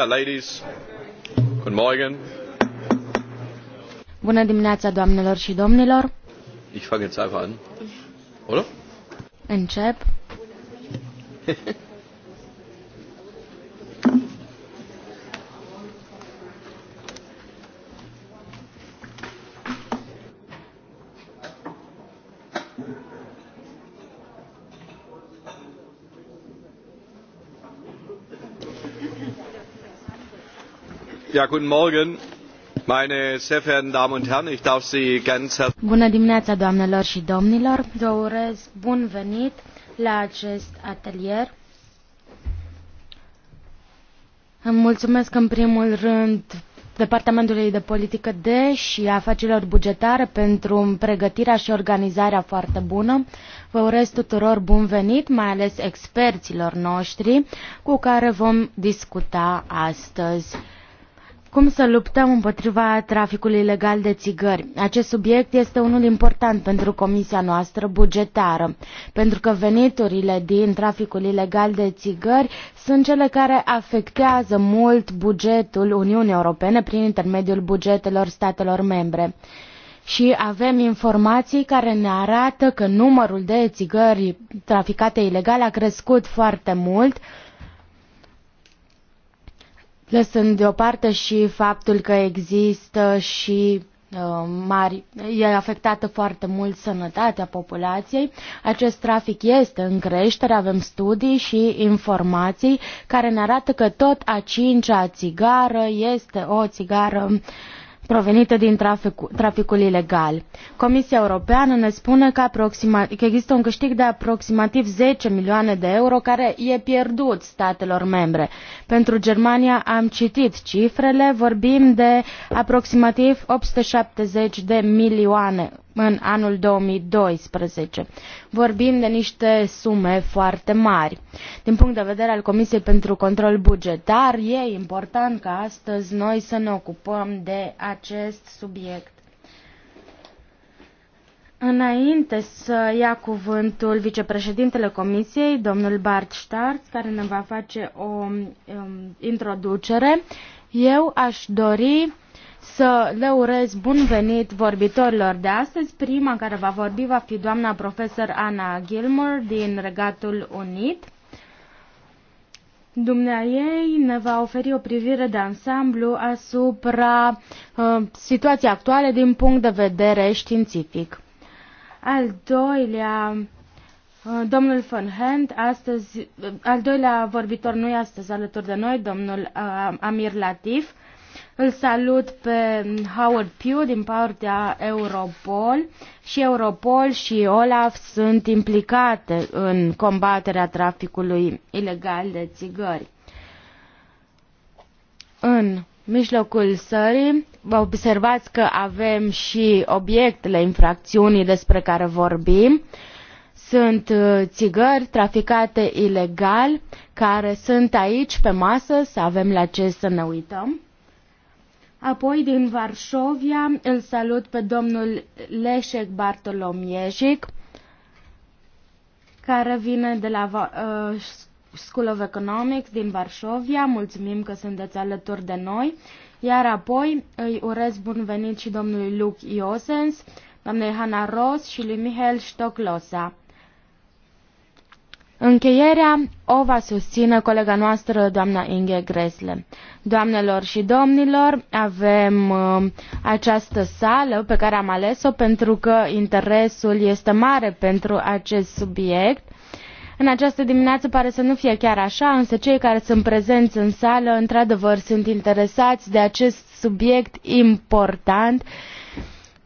ladies. Bună dimineața, doamnelor și domnilor. Ich fange jetzt einfach an. Oder? Încep. guten Morgen, meine sehr verehrten Damen und Herren. Ich darf Sie ganz herzlich. Bună dimineața, doamnelor și domnilor. Vă urez bun venit la acest atelier. Îmi mulțumesc în primul rând Departamentului de Politică de și Afacerilor Bugetare pentru pregătirea și organizarea foarte bună. Vă urez tuturor bun venit, mai ales experților noștri cu care vom discuta astăzi cum să luptăm împotriva traficului ilegal de țigări? Acest subiect este unul important pentru comisia noastră bugetară, pentru că veniturile din traficul ilegal de țigări sunt cele care afectează mult bugetul Uniunii Europene prin intermediul bugetelor statelor membre și avem informații care ne arată că numărul de țigări traficate ilegal a crescut foarte mult lăsând deoparte și faptul că există și uh, mari, e afectată foarte mult sănătatea populației. Acest trafic este în creștere, avem studii și informații care ne arată că tot a cincea țigară este o țigară uh, provenite din traficul, traficul ilegal. Comisia Europeană ne spune că, aproxima, că există un câștig de aproximativ 10 milioane de euro care e pierdut statelor membre. Pentru Germania am citit cifrele, vorbim de aproximativ 870 de milioane în anul 2012. Vorbim de niște sume foarte mari. Din punct de vedere al Comisiei pentru Control Bugetar, e important ca astăzi noi să ne ocupăm de acest subiect. Înainte să ia cuvântul vicepreședintele Comisiei, domnul Bart Starts, care ne va face o um, introducere, eu aș dori să le urez bun venit vorbitorilor de astăzi. Prima care va vorbi va fi doamna profesor Ana Gilmore din Regatul Unit. Dumnea ei ne va oferi o privire de ansamblu asupra uh, situației actuale din punct de vedere științific. Al doilea, uh, domnul von Hand, astăzi, uh, al doilea vorbitor nu e astăzi alături de noi, domnul uh, Amir Latif, îl salut pe Howard Pugh din partea Europol și Europol și Olaf sunt implicate în combaterea traficului ilegal de țigări. În mijlocul sării observați că avem și obiectele infracțiunii despre care vorbim sunt uh, țigări traficate ilegal care sunt aici pe masă, să avem la ce să ne uităm. Apoi, din Varșovia, îl salut pe domnul Leșec Bartolomiejic, care vine de la uh, School of Economics din Varșovia. Mulțumim că sunteți alături de noi. Iar apoi îi urez bun venit și domnului Luc Iosens, doamnei Hanna Ros și lui Mihail Stoclosa. Încheierea o va susține colega noastră, doamna Inge Gresle. Doamnelor și domnilor, avem uh, această sală pe care am ales-o pentru că interesul este mare pentru acest subiect. În această dimineață pare să nu fie chiar așa, însă cei care sunt prezenți în sală, într-adevăr, sunt interesați de acest subiect important. Uh,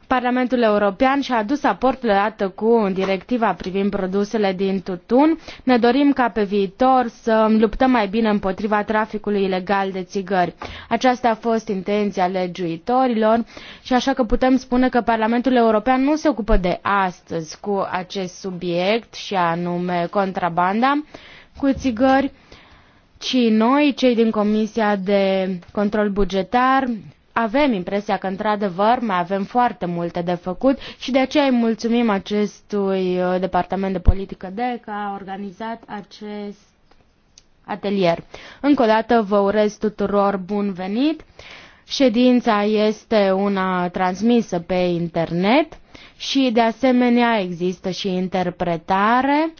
Parlamentul European și-a adus aportul dată cu directiva privind produsele din tutun. Ne dorim ca pe viitor să luptăm mai bine împotriva traficului ilegal de țigări. Aceasta a fost intenția legiuitorilor și așa că putem spune că Parlamentul European nu se ocupă de astăzi cu acest subiect și anume contrabanda cu țigări, ci noi, cei din Comisia de Control Bugetar, avem impresia că, într-adevăr, mai avem foarte multe de făcut și de aceea îi mulțumim acestui uh, Departament de Politică de că a organizat acest atelier. Încă o dată vă urez tuturor bun venit. Ședința este una transmisă pe internet și de asemenea există și interpretare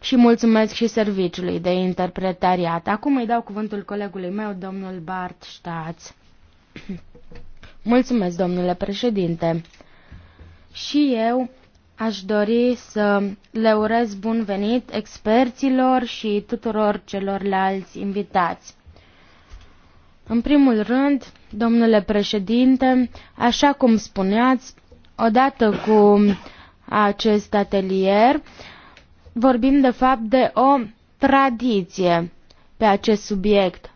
și mulțumesc și serviciului de interpretariat. Acum îi dau cuvântul colegului meu, domnul Bart Stați. Mulțumesc, domnule președinte. Și eu aș dori să le urez bun venit experților și tuturor celorlalți invitați. În primul rând, domnule președinte, așa cum spuneați, odată cu acest atelier, vorbim de fapt de o tradiție pe acest subiect.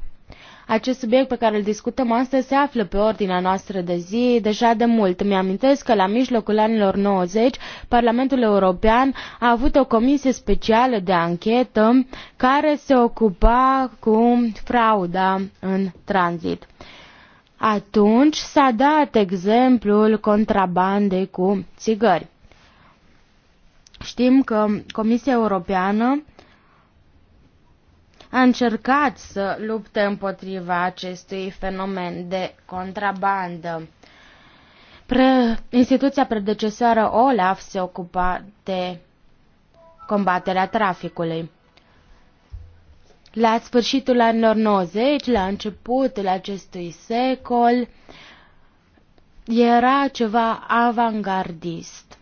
Acest subiect pe care îl discutăm astăzi se află pe ordinea noastră de zi deja de mult. Mi-amintesc că la mijlocul anilor 90 Parlamentul European a avut o comisie specială de anchetă care se ocupa cu frauda în tranzit. Atunci s-a dat exemplul contrabandei cu țigări. Știm că Comisia Europeană a încercat să lupte împotriva acestui fenomen de contrabandă. Pre... Instituția predecesoară Olaf se ocupa de combaterea traficului. La sfârșitul anilor 90, la începutul acestui secol, era ceva avangardist.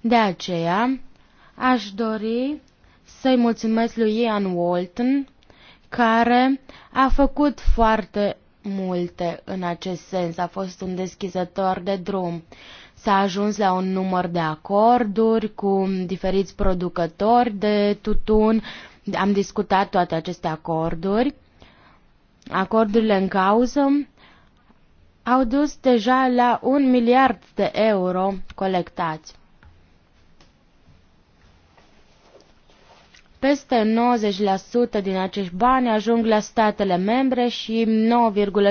De aceea, Aș dori să-i mulțumesc lui Ian Walton, care a făcut foarte multe în acest sens, a fost un deschizător de drum. S-a ajuns la un număr de acorduri cu diferiți producători de tutun, am discutat toate aceste acorduri. Acordurile în cauză au dus deja la un miliard de euro colectați. Peste 90% din acești bani ajung la statele membre și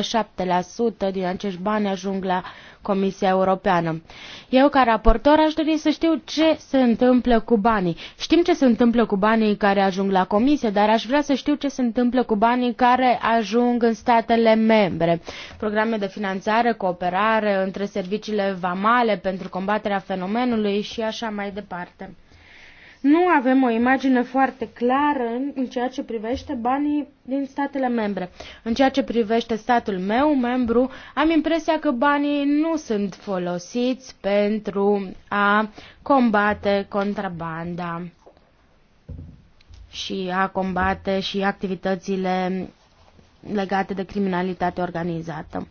9,7% din acești bani ajung la Comisia Europeană. Eu, ca raportor, aș dori să știu ce se întâmplă cu banii. Știm ce se întâmplă cu banii care ajung la Comisie, dar aș vrea să știu ce se întâmplă cu banii care ajung în statele membre. Programe de finanțare, cooperare între serviciile vamale pentru combaterea fenomenului și așa mai departe nu avem o imagine foarte clară în, în ceea ce privește banii din statele membre. În ceea ce privește statul meu, membru, am impresia că banii nu sunt folosiți pentru a combate contrabanda și a combate și activitățile legate de criminalitate organizată.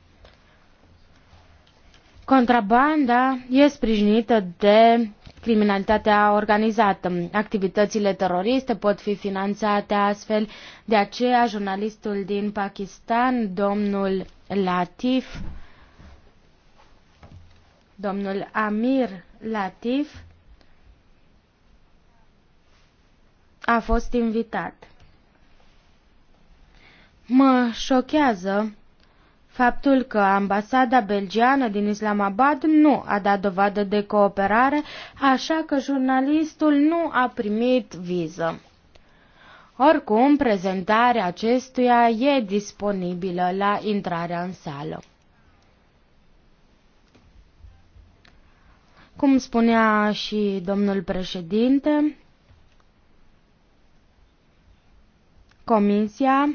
Contrabanda e sprijinită de criminalitatea organizată. Activitățile teroriste pot fi finanțate astfel. De aceea, jurnalistul din Pakistan, domnul Latif, domnul Amir Latif, a fost invitat. Mă șochează Faptul că ambasada belgiană din Islamabad nu a dat dovadă de cooperare, așa că jurnalistul nu a primit viză. Oricum, prezentarea acestuia e disponibilă la intrarea în sală. Cum spunea și domnul președinte, Comisia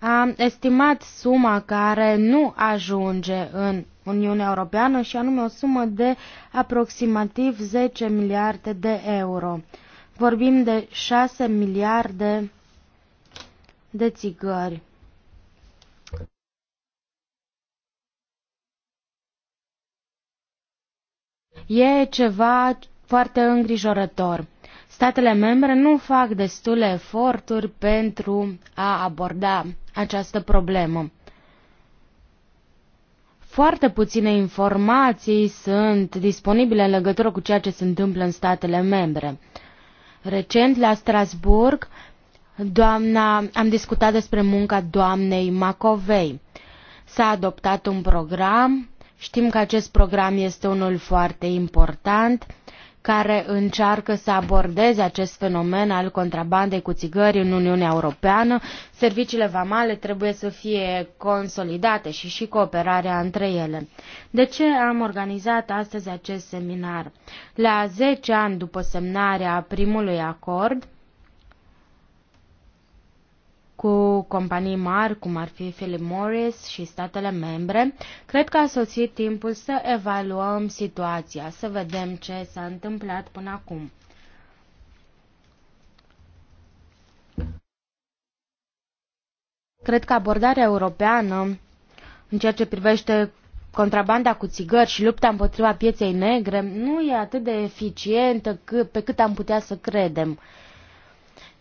a estimat suma care nu ajunge în Uniunea Europeană și anume o sumă de aproximativ 10 miliarde de euro. Vorbim de 6 miliarde de țigări. E ceva foarte îngrijorător. Statele membre nu fac destule eforturi pentru a aborda această problemă. Foarte puține informații sunt disponibile în legătură cu ceea ce se întâmplă în statele membre. Recent, la Strasburg, doamna, am discutat despre munca doamnei Macovei. S-a adoptat un program, știm că acest program este unul foarte important, care încearcă să abordeze acest fenomen al contrabandei cu țigări în Uniunea Europeană. Serviciile vamale trebuie să fie consolidate și și cooperarea între ele. De ce am organizat astăzi acest seminar? La 10 ani după semnarea primului acord, cu companii mari, cum ar fi Philip Morris și statele membre, cred că a sosit timpul să evaluăm situația, să vedem ce s-a întâmplat până acum. Cred că abordarea europeană în ceea ce privește contrabanda cu țigări și lupta împotriva pieței negre nu e atât de eficientă pe cât am putea să credem.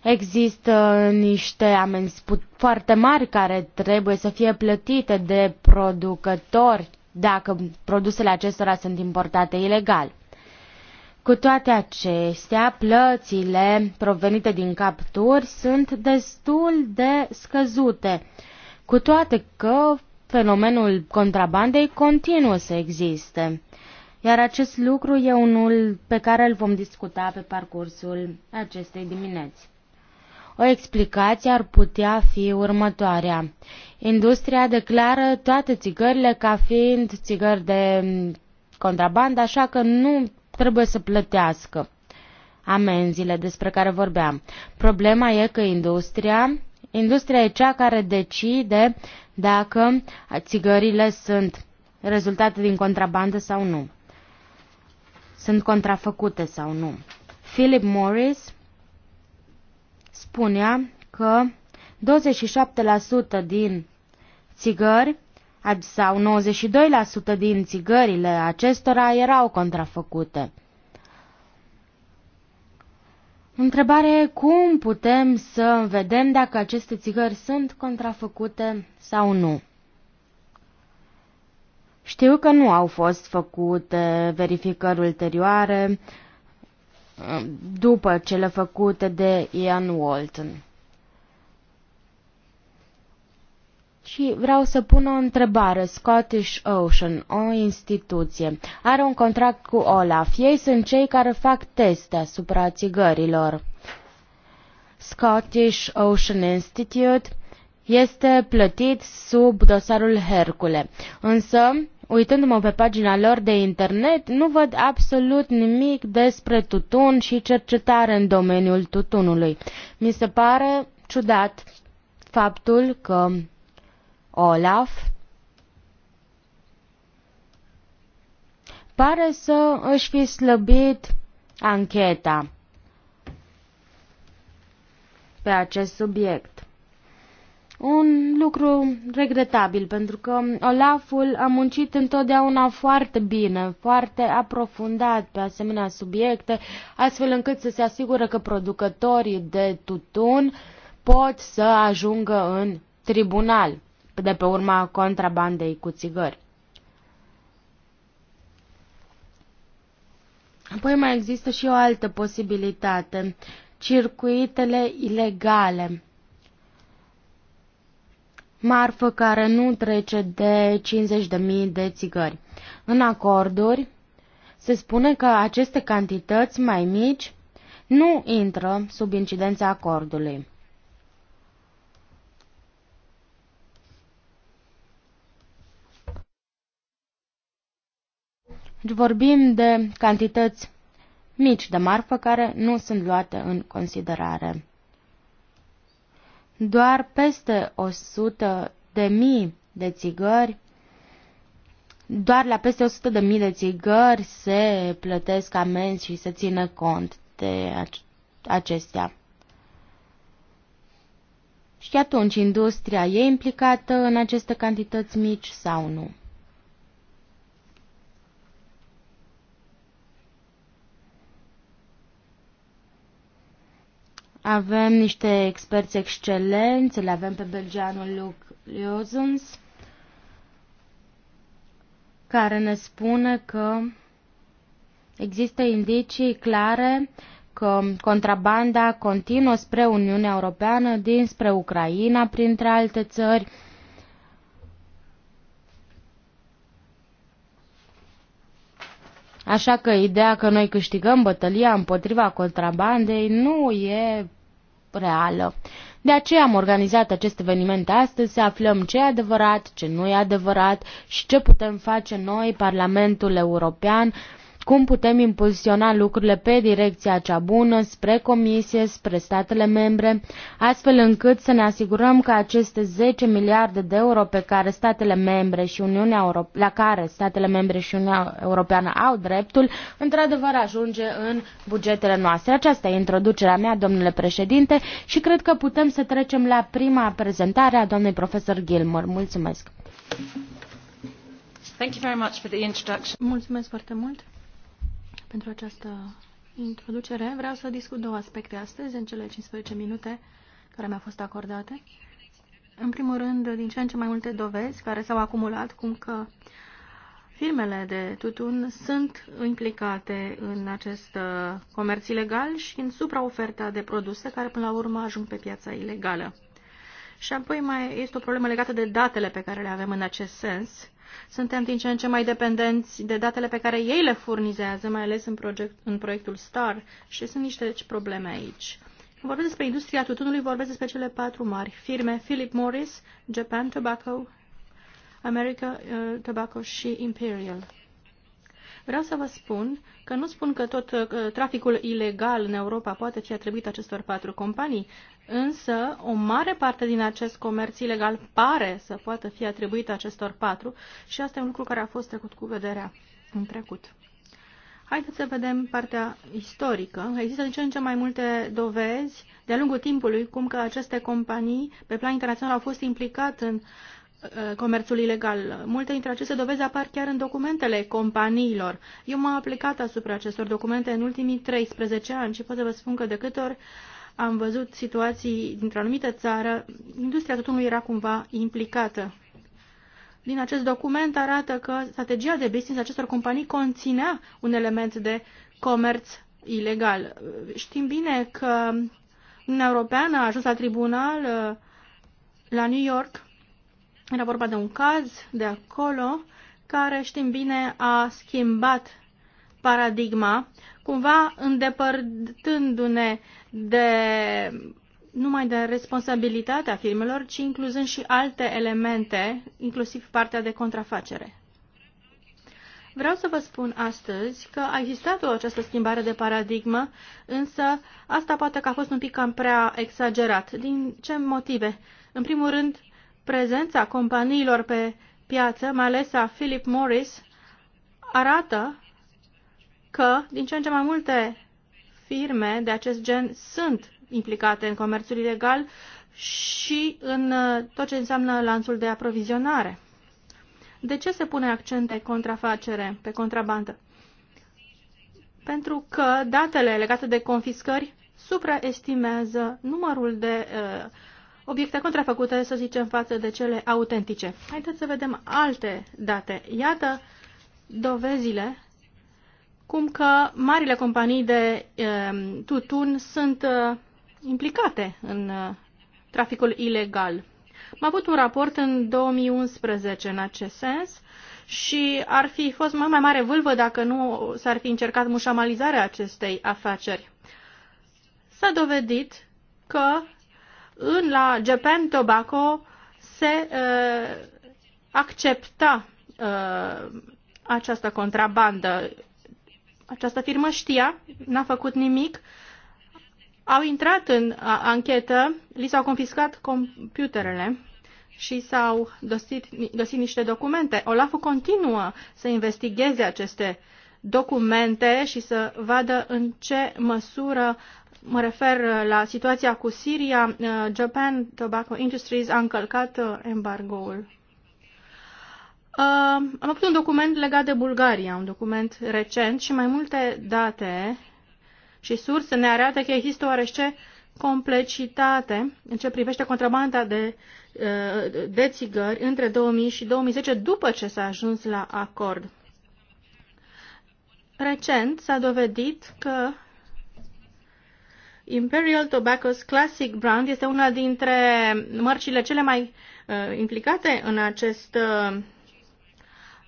Există niște amenzi foarte mari care trebuie să fie plătite de producători dacă produsele acestora sunt importate ilegal. Cu toate acestea, plățile provenite din capturi sunt destul de scăzute, cu toate că fenomenul contrabandei continuă să existe. Iar acest lucru e unul pe care îl vom discuta pe parcursul acestei dimineți. O explicație ar putea fi următoarea. Industria declară toate țigările ca fiind țigări de mm, contrabandă, așa că nu trebuie să plătească amenziile despre care vorbeam. Problema e că industria, industria e cea care decide dacă țigările sunt rezultate din contrabandă sau nu. Sunt contrafăcute sau nu. Philip Morris spunea că 27% din țigări sau 92% din țigările acestora erau contrafăcute. Întrebare cum putem să vedem dacă aceste țigări sunt contrafăcute sau nu. Știu că nu au fost făcute verificări ulterioare, după cele făcute de Ian Walton. Și vreau să pun o întrebare. Scottish Ocean, o instituție, are un contract cu Olaf. Ei sunt cei care fac teste asupra țigărilor. Scottish Ocean Institute este plătit sub dosarul Hercule, însă uitându-mă pe pagina lor de internet, nu văd absolut nimic despre tutun și cercetare în domeniul tutunului. Mi se pare ciudat faptul că Olaf pare să își fi slăbit ancheta pe acest subiect. Un lucru regretabil, pentru că Olaful a muncit întotdeauna foarte bine, foarte aprofundat pe asemenea subiecte, astfel încât să se asigură că producătorii de tutun pot să ajungă în tribunal de pe urma contrabandei cu țigări. Apoi mai există și o altă posibilitate, circuitele ilegale marfă care nu trece de 50.000 de țigări. În acorduri se spune că aceste cantități mai mici nu intră sub incidența acordului. Deci vorbim de cantități mici de marfă care nu sunt luate în considerare. Doar peste 100 de mii de țigări doar la peste 100 de mii de țigări se plătesc amenzi și se ține cont de acestea. Și atunci, industria e implicată în aceste cantități mici sau nu? Avem niște experți excelenți, le avem pe belgeanul Luc Liozens, care ne spune că există indicii clare că contrabanda continuă spre Uniunea Europeană, dinspre Ucraina, printre alte țări. Așa că ideea că noi câștigăm bătălia împotriva contrabandei nu e reală. De aceea am organizat acest eveniment astăzi să aflăm ce e adevărat, ce nu e adevărat și ce putem face noi, Parlamentul European, cum putem impulsiona lucrurile pe direcția cea bună, spre Comisie, spre statele membre, astfel încât să ne asigurăm că aceste 10 miliarde de euro pe care statele membre și Uniunea Europeană, la care statele membre și Uniunea Europeană au dreptul, într-adevăr ajunge în bugetele noastre. Aceasta e introducerea mea, domnule președinte, și cred că putem să trecem la prima prezentare a doamnei profesor Gilmore. Mulțumesc! Mulțumesc foarte mult! pentru această introducere. Vreau să discut două aspecte astăzi, în cele 15 minute care mi-au fost acordate. În primul rând, din ce în ce mai multe dovezi care s-au acumulat, cum că firmele de tutun sunt implicate în acest uh, comerț ilegal și în supraoferta de produse care până la urmă ajung pe piața ilegală. Și apoi mai este o problemă legată de datele pe care le avem în acest sens suntem din ce în ce mai dependenți de datele pe care ei le furnizează, mai ales în, proiect, în proiectul STAR și sunt niște deci, probleme aici. Vorbesc despre industria tutunului, vorbesc despre cele patru mari firme, Philip Morris, Japan Tobacco, America uh, Tobacco și Imperial. Vreau să vă spun că nu spun că tot uh, traficul ilegal în Europa poate fi atribuit acestor patru companii, Însă, o mare parte din acest comerț ilegal pare să poată fi atribuit acestor patru și asta e un lucru care a fost trecut cu vederea în trecut. Haideți să vedem partea istorică. Există din ce în ce mai multe dovezi de-a lungul timpului cum că aceste companii pe plan internațional au fost implicate în uh, comerțul ilegal. Multe dintre aceste dovezi apar chiar în documentele companiilor. Eu m-am aplicat asupra acestor documente în ultimii 13 ani și pot să vă spun că de câte ori uh, am văzut situații dintr-o anumită țară, industria tutunului era cumva implicată. Din acest document arată că strategia de business a acestor companii conținea un element de comerț ilegal. Știm bine că Uniunea Europeană a ajuns la tribunal uh, la New York. Era vorba de un caz de acolo care, știm bine, a schimbat paradigma cumva îndepărtându-ne de numai de responsabilitatea firmelor, ci incluzând și alte elemente, inclusiv partea de contrafacere. Vreau să vă spun astăzi că a existat o această schimbare de paradigmă, însă asta poate că a fost un pic cam prea exagerat. Din ce motive? În primul rând, prezența companiilor pe piață, mai ales a Philip Morris, arată că din ce în ce mai multe firme de acest gen sunt implicate în comerțul ilegal și în uh, tot ce înseamnă lanțul de aprovizionare. De ce se pune accent pe contrafacere, pe contrabandă? Pentru că datele legate de confiscări supraestimează numărul de uh, obiecte contrafăcute, să zicem, față de cele autentice. Haideți să vedem alte date. Iată dovezile cum că marile companii de um, tutun sunt uh, implicate în uh, traficul ilegal. Am avut un raport în 2011 în acest sens și ar fi fost mai, mai mare vâlvă dacă nu s-ar fi încercat mușamalizarea acestei afaceri. S-a dovedit că în la Japan Tobacco se uh, accepta uh, această contrabandă. Această firmă știa, n-a făcut nimic, au intrat în anchetă, li s-au confiscat computerele și s-au găsit, găsit niște documente. olaf continuă să investigheze aceste documente și să vadă în ce măsură mă refer la situația cu Siria, uh, Japan Tobacco Industries a încălcat uh, embargoul. Uh, am avut un document legat de Bulgaria, un document recent și mai multe date și surse ne arată că există oarește complexitate în ce privește contrabanda de, uh, de țigări între 2000 și 2010 după ce s-a ajuns la acord. Recent s-a dovedit că Imperial Tobacco's Classic Brand este una dintre mărcile cele mai uh, implicate în acest uh,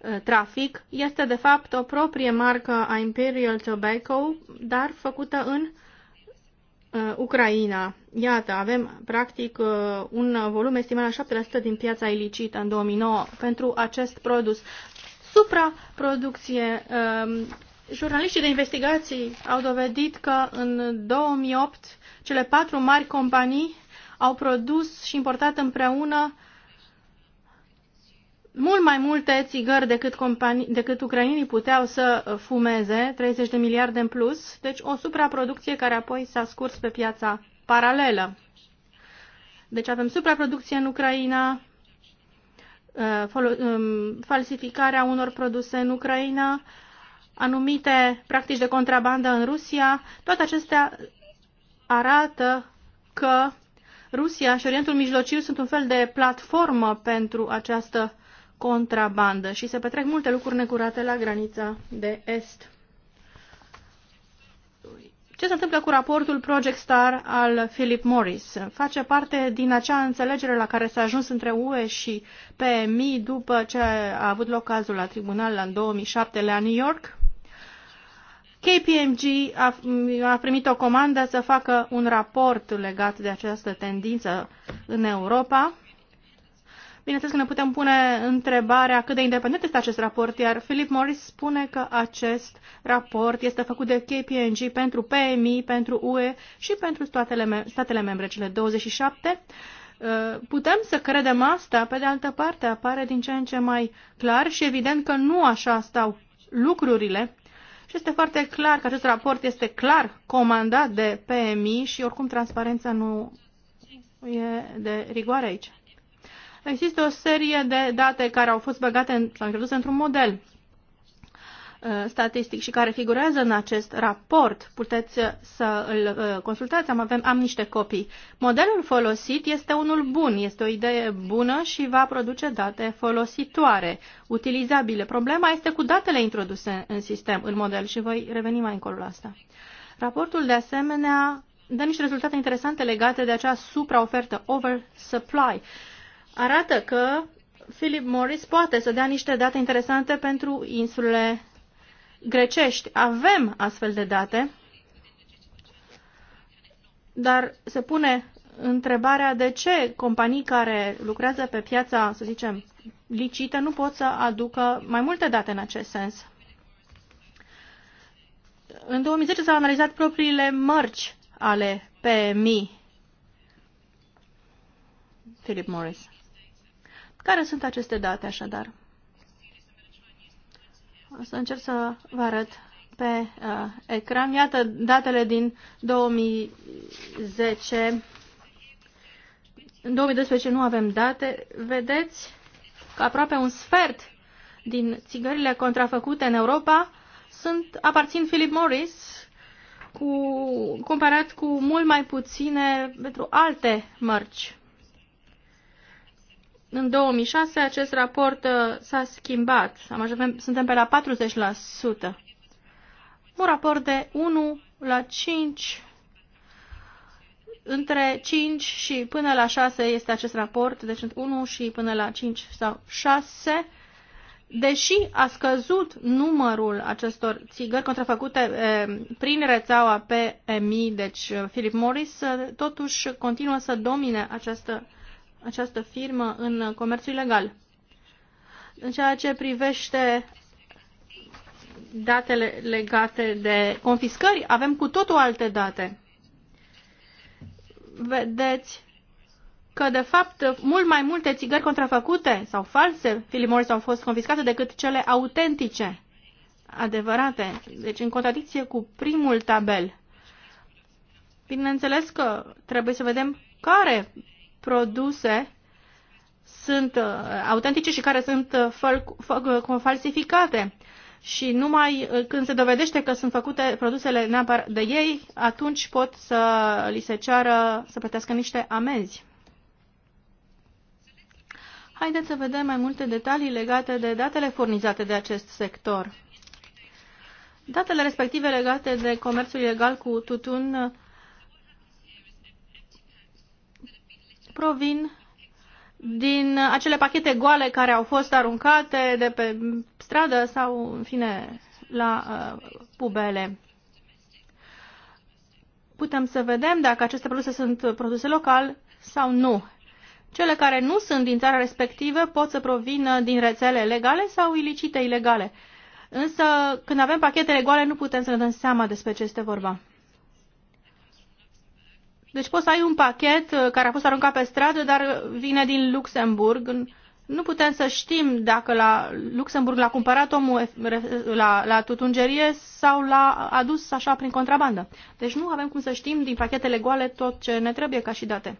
Uh, trafic este de fapt o proprie marcă a Imperial Tobacco, dar făcută în uh, Ucraina. Iată, avem practic uh, un volum estimat la 7% din piața ilicită în 2009 pentru acest produs. Supraproducție. Um, jurnaliștii de investigații au dovedit că în 2008 cele patru mari companii au produs și importat împreună mult mai multe țigări decât, companii, decât ucrainii puteau să fumeze, 30 de miliarde în plus, deci o supraproducție care apoi s-a scurs pe piața paralelă. Deci avem supraproducție în Ucraina, uh, um, falsificarea unor produse în Ucraina, anumite practici de contrabandă în Rusia, toate acestea arată că Rusia și Orientul Mijlociu sunt un fel de platformă pentru această contrabandă și se petrec multe lucruri necurate la granița de est. Ce se întâmplă cu raportul Project Star al Philip Morris? Face parte din acea înțelegere la care s-a ajuns între UE și PMI după ce a avut loc cazul la tribunal în 2007 la New York? KPMG a, a primit o comandă să facă un raport legat de această tendință în Europa Bineînțeles că ne putem pune întrebarea cât de independent este acest raport, iar Philip Morris spune că acest raport este făcut de KPNG pentru PMI, pentru UE și pentru statele, statele membre, cele 27. Uh, putem să credem asta, pe de altă parte apare din ce în ce mai clar și evident că nu așa stau lucrurile și este foarte clar că acest raport este clar comandat de PMI și oricum transparența nu e de rigoare aici. Există o serie de date care au fost băgate în, sau introduse într-un model uh, statistic și care figurează în acest raport, puteți uh, să îl uh, consultați, am, avem, am niște copii. Modelul folosit este unul bun, este o idee bună și va produce date folositoare, utilizabile. Problema este cu datele introduse în sistem, în model și voi reveni mai încolo la asta. Raportul de asemenea dă niște rezultate interesante legate de acea supraofertă, oversupply. supply) arată că Philip Morris poate să dea niște date interesante pentru insulele grecești. Avem astfel de date, dar se pune întrebarea de ce companii care lucrează pe piața, să zicem, licită nu pot să aducă mai multe date în acest sens. În 2010 s-au analizat propriile mărci ale PMI. Philip Morris. Care sunt aceste date, așadar? O să încerc să vă arăt pe uh, ecran. Iată datele din 2010. În 2012 nu avem date. Vedeți că aproape un sfert din țigările contrafăcute în Europa sunt, aparțin Philip Morris, cu, comparat cu mult mai puține pentru alte mărci. În 2006 acest raport uh, s-a schimbat, ajuns, suntem pe la 40%. Un raport de 1 la 5, între 5 și până la 6 este acest raport, deci 1 și până la 5 sau 6. Deși a scăzut numărul acestor țigări contrafăcute e, eh, prin rețeaua PMI, deci eh, Philip Morris, eh, totuși continuă să domine această această firmă în comerțul ilegal. În ceea ce privește datele legate de confiscări, avem cu totul alte date. Vedeți că, de fapt, mult mai multe țigări contrafăcute sau false filimoris au fost confiscate decât cele autentice, adevărate. Deci, în contradicție cu primul tabel. Bineînțeles că trebuie să vedem care produse sunt uh, autentice și care sunt uh, uh, falsificate. Și numai când se dovedește că sunt făcute produsele neapărat de ei, atunci pot să li se ceară să plătească niște amenzi. Haideți să vedem mai multe detalii legate de datele furnizate de acest sector. Datele respective legate de comerțul ilegal cu tutun provin din acele pachete goale care au fost aruncate de pe stradă sau, în fine, la uh, pubele. Putem să vedem dacă aceste produse sunt produse local sau nu. Cele care nu sunt din țara respectivă pot să provină din rețele legale sau ilicite ilegale. Însă, când avem pachetele goale, nu putem să ne dăm seama despre ce este vorba. Deci poți să ai un pachet uh, care a fost aruncat pe stradă, dar vine din Luxemburg. Nu putem să știm dacă la Luxemburg l-a cumpărat omul eh, la, la tutungerie sau l-a adus așa prin contrabandă. Deci nu avem cum să știm din pachetele goale tot ce ne trebuie ca și date.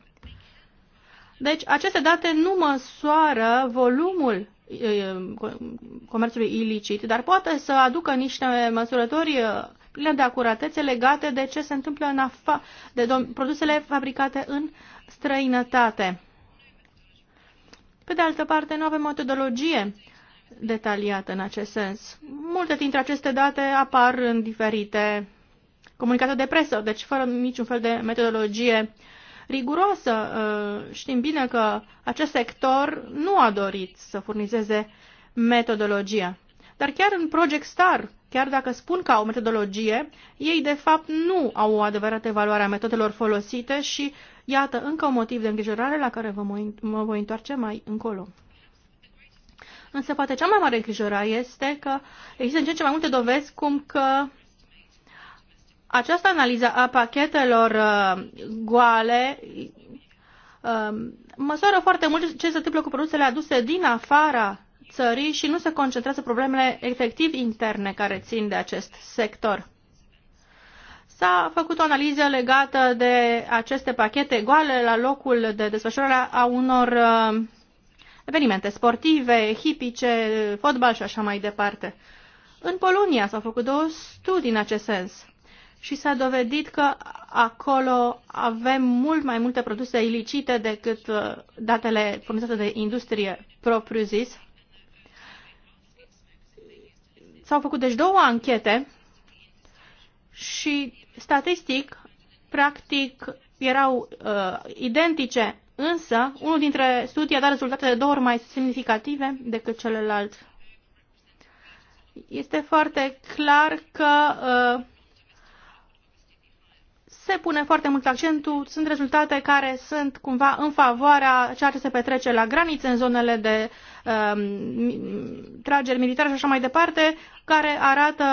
Deci aceste date nu măsoară volumul eh, comerțului ilicit, dar poate să aducă niște măsurători eh, de acuratețe legate de ce se întâmplă în afa- de produsele fabricate în străinătate. Pe de altă parte, nu avem metodologie detaliată în acest sens. Multe dintre aceste date apar în diferite comunicate de presă, deci fără niciun fel de metodologie riguroasă. Uh, știm bine că acest sector nu a dorit să furnizeze metodologia. Dar chiar în Project Star, chiar dacă spun că au metodologie, ei de fapt nu au o adevărată evaluare a metodelor folosite și iată încă un motiv de îngrijorare la care vă mă voi întoarce mai încolo. Însă poate cea mai mare îngrijorare este că există în ce mai multe dovezi cum că această analiză a pachetelor uh, goale uh, măsoară foarte mult ce se întâmplă cu produsele aduse din afara țării și nu se concentrează problemele efectiv interne care țin de acest sector. S-a făcut o analiză legată de aceste pachete goale la locul de desfășurare a unor uh, evenimente sportive, hipice, fotbal și așa mai departe. În Polonia s-au făcut două studii în acest sens și s-a dovedit că acolo avem mult mai multe produse ilicite decât uh, datele furnizate de industrie propriu-zis. S-au făcut deci două anchete și statistic, practic, erau uh, identice, însă unul dintre studii a dat rezultate de două ori mai semnificative decât celălalt. Este foarte clar că uh, se pune foarte mult accentul, sunt rezultate care sunt cumva în favoarea ceea ce se petrece la granițe în zonele de uh, Um, trageri militare și așa mai departe, care arată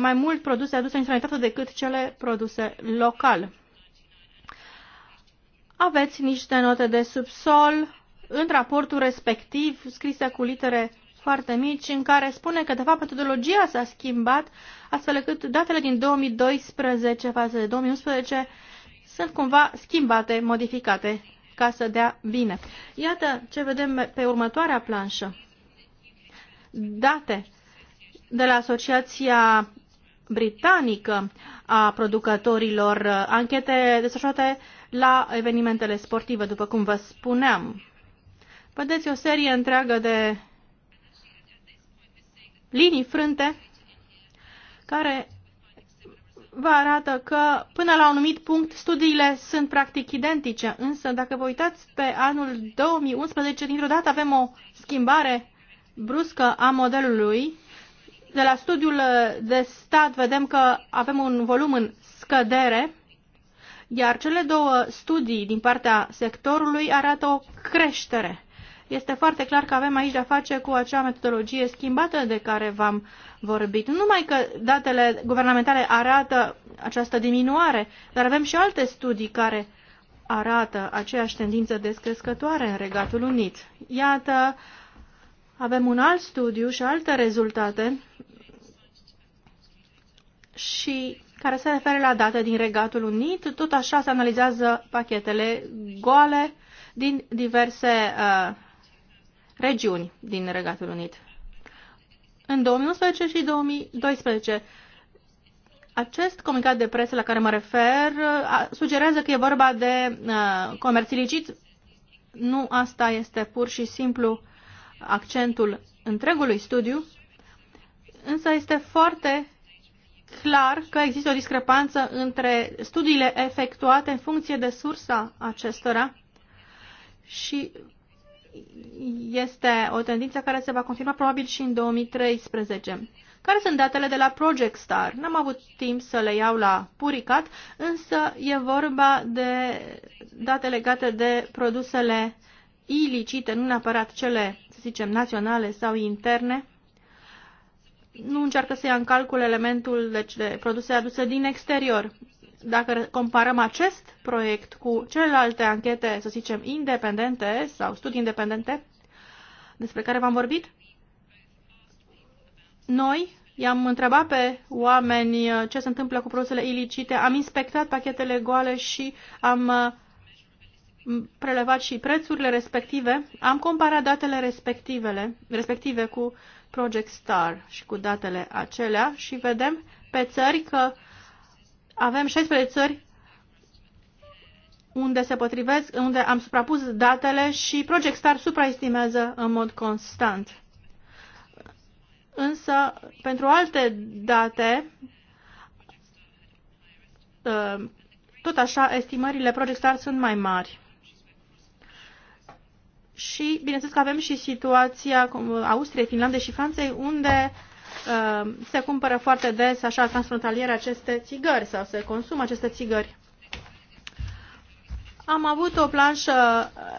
mai mult produse aduse în sănătate decât cele produse local. Aveți niște note de subsol în raportul respectiv, scrise cu litere foarte mici, în care spune că, de fapt, metodologia s-a schimbat, astfel încât datele din 2012 față de 2011 sunt cumva schimbate, modificate ca să dea bine. Iată ce vedem pe următoarea planșă. Date de la Asociația Britanică a Producătorilor, uh, anchete desfășurate la evenimentele sportive, după cum vă spuneam. Vedeți o serie întreagă de linii frânte care vă arată că până la un anumit punct studiile sunt practic identice, însă dacă vă uitați pe anul 2011, dintr-o dată avem o schimbare bruscă a modelului. De la studiul de stat vedem că avem un volum în scădere, iar cele două studii din partea sectorului arată o creștere este foarte clar că avem aici de-a face cu acea metodologie schimbată de care v-am vorbit. Nu numai că datele guvernamentale arată această diminuare, dar avem și alte studii care arată aceeași tendință descrescătoare în Regatul Unit. Iată, avem un alt studiu și alte rezultate și care se referă la date din Regatul Unit. Tot așa se analizează pachetele goale din diverse uh, regiuni din Regatul Unit. În 2011 și 2012, acest comunicat de presă la care mă refer sugerează că e vorba de uh, comerț ilicit. Nu asta este pur și simplu accentul întregului studiu, însă este foarte clar că există o discrepanță între studiile efectuate în funcție de sursa acestora și este o tendință care se va confirma probabil și în 2013. Care sunt datele de la Project Star? N-am avut timp să le iau la puricat, însă e vorba de date legate de produsele ilicite, nu neapărat cele, să zicem, naționale sau interne. Nu încearcă să ia în calcul elementul deci, de produse aduse din exterior dacă comparăm acest proiect cu celelalte anchete, să zicem, independente sau studii independente despre care v-am vorbit, noi i-am întrebat pe oameni uh, ce se întâmplă cu produsele ilicite, am inspectat pachetele goale și am uh, prelevat și prețurile respective, am comparat datele respectivele, respective cu Project Star și cu datele acelea și vedem pe țări că uh, avem 16 țări unde se potrivesc, unde am suprapus datele și Project Star supraestimează în mod constant. Însă, pentru alte date, uh, tot așa, estimările Project Star sunt mai mari. Și, bineînțeles că avem și situația Austriei, Finlandei și Franței, unde uh, Uh, se cumpără foarte des, așa, transfrontalier aceste țigări sau se consumă aceste țigări. Am avut o planșă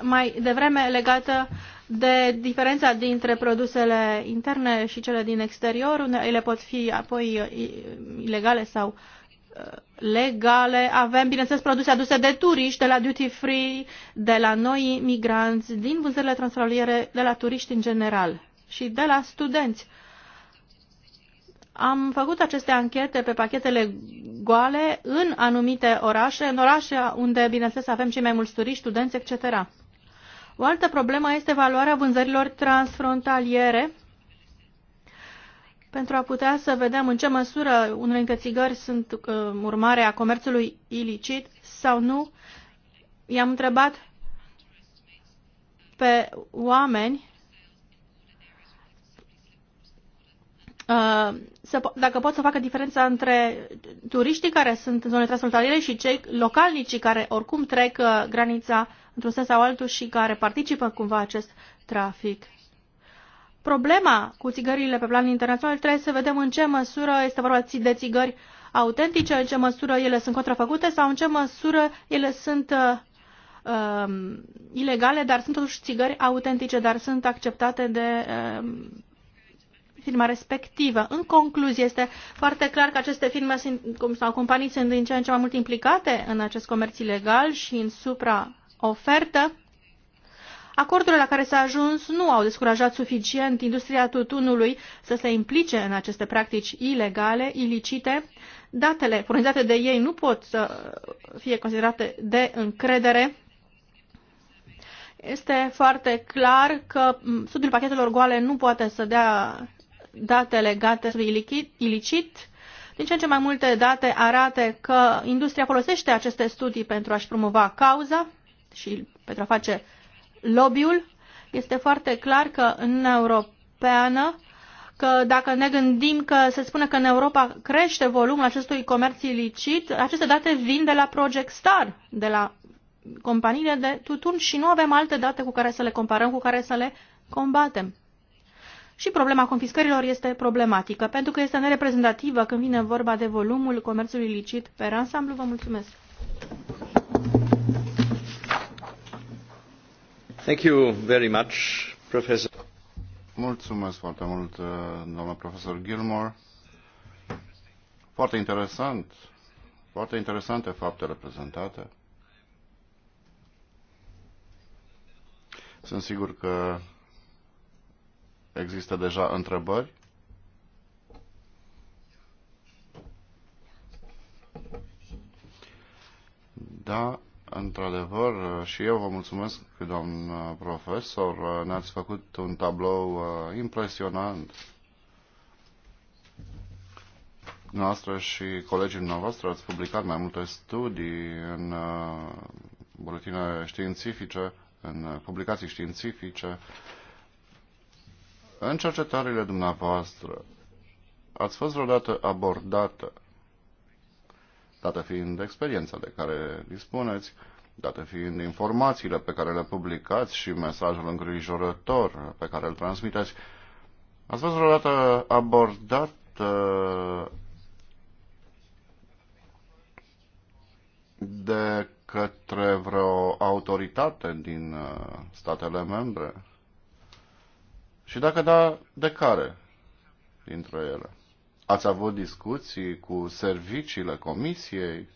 mai devreme legată de diferența dintre produsele interne și cele din exterior, unde ele pot fi apoi uh, ilegale sau uh, legale. Avem, bineînțeles, produse aduse de turiști, de la duty free, de la noi migranți, din vânzările transfrontaliere, de la turiști în general și de la studenți. Am făcut aceste anchete pe pachetele goale în anumite orașe, în orașe unde, bineînțeles, avem cei mai mulți turiști, studenți, etc. O altă problemă este valoarea vânzărilor transfrontaliere pentru a putea să vedem în ce măsură unele dintre țigări sunt uh, urmare a comerțului ilicit sau nu. I-am întrebat pe oameni Uh, să, dacă pot să facă diferența între turiștii care sunt în zone transfrontaliere și cei localnici care oricum trec uh, granița într-un sens sau altul și care participă cumva acest trafic. Problema cu țigările pe plan internațional trebuie să vedem în ce măsură este vorba de țigări autentice, în ce măsură ele sunt contrafăcute sau în ce măsură ele sunt uh, um, ilegale, dar sunt totuși țigări autentice, dar sunt acceptate de uh, firma respectivă. În concluzie, este foarte clar că aceste firme sunt, sau companii sunt din ce în ce mai mult implicate în acest comerț ilegal și în supraofertă. Acordurile la care s-a ajuns nu au descurajat suficient industria tutunului să se implice în aceste practici ilegale, ilicite. Datele furnizate de ei nu pot să fie considerate de încredere. Este foarte clar că studiul pachetelor goale nu poate să dea date legate de ilicit. Din ce în ce mai multe date arată că industria folosește aceste studii pentru a-și promova cauza și pentru a face lobby-ul. Este foarte clar că în Europeană că dacă ne gândim că se spune că în Europa crește volumul acestui comerț ilicit, aceste date vin de la Project Star, de la companiile de tutun și nu avem alte date cu care să le comparăm, cu care să le combatem. Și problema confiscărilor este problematică, pentru că este nereprezentativă când vine vorba de volumul comerțului licit pe ansamblu. Vă mulțumesc! Thank you very much, professor. Mulțumesc foarte mult, uh, doamna profesor Gilmore. Foarte interesant, foarte interesante faptele prezentate. Sunt sigur că Există deja întrebări? Da, într-adevăr, și eu vă mulțumesc, domn profesor. Ne-ați făcut un tablou uh, impresionant. Noastră și colegii noastre ați publicat mai multe studii în uh, buletine științifice, în publicații științifice. În cercetările dumneavoastră, ați fost vreodată abordată, dată fiind experiența de care dispuneți, dată fiind informațiile pe care le publicați și mesajul îngrijorător pe care îl transmiteți, ați fost vreodată abordată de către vreo autoritate din uh, statele membre și dacă da, de care dintre ele? Ați avut discuții cu serviciile Comisiei,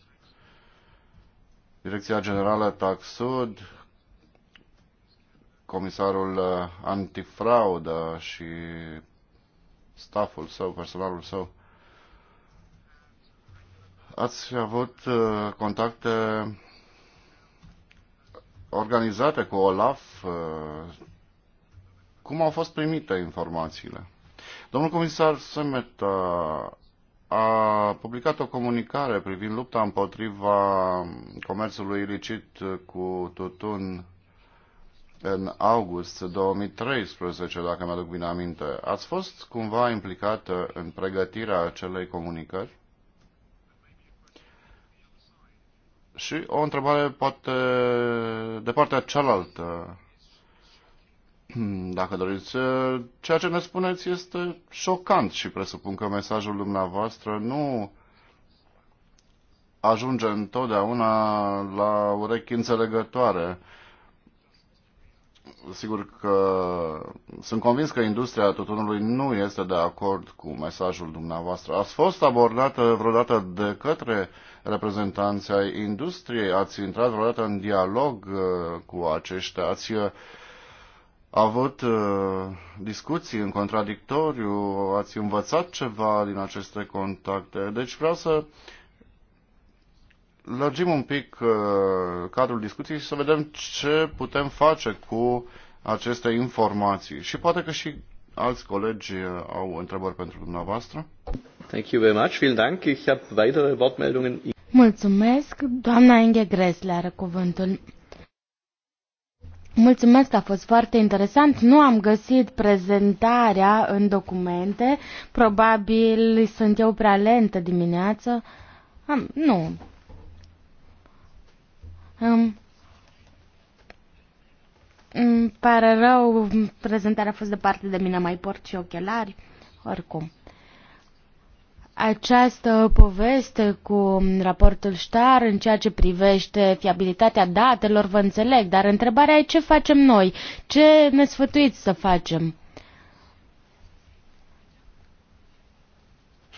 Direcția Generală Taxud, Comisarul eh, Antifraudă și staful său, personalul său? Ați avut eh, contacte organizate cu OLAF eh, cum au fost primite informațiile? Domnul comisar Semet a publicat o comunicare privind lupta împotriva comerțului ilicit cu tutun în august 2013, dacă mi-aduc bine aminte. Ați fost cumva implicată în pregătirea acelei comunicări? Și o întrebare poate de partea cealaltă Dacă doriți, ă, ceea ce ne spuneți este șocant și presupun că mesajul dumneavoastră nu ajunge întotdeauna la urechi înțelegătoare. Sigur că sunt convins că industria tutunului nu este de acord cu mesajul dumneavoastră. Ați fost abordată vreodată de către reprezentanții ai industriei? Ați intrat vreodată în dialog ă, cu aceștia? Ați ă, a avut uh, discuții în contradictoriu, ați învățat ceva din aceste contacte. Deci vreau să lărgim un pic uh, cadrul discuției și să vedem ce putem face cu aceste informații. Și poate că și alți colegi uh, au întrebări pentru dumneavoastră. Thank you very much. Vielen Dank. Ich habe weitere Wortmeldungen. Mulțumesc. Doamna Inge Gresle are cuvântul. Mulțumesc, a fost foarte interesant. Nu am găsit prezentarea în documente. Probabil sunt eu prea lentă dimineață. Am, nu. Um, îmi pare rău, prezentarea a fost departe de mine, mai port și ochelari, oricum această poveste cu raportul Star în ceea ce privește fiabilitatea datelor, vă înțeleg, dar întrebarea e ce facem noi, ce ne sfătuiți să facem?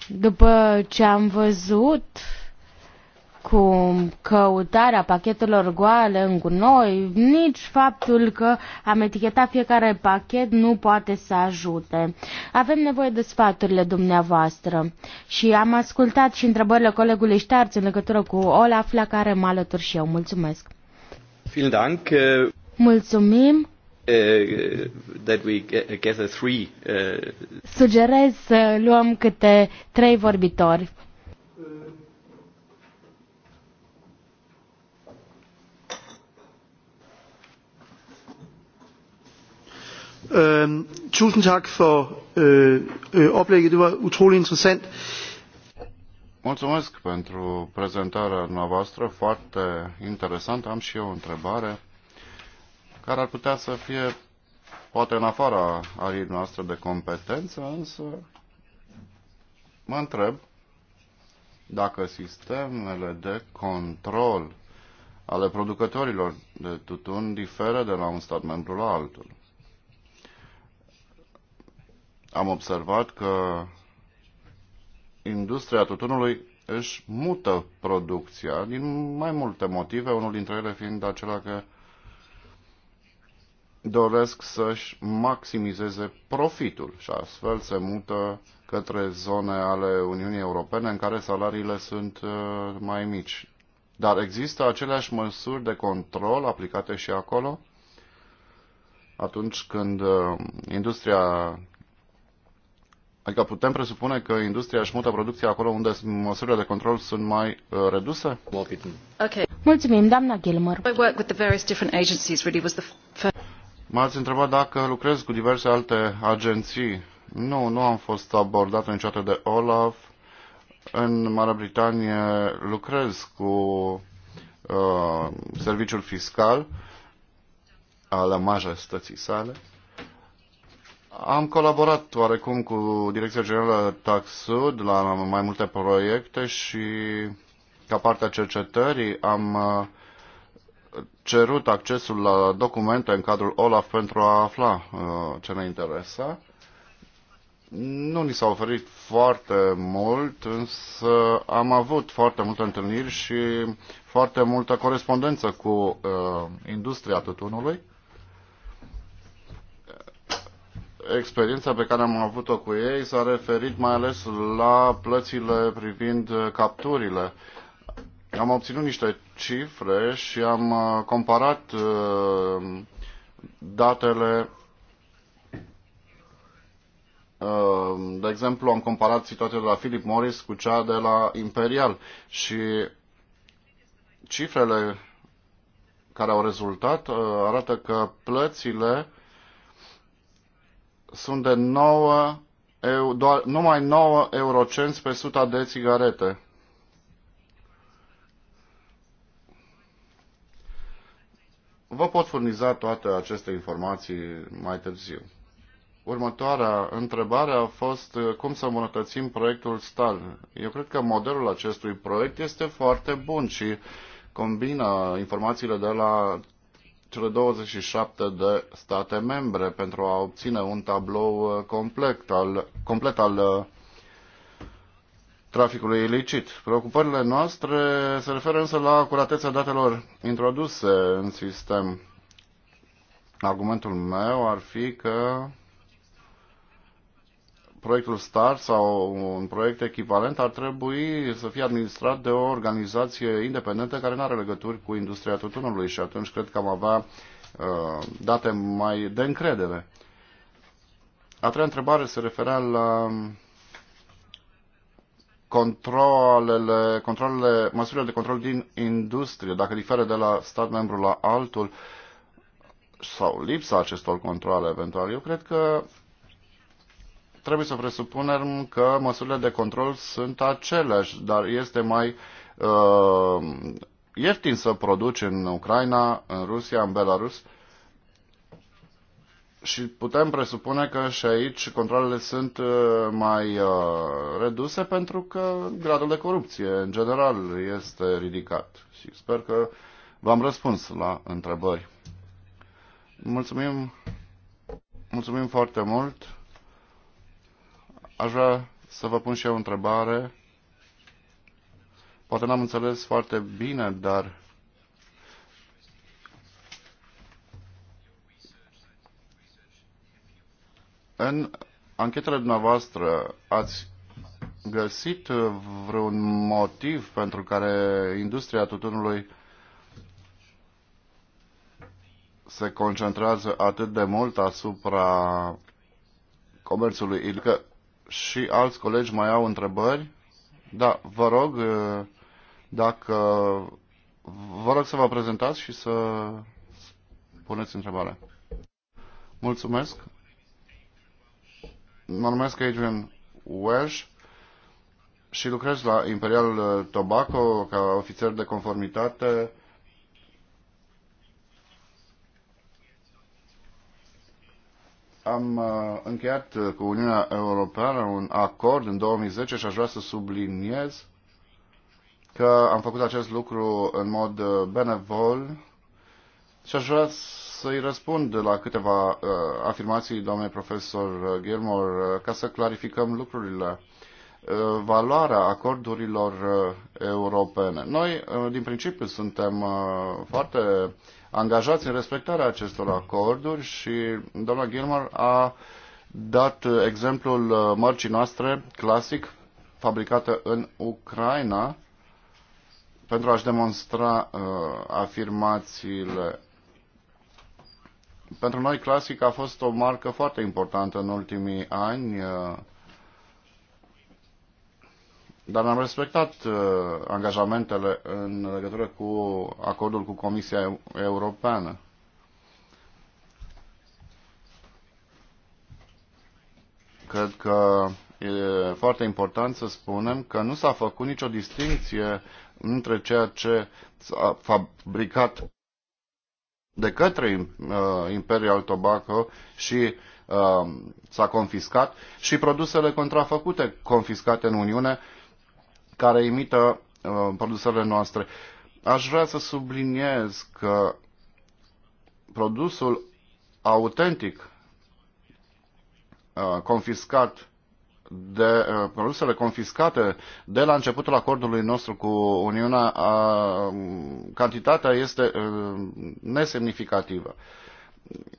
După ce am văzut cu căutarea pachetelor goale în gunoi, nici faptul că am etichetat fiecare pachet nu poate să ajute. Avem nevoie de sfaturile dumneavoastră și am ascultat și întrebările colegului Ștarț în legătură cu Olaf, la care mă alătur și eu. Mulțumesc! Vielen uh, Mulțumim! Uh, that we uh, a three, Sugerez să luăm câte trei vorbitori. Øhm, tusind tak for øh, øh, oplægget. Det var utrolig interessant. Mulțumesc pentru prezentarea noastră, foarte interesant. Am și eu o întrebare care ar putea să fie poate în afara arii noastre de competență, însă mă întreb dacă sistemele de control ale producătorilor de tutun diferă de la un stat membru la altul am observat că industria tutunului își mută producția din mai multe motive, unul dintre ele fiind acela că doresc să-și maximizeze profitul și astfel se mută către zone ale Uniunii Europene în care salariile sunt uh, mai mici. Dar există aceleași măsuri de control aplicate și acolo? Atunci când uh, industria Adică putem presupune că industria își mută producția acolo unde măsurile de control sunt mai uh, reduse? Okay. Mulțumim, doamna Gilmer. M-ați întrebat dacă lucrez cu diverse alte agenții. Nu, nu am fost abordat niciodată de Olaf. În Marea Britanie lucrez cu uh, serviciul fiscal al majestății sale. Am colaborat oarecum cu Direcția Generală Taxud la mai multe proiecte și ca parte a cercetării am uh, cerut accesul la documente în cadrul OLAF pentru a afla uh, ce ne interesa. Nu ni s-a oferit foarte mult, însă am avut foarte multe întâlniri și foarte multă corespondență cu uh, industria tutunului experiența pe care am avut-o cu ei s-a referit mai ales la plățile privind capturile. Am obținut niște cifre și am uh, comparat uh, datele uh, de exemplu, am comparat situația de la Philip Morris cu cea de la Imperial și cifrele care au rezultat arată că plățile sunt de 9, doar, numai 9 eurocenți pe suta de țigarete. Vă pot furniza toate aceste informații mai târziu. Următoarea întrebare a fost uh, cum să îmbunătățim proiectul STAL. Eu cred că modelul acestui proiect este foarte bun și combină informațiile de la cele 27 de state membre pentru a obține un tablou uh, complet al, complet al uh, traficului ilicit. Preocupările noastre se referă însă la acuratețea datelor introduse în sistem. Argumentul meu ar fi că proiectul STAR sau un proiect echivalent ar trebui să fie administrat de o organizație independentă care nu are legături cu industria tutunului și atunci cred că am avea uh, date mai de încredere. A treia întrebare se referea la controlele, controlele, măsurile de control din industrie, dacă diferă de la stat membru la altul sau lipsa acestor controle eventual. Eu cred că trebuie să presupunem că măsurile de control sunt aceleași, dar este mai uh, ieftin să produci în Ucraina, în Rusia, în Belarus și putem presupune că și aici controlele sunt uh, mai uh, reduse pentru că gradul de corupție în general este ridicat. Și sper că v-am răspuns la întrebări. Mulțumim, mulțumim foarte mult. Aș vrea să vă pun și eu o întrebare. Poate n-am înțeles foarte bine, dar în anchetele dumneavoastră ați găsit vreun motiv pentru care industria tutunului se concentrează atât de mult asupra comerțului, ilică și alți colegi mai au întrebări. Da, vă rog, dacă vă rog să vă prezentați și să puneți întrebarea. Mulțumesc. Mă numesc Adrian Welsh și lucrez la Imperial Tobacco ca ofițer de conformitate am uh, încheiat uh, cu Uniunea Europeană un acord în 2010 și aș vrea să subliniez că am făcut acest lucru în mod uh, benevol și aș vrea să-i răspund la câteva uh, afirmații doamnei profesor Gilmore ca să clarificăm lucrurile valoarea acordurilor europene. Noi, din principiu, suntem foarte angajați în respectarea acestor acorduri și doamna Gilmar a dat exemplul uh, mărcii noastre clasic fabricată în Ucraina pentru a-și demonstra uh, afirmațiile. Pentru noi, Classic a fost o marcă foarte importantă în ultimii ani. Uh, dar am respectat uh, angajamentele în legătură cu acordul cu Comisia Europeană. Cred că e foarte important să spunem că nu s-a făcut nicio distinție între ceea ce s-a fabricat de către uh, Imperial Tobacco și uh, s-a confiscat și produsele contrafăcute confiscate în Uniune uh, care imită uh, produsele noastre. Aș vrea să subliniez că produsul autentic uh, confiscat de uh, produsele confiscate de la începutul acordului nostru cu Uniunea, uh, cantitatea este uh, nesemnificativă.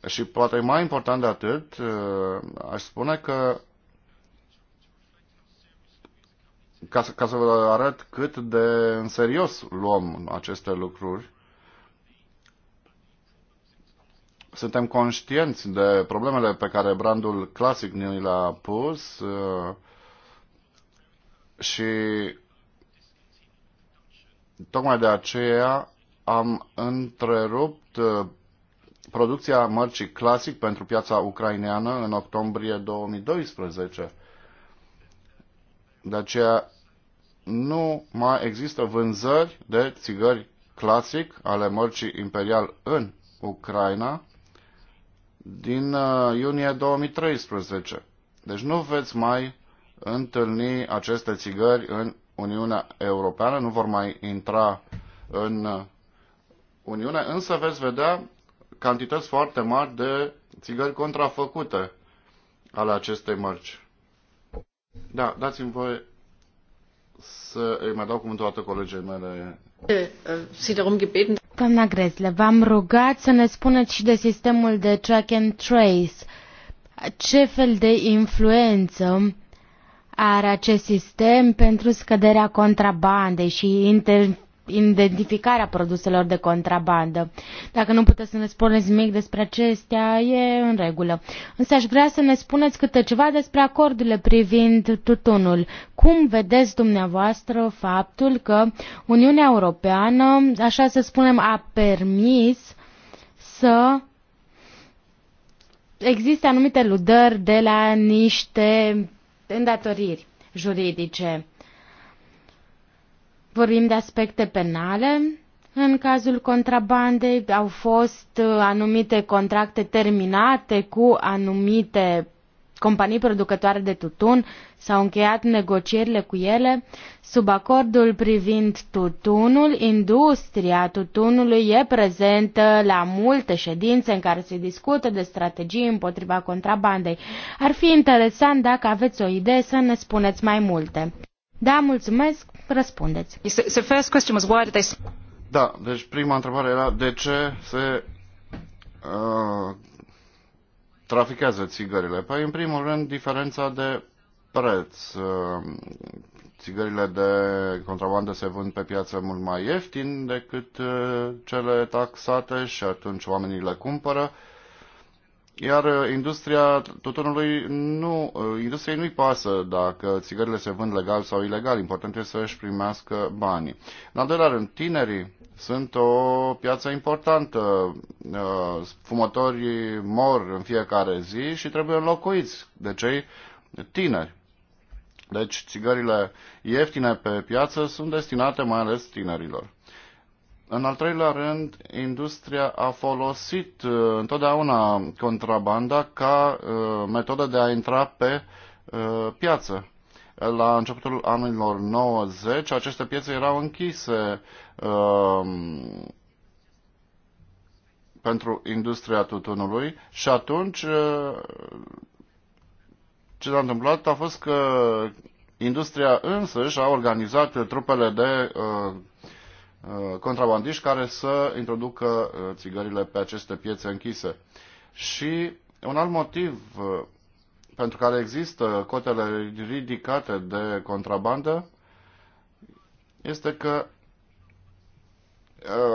Și poate mai important de atât, aș spune că ca să, ca să vă arăt cât de în serios luăm aceste lucruri, suntem conștienți de problemele pe care brandul clasic ni le-a pus uh, și tocmai de aceea am întrerupt uh, producția mărcii clasic pentru piața ucraineană în octombrie 2012 de aceea nu mai există vânzări de țigări clasic ale mărcii Imperial în Ucraina din uh, iunie 2013. Deci nu veți mai întâlni aceste țigări în Uniunea Europeană, nu vor mai intra în uh, Uniune, însă veți vedea cantități foarte mari de țigări contrafăcute ale acestei mărci. Da, dați-mi voie să îi mai dau cuvântul toată colegii mele. Eh, eh, Doamna Grezle, v-am rugat să ne spuneți și de sistemul de track and trace. Ce fel de influență are acest sistem pentru scăderea contrabandei și inter- identificarea produselor de contrabandă. Dacă nu puteți să ne spuneți nimic despre acestea, e în regulă. Însă aș vrea să ne spuneți câte ceva despre acordurile privind tutunul. Cum vedeți dumneavoastră faptul că Uniunea Europeană, așa să spunem, a permis să există anumite ludări de la niște îndatoriri juridice. Vorbim de aspecte penale. În cazul contrabandei au fost uh, anumite contracte terminate cu anumite companii producătoare de tutun, s-au încheiat negocierile cu ele. Sub acordul privind tutunul, industria tutunului e prezentă la multe ședințe în care se discută de strategii împotriva contrabandei. Ar fi interesant dacă aveți o idee să ne spuneți mai multe. Da, mulțumesc, răspundeți. So, first question was why did they... Da, deci prima întrebare era de ce se uh, trafichează țigările. Păi, în primul rând, diferența de preț. Uh, țigările de contrabandă se vând pe piață mult mai ieftin decât uh, cele taxate și atunci oamenii le cumpără. Iar uh, industria tutunului nu, uh, industriei nu-i pasă dacă țigările se vând legal sau ilegal. Important este să își primească banii. În al doilea rând, tinerii sunt o piață importantă. Uh, fumătorii mor în fiecare zi și trebuie înlocuiți de cei tineri. Deci țigările ieftine pe piață sunt destinate mai ales tinerilor. În al treilea rând, industria a folosit uh, întotdeauna contrabanda ca uh, metodă de a intra pe uh, piață. La începutul anilor 90, aceste piețe erau închise um, pentru industria tutunului și atunci ce s-a întâmplat a fost că industria însăși a organizat trupele de uh, Uh, contrabandiști care să introducă uh, țigările pe aceste piețe închise. Și un alt motiv uh, pentru care există cotele ridicate de contrabandă este că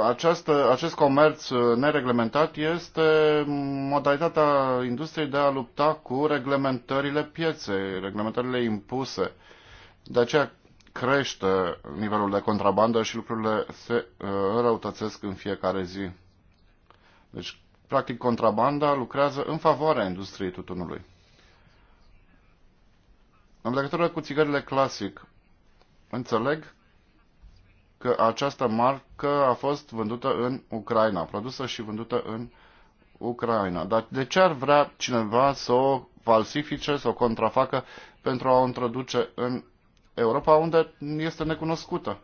această, acest comerț nereglementat este modalitatea industriei de a lupta cu reglementările pieței, reglementările impuse. De aceea crește nivelul de contrabandă și lucrurile se uh, înrăutățesc în fiecare zi. Deci, practic, contrabanda lucrează în favoarea industriei tutunului. În legătură cu țigările clasic, înțeleg că această marcă a fost vândută în Ucraina, produsă și vândută în Ucraina. Dar de ce ar vrea cineva să o falsifice, să o contrafacă pentru a o introduce în Europa unde este necunoscută.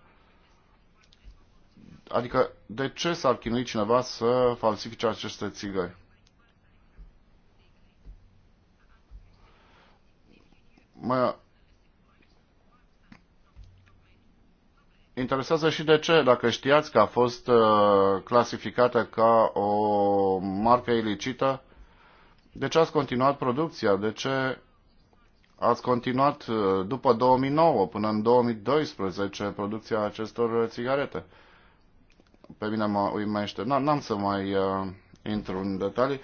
Adică, de ce s-ar chinui cineva să falsifice aceste țigări? Mă interesează și de ce, dacă știați că a fost uh, clasificată ca o marcă ilicită, de ce ați continuat producția? De ce ați continuat uh, după 2009 până în 2012 producția acestor uh, țigarete. Pe mine mă uimește. N-am să mai uh, intru în detalii.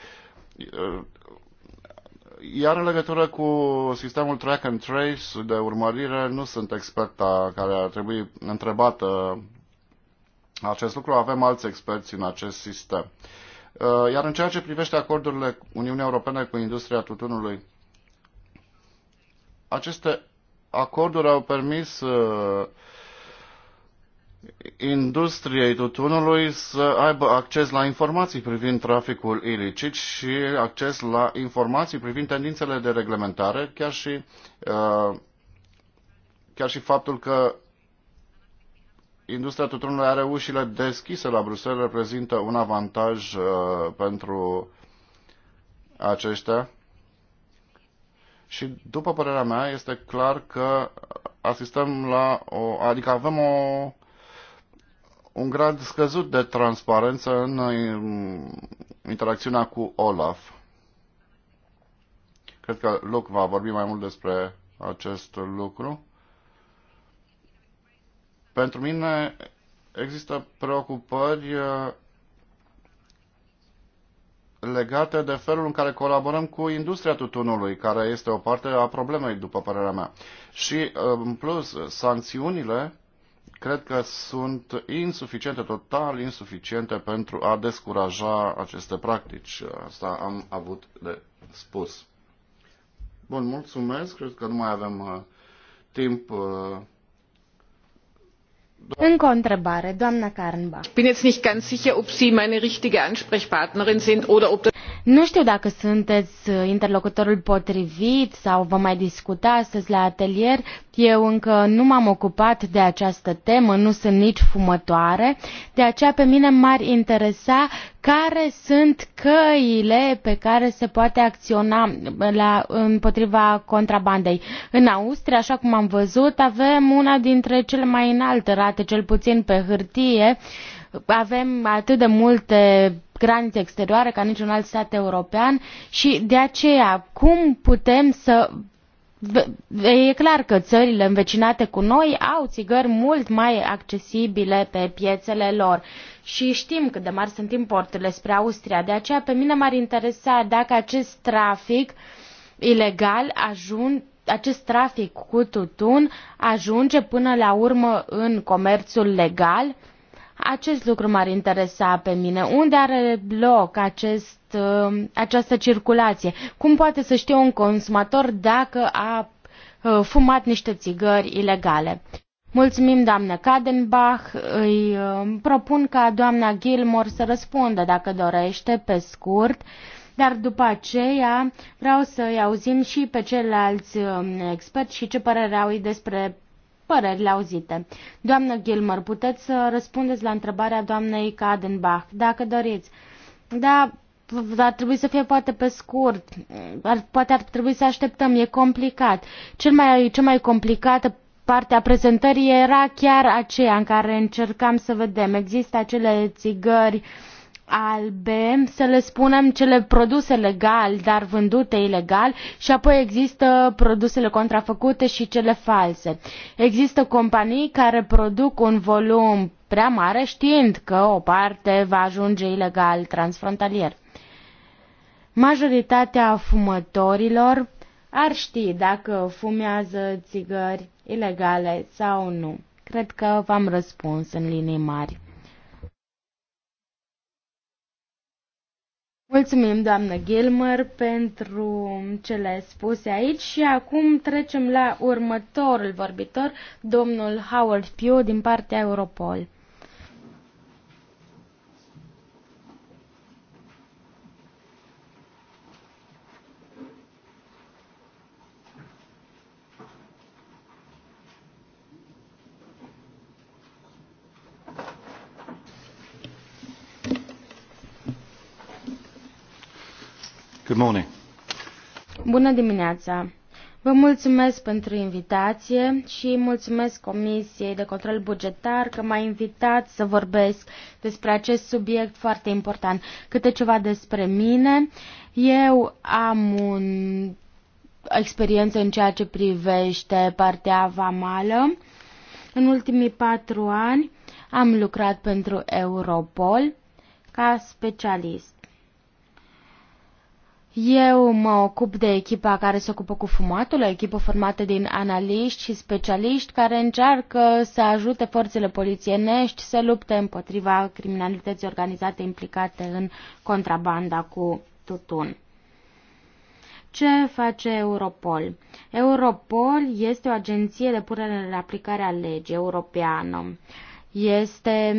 Uh, iar în legătură cu sistemul track and trace de urmărire, nu sunt experta care ar trebui întrebată acest lucru. Avem alți experți în acest sistem. Iar în ceea ce privește acordurile Uniunii Europene cu industria tutunului, aceste acorduri au permis uh, industriei tutunului să aibă acces la informații privind traficul ilicit și acces la informații privind tendințele de reglementare, chiar și, uh, chiar și faptul că industria tutunului are ușile deschise la Bruxelles reprezintă un avantaj uh, pentru aceștia. Și după părerea mea este clar că asistăm la o, adică avem o, un grad scăzut de transparență în mm, interacțiunea cu Olaf. Cred că Luc va vorbi mai mult despre acest lucru. Pentru mine există preocupări legate de felul în care colaborăm cu industria tutunului, care este o parte a problemei, după părerea mea. Și, uh, în plus, sancțiunile cred că sunt insuficiente, total insuficiente pentru a descuraja aceste practici. Asta am avut de spus. Bun, mulțumesc. Cred că nu mai avem uh, timp uh, încă o întrebare, doamna Karnbach. Ich bin jetzt nicht ganz sicher, ob Sie meine richtige Ansprechpartnerin sind oder ob das nu știu dacă sunteți uh, interlocutorul potrivit sau vom mai discuta astăzi la atelier. Eu încă nu m-am ocupat de această temă, nu sunt nici fumătoare, de aceea pe mine m-ar interesa care sunt căile pe care se poate acționa la, împotriva contrabandei. În Austria, așa cum am văzut, avem una dintre cele mai înalte rate, cel puțin pe hârtie, avem atât de multe granițe exterioare ca niciun alt stat european și de aceea cum putem să E clar că țările învecinate cu noi au țigări mult mai accesibile pe piețele lor și știm cât de mari sunt importurile spre Austria. De aceea pe mine m-ar interesa dacă acest trafic ilegal ajunge acest trafic cu tutun ajunge până la urmă în comerțul legal acest lucru m-ar interesa pe mine. Unde are loc acest, uh, această circulație? Cum poate să știe un consumator dacă a uh, fumat niște țigări ilegale? Mulțumim, doamnă Kadenbach. Îi uh, propun ca doamna Gilmore să răspundă, dacă dorește, pe scurt dar după aceea vreau să-i auzim și pe ceilalți experți și ce părere au ei despre părerile auzite. Doamnă Gilmer, puteți să răspundeți la întrebarea doamnei Cadenbach, dacă doriți. Da, ar trebui să fie poate pe scurt, ar, poate ar trebui să așteptăm, e complicat. Cel mai, cea mai complicată parte a prezentării era chiar aceea în care încercam să vedem. Există acele țigări uh, albe, să le spunem cele produse legal, dar vândute ilegal și apoi există produsele contrafăcute și cele false. Există companii care produc un volum prea mare știind că o parte va ajunge ilegal transfrontalier. Majoritatea fumătorilor ar ști dacă fumează țigări ilegale sau nu. Cred că v-am răspuns în linii mari. Mulțumim, doamnă Gilmer, pentru cele spuse aici și acum trecem la următorul vorbitor, domnul Howard Pugh din partea Europol. Good morning. Bună dimineața! Vă mulțumesc pentru invitație și mulțumesc Comisiei de Control Bugetar că m-a invitat să vorbesc despre acest subiect foarte important. Câte ceva despre mine. Eu am un experiență în ceea ce privește partea vamală. În ultimii patru ani am lucrat pentru Europol ca specialist. Eu mă ocup de echipa care se ocupă cu fumatul, o echipă formată din analiști și specialiști care încearcă să ajute forțele polițienești să lupte împotriva criminalității organizate implicate în contrabanda cu tutun. Ce face Europol? Europol este o agenție de punere în aplicare a legii europeană. Este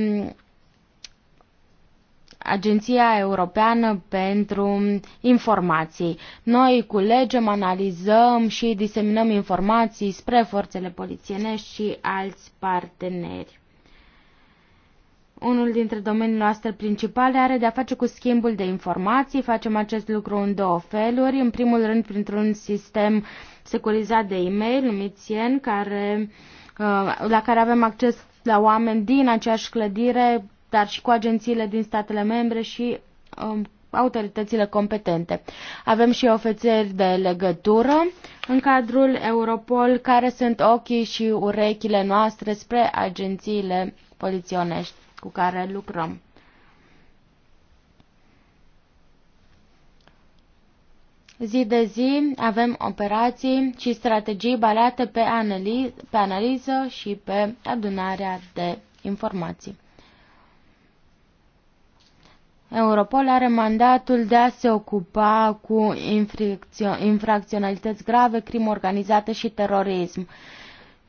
Agenția Europeană pentru Informații. Noi culegem, analizăm și diseminăm informații spre forțele polițienești și alți parteneri. Unul dintre domeniile noastre principale are de-a face cu schimbul de informații. Facem acest lucru în două feluri. În primul rând, printr-un sistem securizat de e-mail numit Sien, care, uh, la care avem acces la oameni din aceeași clădire dar și cu agențiile din statele membre și um, autoritățile competente. Avem și ofițeri de legătură în cadrul Europol, care sunt ochii și urechile noastre spre agențiile poliționești cu care lucrăm. Zi de zi avem operații și strategii balate pe, analiză și pe adunarea de informații. Europol are mandatul de a se ocupa cu infracționalități grave, crimă organizată și terorism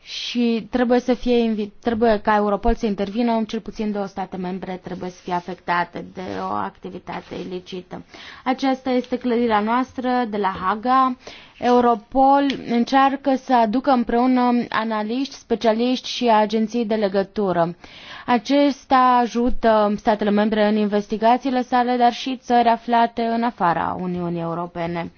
și trebuie, să fie, trebuie ca Europol să intervină, cel puțin două state membre trebuie să fie afectate de o activitate ilicită. Aceasta este clădirea noastră de la Haga. Europol încearcă să aducă împreună analiști, specialiști și agenții de legătură. Acesta ajută statele membre în investigațiile sale, dar și țări aflate în afara Uniunii Europene.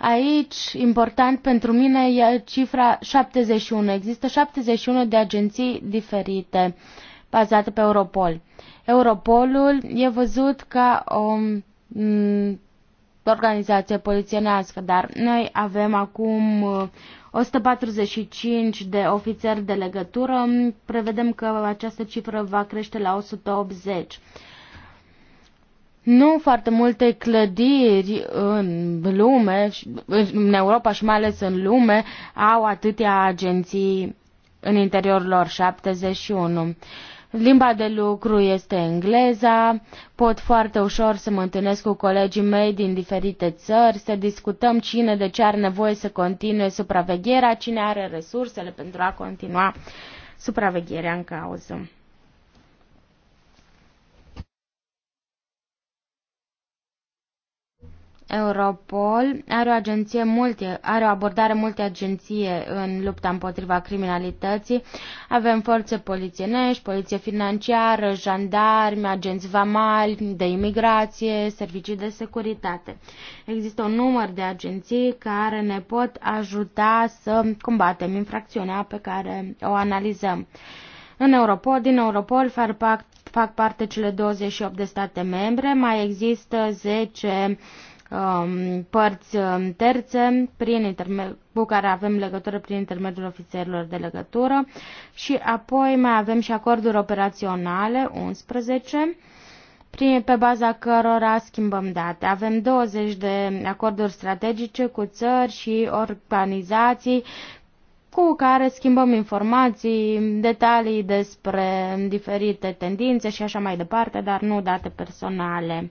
Aici, important pentru mine, e cifra 71. Există 71 de agenții diferite bazate pe Europol. Europolul e văzut ca o mm, organizație polițienească, dar noi avem acum 145 uh, de ofițeri de legătură. Prevedem că această cifră va crește la 180 nu foarte multe clădiri în lume, în Europa și mai ales în lume, au atâtea agenții în interiorul lor, 71. Limba de lucru este engleza, pot foarte ușor să mă întâlnesc cu colegii mei din diferite țări, să discutăm cine de ce are nevoie să continue supravegherea, cine are resursele pentru a continua supravegherea în cauză. Europol are o, agenție multi, are o abordare multiagenție în lupta împotriva criminalității. Avem forțe polițienești, poliție financiară, jandarmi, agenți vamali, de imigrație, servicii de securitate. Există un număr de agenții care ne pot ajuta să combatem infracțiunea pe care o analizăm. În Europol, din Europol fac, fac parte cele 28 de state membre, mai există 10 Um, părți um, terțe prin cu care avem legătură prin intermediul ofițerilor de legătură și apoi mai avem și acorduri operaționale 11 prin, pe baza cărora schimbăm date. Avem 20 de acorduri strategice cu țări și organizații cu care schimbăm informații, detalii despre diferite tendințe și așa mai departe, dar nu date personale.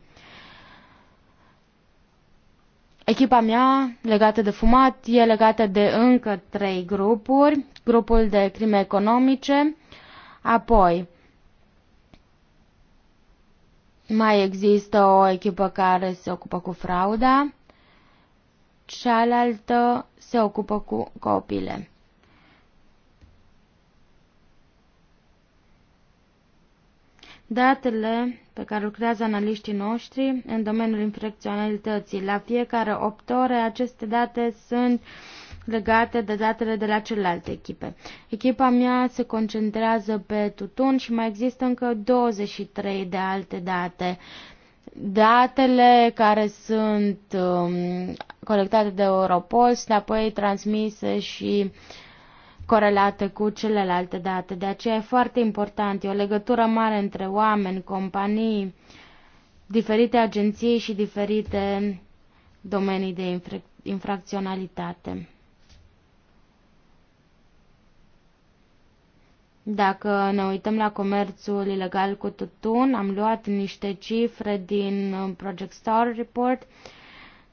Echipa mea, legată de fumat, e legată de încă trei grupuri. Grupul de crime economice, apoi mai există o echipă care se ocupă cu frauda, cealaltă se ocupă cu copile. Datele pe care lucrează analiștii noștri în domeniul infracționalității. La fiecare 8 ore aceste date sunt legate de datele de la celelalte echipe. Echipa mea se concentrează pe tutun și mai există încă 23 de alte date. Datele care sunt um, colectate de Europol sunt apoi transmise și uh, corelate cu celelalte date. De aceea e foarte important, e o legătură mare între oameni, companii, diferite agenții și diferite domenii de infrac- infracționalitate. Dacă ne uităm la comerțul ilegal cu tutun, am luat niște cifre din uh, Project Star Report.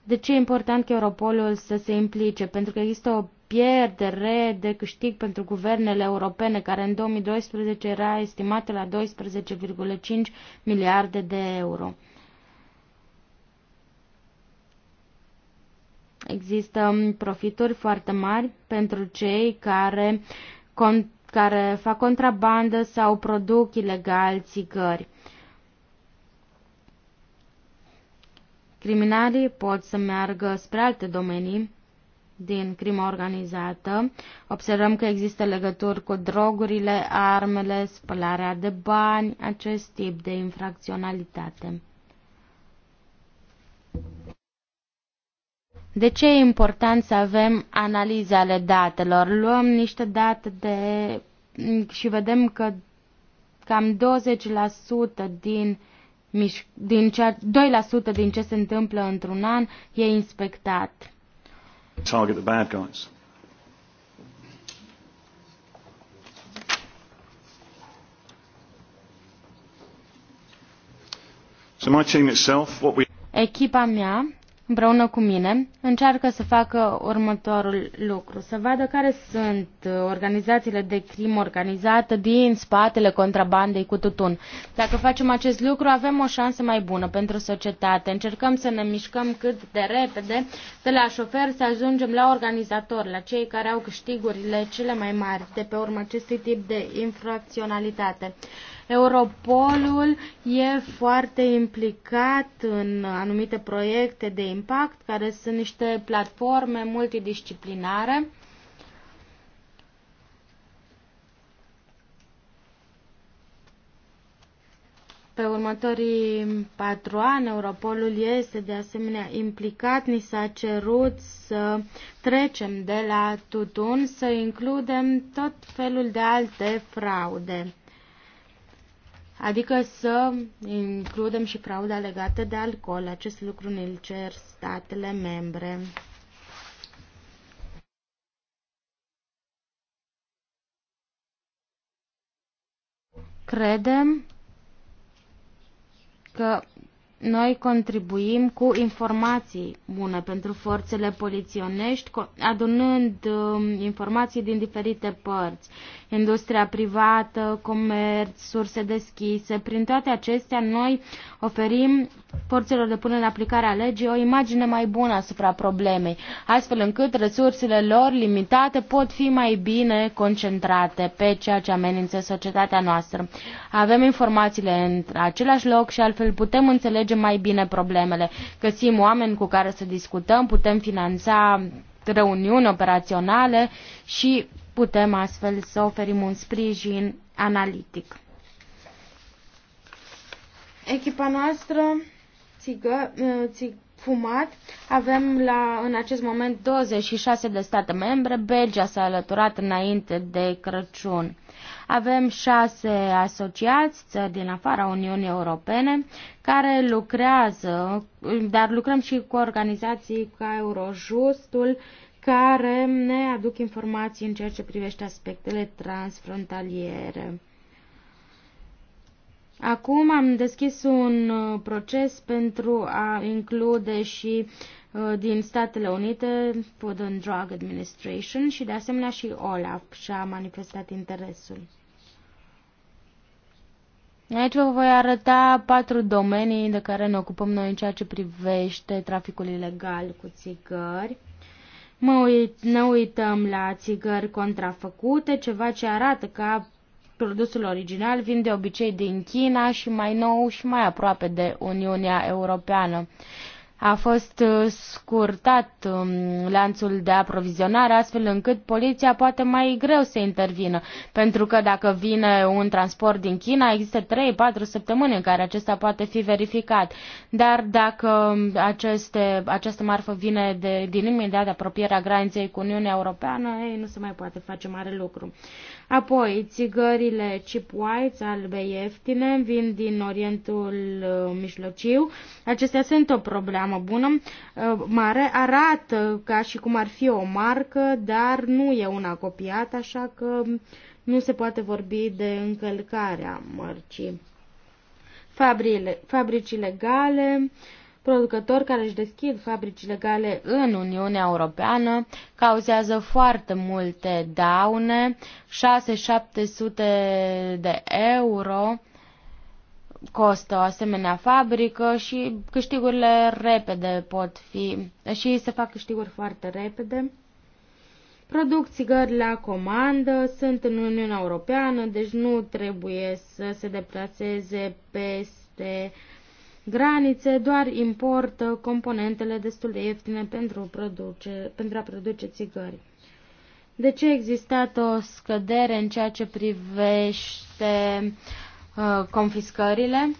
De ce e important că Europolul să se implice? Pentru că există o pierdere de câștig pentru guvernele europene, care în 2012 era estimată la 12,5 miliarde de euro. Există profituri foarte mari pentru cei care, con, care fac contrabandă sau produc ilegal țigări. Criminalii pot să meargă spre alte domenii din crima organizată. Observăm că există legături cu drogurile, armele, spălarea de bani, acest tip de infracționalitate. De ce e important să avem analize ale datelor? Luăm niște date de și vedem că cam 20% din, din cea, 2% din ce se întâmplă într-un an e inspectat. Target the bad guys. So my team itself, what we... Echipa mea împreună cu mine, încearcă să facă următorul lucru, să vadă care sunt organizațiile de crimă organizată din spatele contrabandei cu tutun. Dacă facem acest lucru, avem o șansă mai bună pentru societate. Încercăm să ne mișcăm cât de repede de la șofer să ajungem la organizatori, la cei care au câștigurile cele mai mari de pe urma acestui tip de infracționalitate. Europolul e foarte implicat în anumite proiecte de impact, care sunt niște platforme multidisciplinare. Pe următorii patru ani, Europolul este de asemenea implicat. Ni s-a cerut să trecem de la tutun, să includem tot felul de alte fraude adică să includem și frauda legată de alcool. Acest lucru ne-l cer statele membre. Credem că noi contribuim cu informații bune pentru forțele poliționești, adunând um, informații din diferite părți, industria privată, comerț, surse deschise. Prin toate acestea, noi oferim forțelor de punere în aplicare a legii o imagine mai bună asupra problemei, astfel încât resursele lor limitate pot fi mai bine concentrate pe ceea ce amenință societatea noastră. Avem informațiile în același loc și altfel putem înțelege înțelegem mai bine problemele. Găsim oameni cu care să discutăm, putem finanța reuniuni operaționale și putem astfel să oferim un sprijin analitic. Echipa noastră țigă, țigă, fumat. Avem la, în acest moment 26 de state membre. Belgia s-a alăturat înainte de Crăciun. Avem șase asociați, țări din afara Uniunii Europene, care lucrează, dar lucrăm și cu organizații ca Eurojustul, care ne aduc informații în ceea ce privește aspectele transfrontaliere. Acum am deschis un proces pentru a include și Uh, din Statele Unite, Food and Drug Administration și de asemenea și OLAF și-a manifestat interesul. Aici vă voi arăta patru domenii de care ne ocupăm noi în ceea ce privește traficul ilegal cu țigări. Mă uit, ne uităm la țigări contrafăcute, ceva ce arată ca produsul original vin de obicei din China și mai nou și mai aproape de Uniunea Europeană a fost uh, scurtat um, lanțul de aprovizionare astfel încât poliția poate mai greu să intervină, pentru că dacă vine un transport din China, există 3-4 săptămâni în care acesta poate fi verificat. Dar dacă um, aceste, această marfă vine de, din imediat apropierea graniței cu Uniunea Europeană, ei, nu se mai poate face mare lucru. Apoi, țigările chip whites, albe ieftine, vin din Orientul uh, Mijlociu. Acestea sunt o problemă reclamă bună, uh, mare, arată ca și cum ar fi o marcă, dar nu e una copiată, așa că nu se poate vorbi de încălcarea mărcii. Fabrile, fabrici legale, producători care își deschid fabrici legale în Uniunea Europeană cauzează foarte multe daune, 6-700 de euro costă o asemenea fabrică și câștigurile repede pot fi și se fac câștiguri foarte repede. Produc țigări la comandă, sunt în Uniunea Europeană, deci nu trebuie să se deplaseze peste granițe, doar importă componentele destul de ieftine pentru, produce, pentru a produce țigări. De ce a existat o scădere în ceea ce privește uh, Uh, confiscările,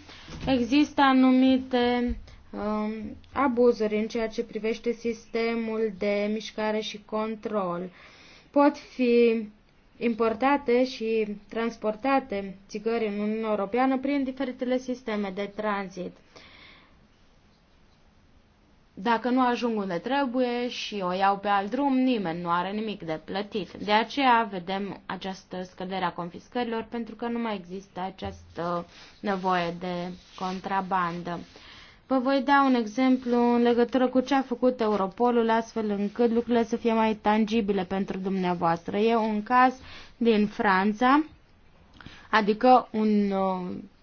există anumite um, abuzuri în ceea ce privește sistemul de mișcare și control. Pot fi importate și transportate țigări în Uniunea Europeană prin diferitele sisteme de tranzit. Dacă nu ajung unde trebuie și o iau pe alt drum, nimeni nu are nimic de plătit. De aceea vedem această scădere a confiscărilor, pentru că nu mai există această nevoie de contrabandă. Vă voi da un exemplu în legătură cu ce a făcut Europolul, astfel încât lucrurile să fie mai tangibile pentru dumneavoastră. E un caz din Franța, adică un,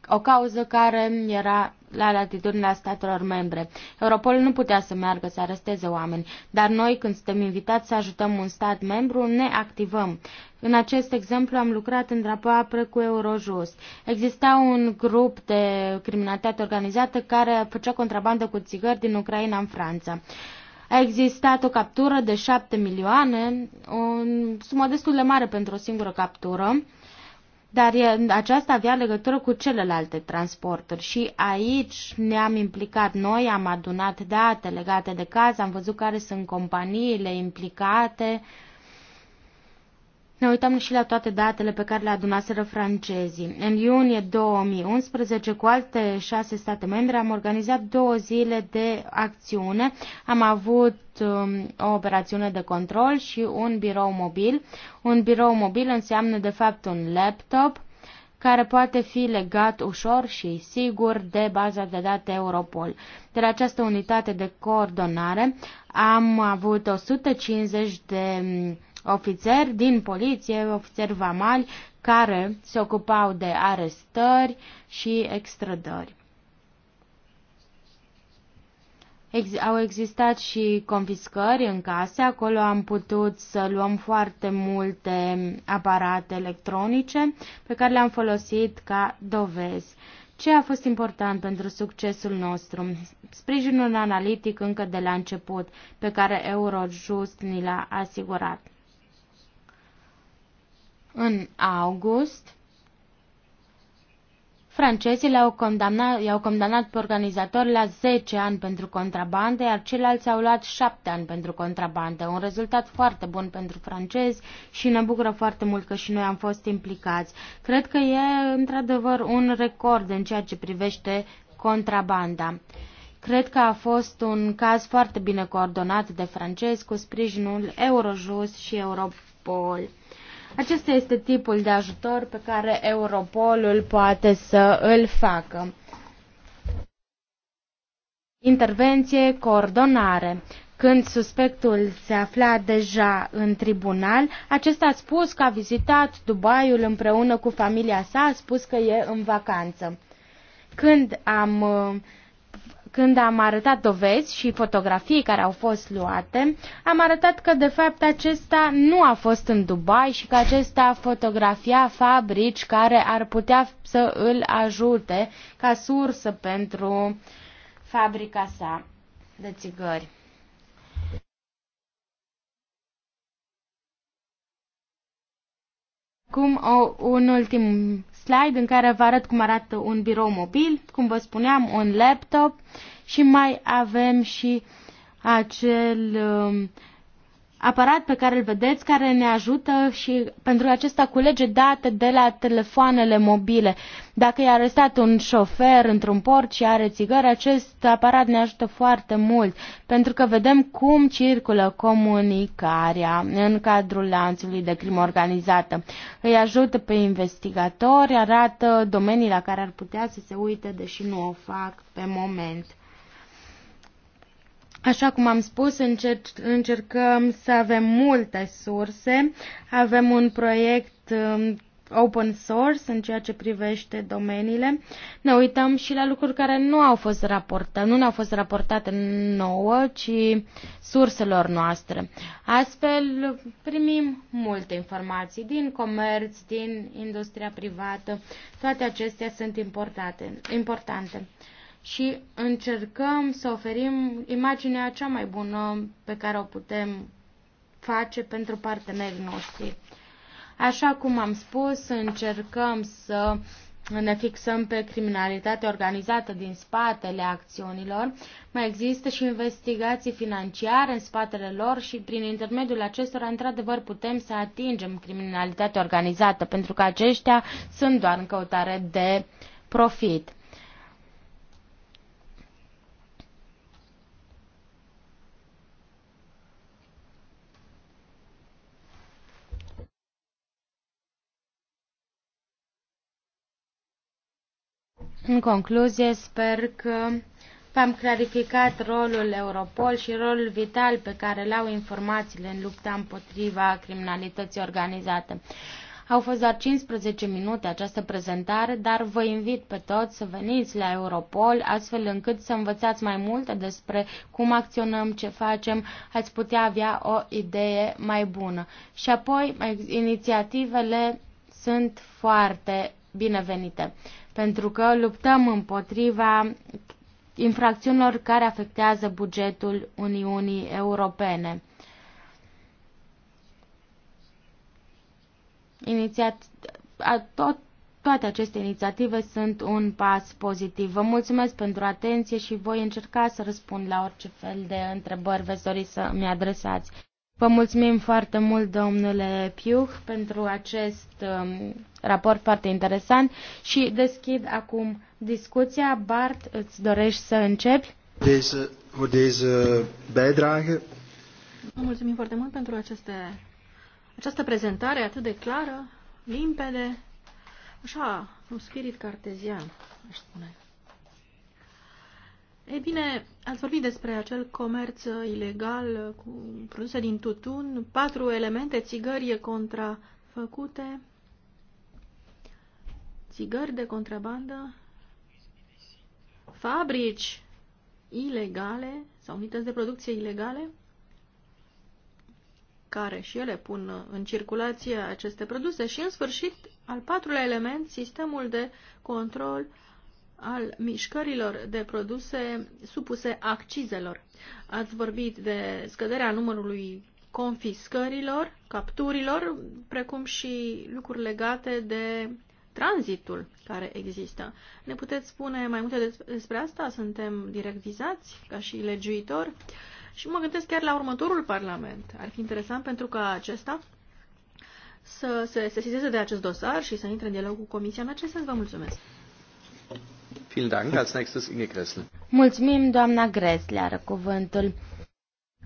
o cauză care era la latitudinea statelor membre. Europol nu putea să meargă să aresteze oameni, dar noi când suntem invitați să ajutăm un stat membru, ne activăm. În acest exemplu am lucrat îndrapoapre cu Eurojust. Exista un grup de criminalitate organizată care făcea contrabandă cu țigări din Ucraina în Franța. A existat o captură de 7 milioane, o sumă destul de mare pentru o singură captură dar aceasta avea legătură cu celelalte transporturi și aici ne-am implicat noi, am adunat date legate de caz, am văzut care sunt companiile implicate, uh, ne uităm și la toate datele pe care le adunaseră francezii. În iunie 2011, cu alte șase state membre, am organizat două zile de acțiune. Am avut um, o operațiune de control și un birou mobil. Un birou mobil înseamnă, de fapt, un laptop care poate fi legat ușor și sigur de baza de date Europol. De la această unitate de coordonare am avut 150 de ofițeri din poliție, ofițeri vamali, care se ocupau de arestări și extrădări. Ex- au existat și confiscări în case, acolo am putut să luăm foarte multe aparate electronice pe care le-am folosit ca dovezi. Ce a fost important pentru succesul nostru? Sprijinul analitic încă de la început, pe care Eurojust ni l-a asigurat. În august, francezii le au condamnat, au condamnat pe organizator la 10 ani pentru contrabandă, iar ceilalți au luat 7 ani pentru contrabandă. Un rezultat foarte bun pentru francezi și ne bucură foarte mult că și noi am fost implicați. Cred că e într-adevăr un record în ceea ce privește contrabanda. Cred că a fost un caz foarte bine coordonat de francezi cu sprijinul Eurojust și Europol. Acesta este tipul de ajutor pe care Europolul poate să îl facă. Intervenție, coordonare. Când suspectul se afla deja în tribunal, acesta a spus că a vizitat Dubaiul împreună cu familia sa, a spus că e în vacanță. Când am uh, când am arătat dovezi și fotografii care au fost luate, am arătat că de fapt acesta nu a fost în Dubai și că acesta fotografia fabrici care ar putea să îl ajute ca sursă pentru fabrica sa de țigări. Acum o, un ultim slide în care vă arăt cum arată un birou mobil, cum vă spuneam, un laptop și mai avem și acel um, aparat pe care îl vedeți care ne ajută și pentru acesta culege date de la telefoanele mobile. Dacă e arestat un șofer într-un port și are țigări, acest aparat ne ajută foarte mult pentru că vedem cum circulă comunicarea în cadrul lanțului de crimă organizată. Îi ajută pe investigatori, arată domenii la care ar putea să se uite, deși nu o fac pe moment. Așa cum am spus, încerc, încercăm să avem multe surse. Avem un proiect um, open source în ceea ce privește domeniile. Ne uităm și la lucruri care nu au fost raportate, nu ne-au fost raportate nouă, ci surselor noastre. Astfel primim multe informații din comerț, din industria privată. Toate acestea sunt importate, importante și încercăm să oferim imaginea cea mai bună pe care o putem face pentru partenerii noștri. Așa cum am spus, încercăm să ne fixăm pe criminalitatea organizată din spatele acțiunilor. Mai există și investigații financiare în spatele lor și prin intermediul acestora, într-adevăr, putem să atingem criminalitatea organizată, pentru că aceștia sunt doar în căutare de profit. În concluzie, sper că v-am clarificat rolul Europol și rolul vital pe care l-au informațiile în lupta împotriva criminalității organizate. Au fost doar 15 minute această prezentare, dar vă invit pe toți să veniți la Europol, astfel încât să învățați mai multe despre cum acționăm, ce facem, ați putea avea o idee mai bună. Și apoi, inițiativele sunt foarte binevenite, pentru că luptăm împotriva infracțiunilor care afectează bugetul Uniunii Europene. Inițiat, tot, toate aceste inițiative sunt un pas pozitiv. Vă mulțumesc pentru atenție și voi încerca să răspund la orice fel de întrebări veți dori să mi adresați. Vă mulțumim foarte mult, domnule Piuh, pentru acest um, raport foarte interesant și deschid acum discuția. Bart, îți dorești să începi? Deze, voor deze bijdrage. Mulțumim foarte mult pentru aceste, această prezentare atât de clară, limpede, așa, un spirit cartezian, aș spune. Ei bine, ați vorbit despre acel comerț ilegal cu produse din tutun, patru elemente, țigări contrafăcute, țigări de contrabandă, fabrici ilegale sau unități de producție ilegale, care și ele pun în circulație aceste produse și, în sfârșit, al patrulea element, sistemul de control al mișcărilor de produse supuse accizelor. Ați vorbit de scăderea numărului confiscărilor, capturilor, precum și lucruri legate de tranzitul care există. Ne puteți spune mai multe despre asta? Suntem direct vizați ca și legiuitor? Și mă gândesc chiar la următorul parlament. Ar fi interesant pentru că acesta să se sesizeze de acest dosar și să intre în dialog cu Comisia. În acest sens, vă mulțumesc. Mulțumim, doamna Gresle are cuvântul.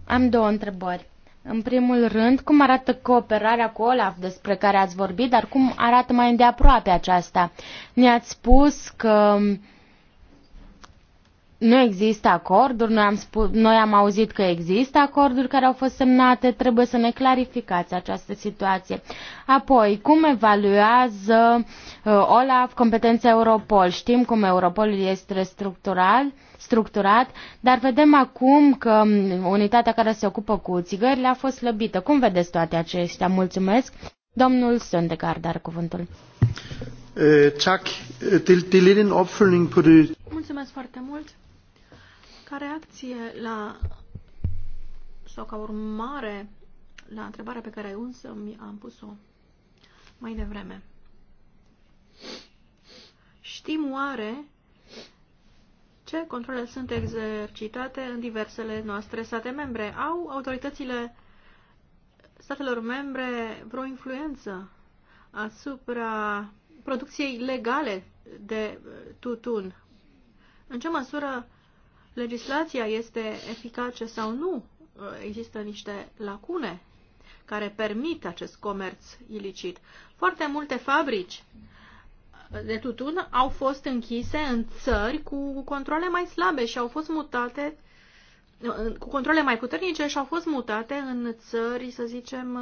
Am două întrebări. În primul rând, cum arată cooperarea cu Olaf despre care ați vorbit, dar cum arată mai îndeaproape aceasta? Ne-ați spus că nu există acorduri, noi am, spus, noi am auzit că există acorduri care au fost semnate, trebuie să ne clarificați această situație. Apoi, cum evaluează uh, OLAF competența Europol? Știm cum Europol este structural, structurat, dar vedem acum că um, unitatea care se ocupă cu țigările a fost slăbită. Cum vedeți toate acestea? Mulțumesc. Domnul Søndegard are cuvântul. Uh, tak. Uh, det er lidt på det. Mulțumesc foarte mult. Ca reacție la sau ca urmare la întrebarea pe care unsă, mi am pus-o mai devreme. Știm oare ce controle sunt exercitate în diversele noastre state membre? Au autoritățile statelor membre vreo influență asupra producției legale de tutun? În ce măsură legislația este eficace sau nu. Există niște lacune care permit acest comerț ilicit. Foarte multe fabrici de tutun au fost închise în țări cu controle mai slabe și au fost mutate cu controle mai puternice și au fost mutate în țări, să zicem,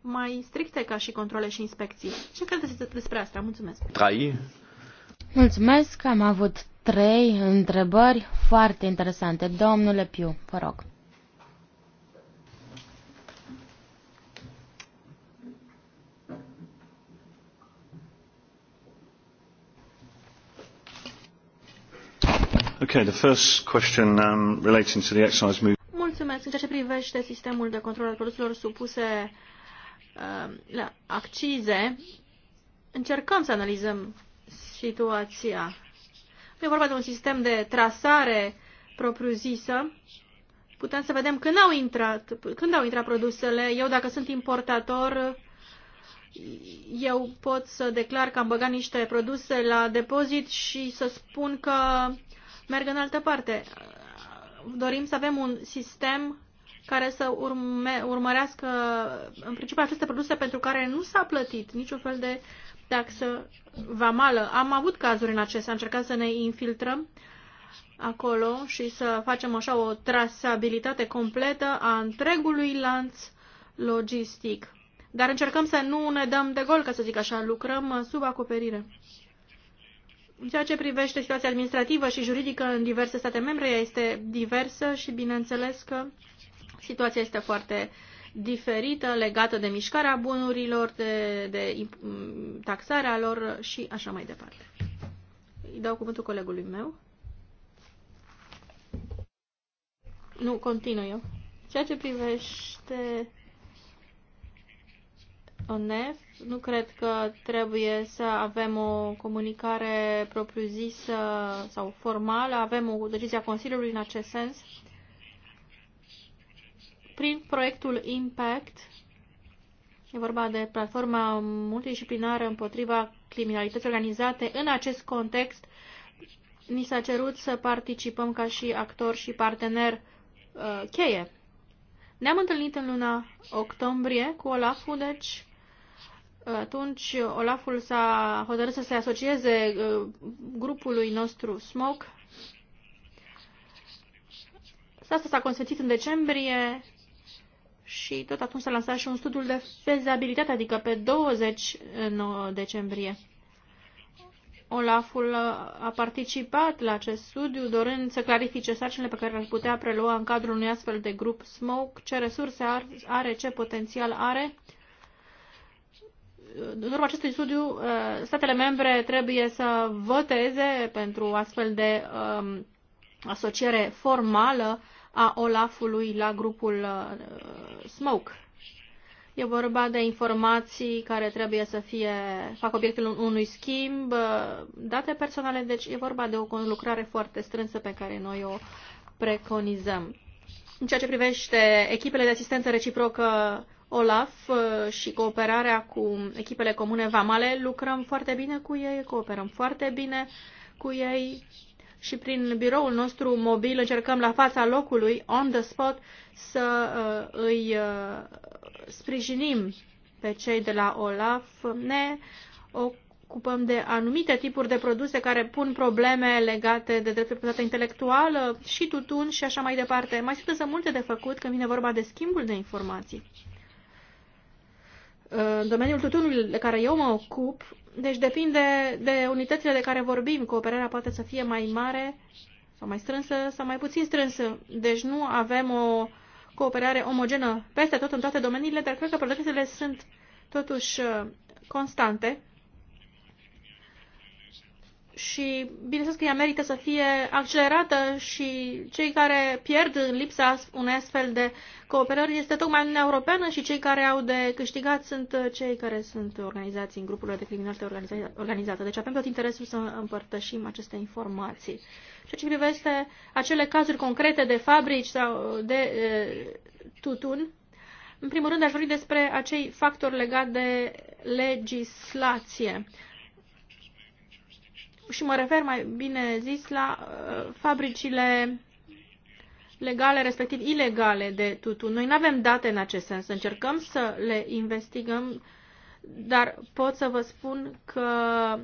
mai stricte ca și controle și inspecții. Ce credeți despre asta? Mulțumesc! Trai. Mulțumesc, am avut trei întrebări foarte interesante. Domnule Piu, vă rog. Okay, the first question um, relating to the excise move. Mulțumesc. În ceea ce privește sistemul de control al produselor supuse uh, la accize, încercăm să analizăm situația nu e vorba de un sistem de trasare propriu-zisă. Putem să vedem când au intrat, când au intrat produsele. Eu, dacă sunt importator, eu pot să declar că am băgat niște produse la depozit și să spun că merg în altă parte. Dorim să avem un sistem care să urme, urmărească în principiu aceste produse pentru care nu s-a plătit niciun fel de taxă vamală. Am avut cazuri în acestea, am încercat să ne infiltrăm acolo și să facem așa o trasabilitate completă a întregului lanț logistic. Dar încercăm să nu ne dăm de gol, ca să zic așa, lucrăm sub acoperire. În ceea ce privește situația administrativă și juridică în diverse state membre, ea este diversă și bineînțeles că situația este foarte diferită legată de mișcarea bunurilor, de, de taxarea lor și așa mai departe. Îi dau cuvântul colegului meu. Nu, continuă eu. Ceea ce privește ONEF, nu cred că trebuie să avem o comunicare propriu-zisă sau formală. Avem o decizie a Consiliului în acest sens prin proiectul Impact. E vorba de platforma multidisciplinară împotriva criminalității organizate. În acest context, ni s-a cerut să participăm ca și actor și partener uh, cheie. Ne-am întâlnit în luna octombrie cu Olaful, deci uh, atunci Olaful s-a hotărât să se asocieze uh, grupului nostru SMOC. Asta s-a consfințit în decembrie și tot atunci s-a lansat și un studiu de fezabilitate, adică pe 20 eh, decembrie. Olaful a participat la acest studiu, dorând să clarifice sarcinile pe care le putea prelua în cadrul unui astfel de grup SMOKE, ce resurse are, ce potențial are. În urma acestui studiu, eh, statele membre trebuie să voteze pentru astfel de um, asociere formală a Olafului la grupul uh, Smoke. E vorba de informații care trebuie să fie, fac obiectul unui schimb, uh, date personale, deci e vorba de o lucrare foarte strânsă pe care noi o preconizăm. În ceea ce privește echipele de asistență reciprocă OLAF uh, și cooperarea cu echipele comune Vamale, lucrăm foarte bine cu ei, cooperăm foarte bine cu ei și prin biroul nostru mobil încercăm la fața locului, on the spot, să uh, îi uh, sprijinim pe cei de la OLAF. Ne ocupăm de anumite tipuri de produse care pun probleme legate de dreptul proprietate intelectuală și tutun și așa mai departe. Mai sunt însă multe de făcut când vine vorba de schimbul de informații. În domeniul tutunului de care eu mă ocup, deci depinde de unitățile de care vorbim, cooperarea poate să fie mai mare sau mai strânsă sau mai puțin strânsă. Deci nu avem o cooperare omogenă peste tot în toate domeniile, dar cred că progresele sunt totuși uh, constante și bineînțeles că ea merită să fie accelerată și cei care pierd în lipsa unei astfel de cooperări este tocmai Uniunea Europeană și cei care au de câștigat sunt cei care sunt organizați în grupurile de criminalitate organizată. Deci avem tot interesul să împărtășim aceste informații. Ceea ce privește acele cazuri concrete de fabrici sau de e, tutun, în primul rând aș vorbi despre acei factori legați de legislație și mă refer mai bine zis la uh, fabricile legale, respectiv ilegale de tutun. Noi nu avem date în acest sens, încercăm să le investigăm, dar pot să vă spun că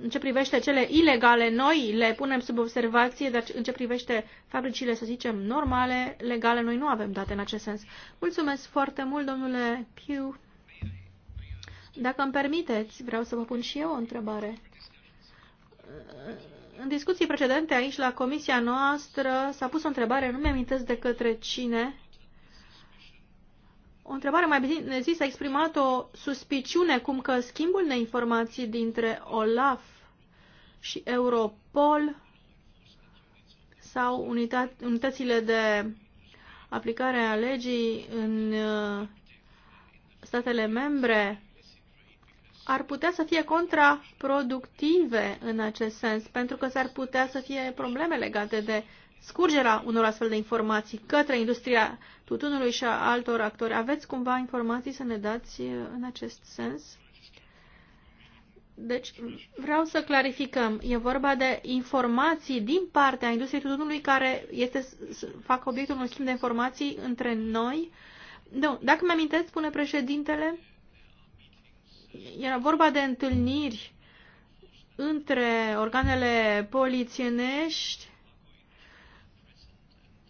în ce privește cele ilegale, noi le punem sub observație, dar în ce privește fabricile, să zicem, normale, legale, noi nu avem date în acest sens. Mulțumesc foarte mult, domnule Piu. Dacă îmi permiteți, vreau să vă pun și eu o întrebare în discuții precedente aici la comisia noastră s-a pus o întrebare, nu mi-am de către cine, o întrebare mai bine zis a exprimat o suspiciune cum că schimbul de informații dintre OLAF și Europol sau unitățile de aplicare a legii în uh, statele membre ar putea să fie contraproductive în acest sens, pentru că s-ar putea să fie probleme legate de scurgerea unor astfel de informații către industria tutunului și a altor actori. Aveți cumva informații să ne dați uh, în acest sens? Deci vreau să clarificăm. E vorba de informații din partea industriei tutunului care este, fac obiectul unui schimb de informații între noi. Nu, dacă mi amintesc, spune președintele, era vorba de întâlniri între organele polițienești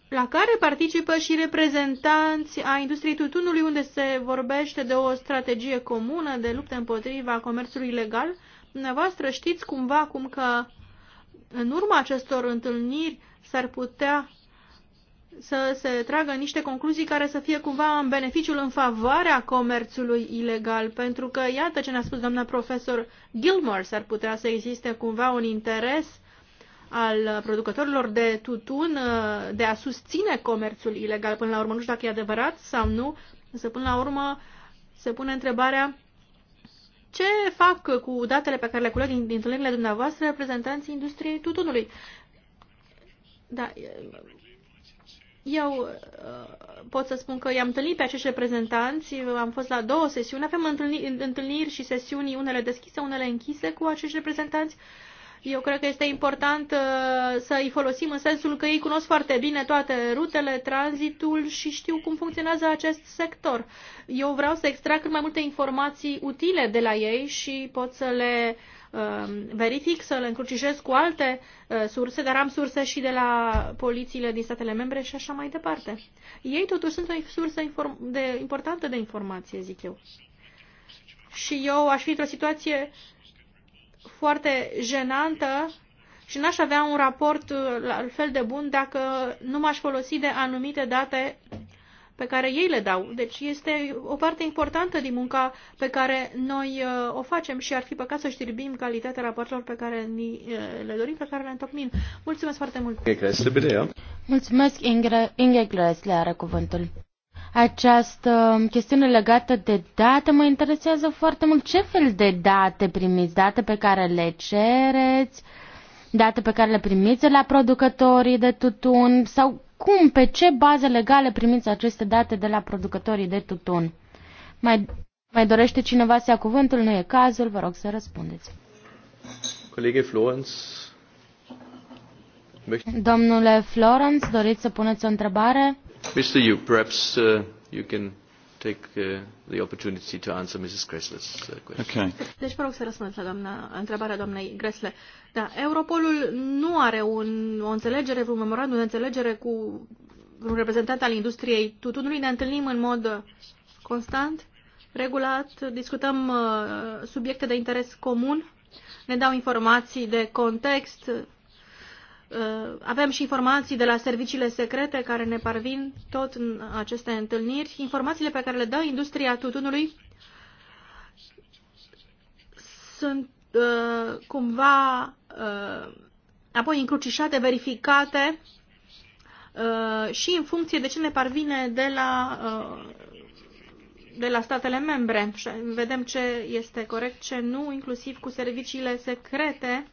la care participă și reprezentanți a industriei tutunului, unde se vorbește de o strategie comună de luptă împotriva comerțului ilegal. Dumneavoastră știți cumva cum că în urma acestor întâlniri s-ar putea să se tragă niște concluzii care să fie cumva în beneficiul, în favoarea comerțului ilegal, pentru că iată ce ne-a spus doamna profesor Gilmore, s-ar putea să existe cumva un interes al producătorilor de tutun uh, de a susține comerțul ilegal. Până la urmă, nu știu dacă e adevărat sau nu, însă până la urmă se pune întrebarea ce fac cu datele pe care le culeg din, din întâlnirile dumneavoastră reprezentanții industriei tutunului. Da, eu uh, pot să spun că i-am întâlnit pe acești reprezentanți, am fost la două sesiuni, avem întâlni, întâlniri și sesiuni, unele deschise, unele închise cu acești reprezentanți. Eu cred că este important uh, să îi folosim în sensul că ei cunosc foarte bine toate rutele, tranzitul și știu cum funcționează acest sector. Eu vreau să extrag cât mai multe informații utile de la ei și pot să le uh, Um, verific, să l încrucișez cu alte uh, surse, dar am surse și de la polițiile din statele membre și așa mai departe. Ei totuși sunt o sursă de, importantă de informație, zic eu. Și eu aș fi într-o situație foarte jenantă și n-aș avea un raport uh, la fel de bun dacă nu m-aș folosi de anumite date pe care ei le dau. Deci este o parte importantă din munca pe care noi uh, o facem și ar fi păcat să știrbim calitatea raportelor pe care ni uh, le dorim, pe care le întocmim. Mulțumesc foarte mult! Mulțumesc, Ingre, Inge Gresle are cuvântul. Această chestiune legată de date mă interesează foarte mult. Ce fel de date primiți? Date pe care le cereți? Date pe care le primiți la producătorii de tutun? Sau cum, pe ce baze legale primiți aceste date de la producătorii de tutun? Mai, mai dorește cineva să ia cuvântul? Nu e cazul, vă rog să răspundeți. Colegi Florence. Domnule Florence, doriți să puneți o întrebare? Mr. You, perhaps uh, you can take uh, the opportunity to answer Mrs. Gressler's uh, question. Okay. Deci vă rog să răspundeți la doamna, întrebarea doamnei Gressler. Da, Europolul nu are un, o înțelegere, un memorandum de înțelegere cu un reprezentant al industriei tutunului. Ne întâlnim în mod constant, regulat, discutăm uh, subiecte de interes comun, ne dau informații de context, Uh, avem și informații de la serviciile secrete care ne parvin tot în aceste întâlniri. Informațiile pe care le dă industria tutunului sunt uh, cumva uh, apoi încrucișate, verificate uh, și în funcție de ce ne parvine de la, uh, de la statele membre. Vedem ce este corect, ce nu, inclusiv cu serviciile secrete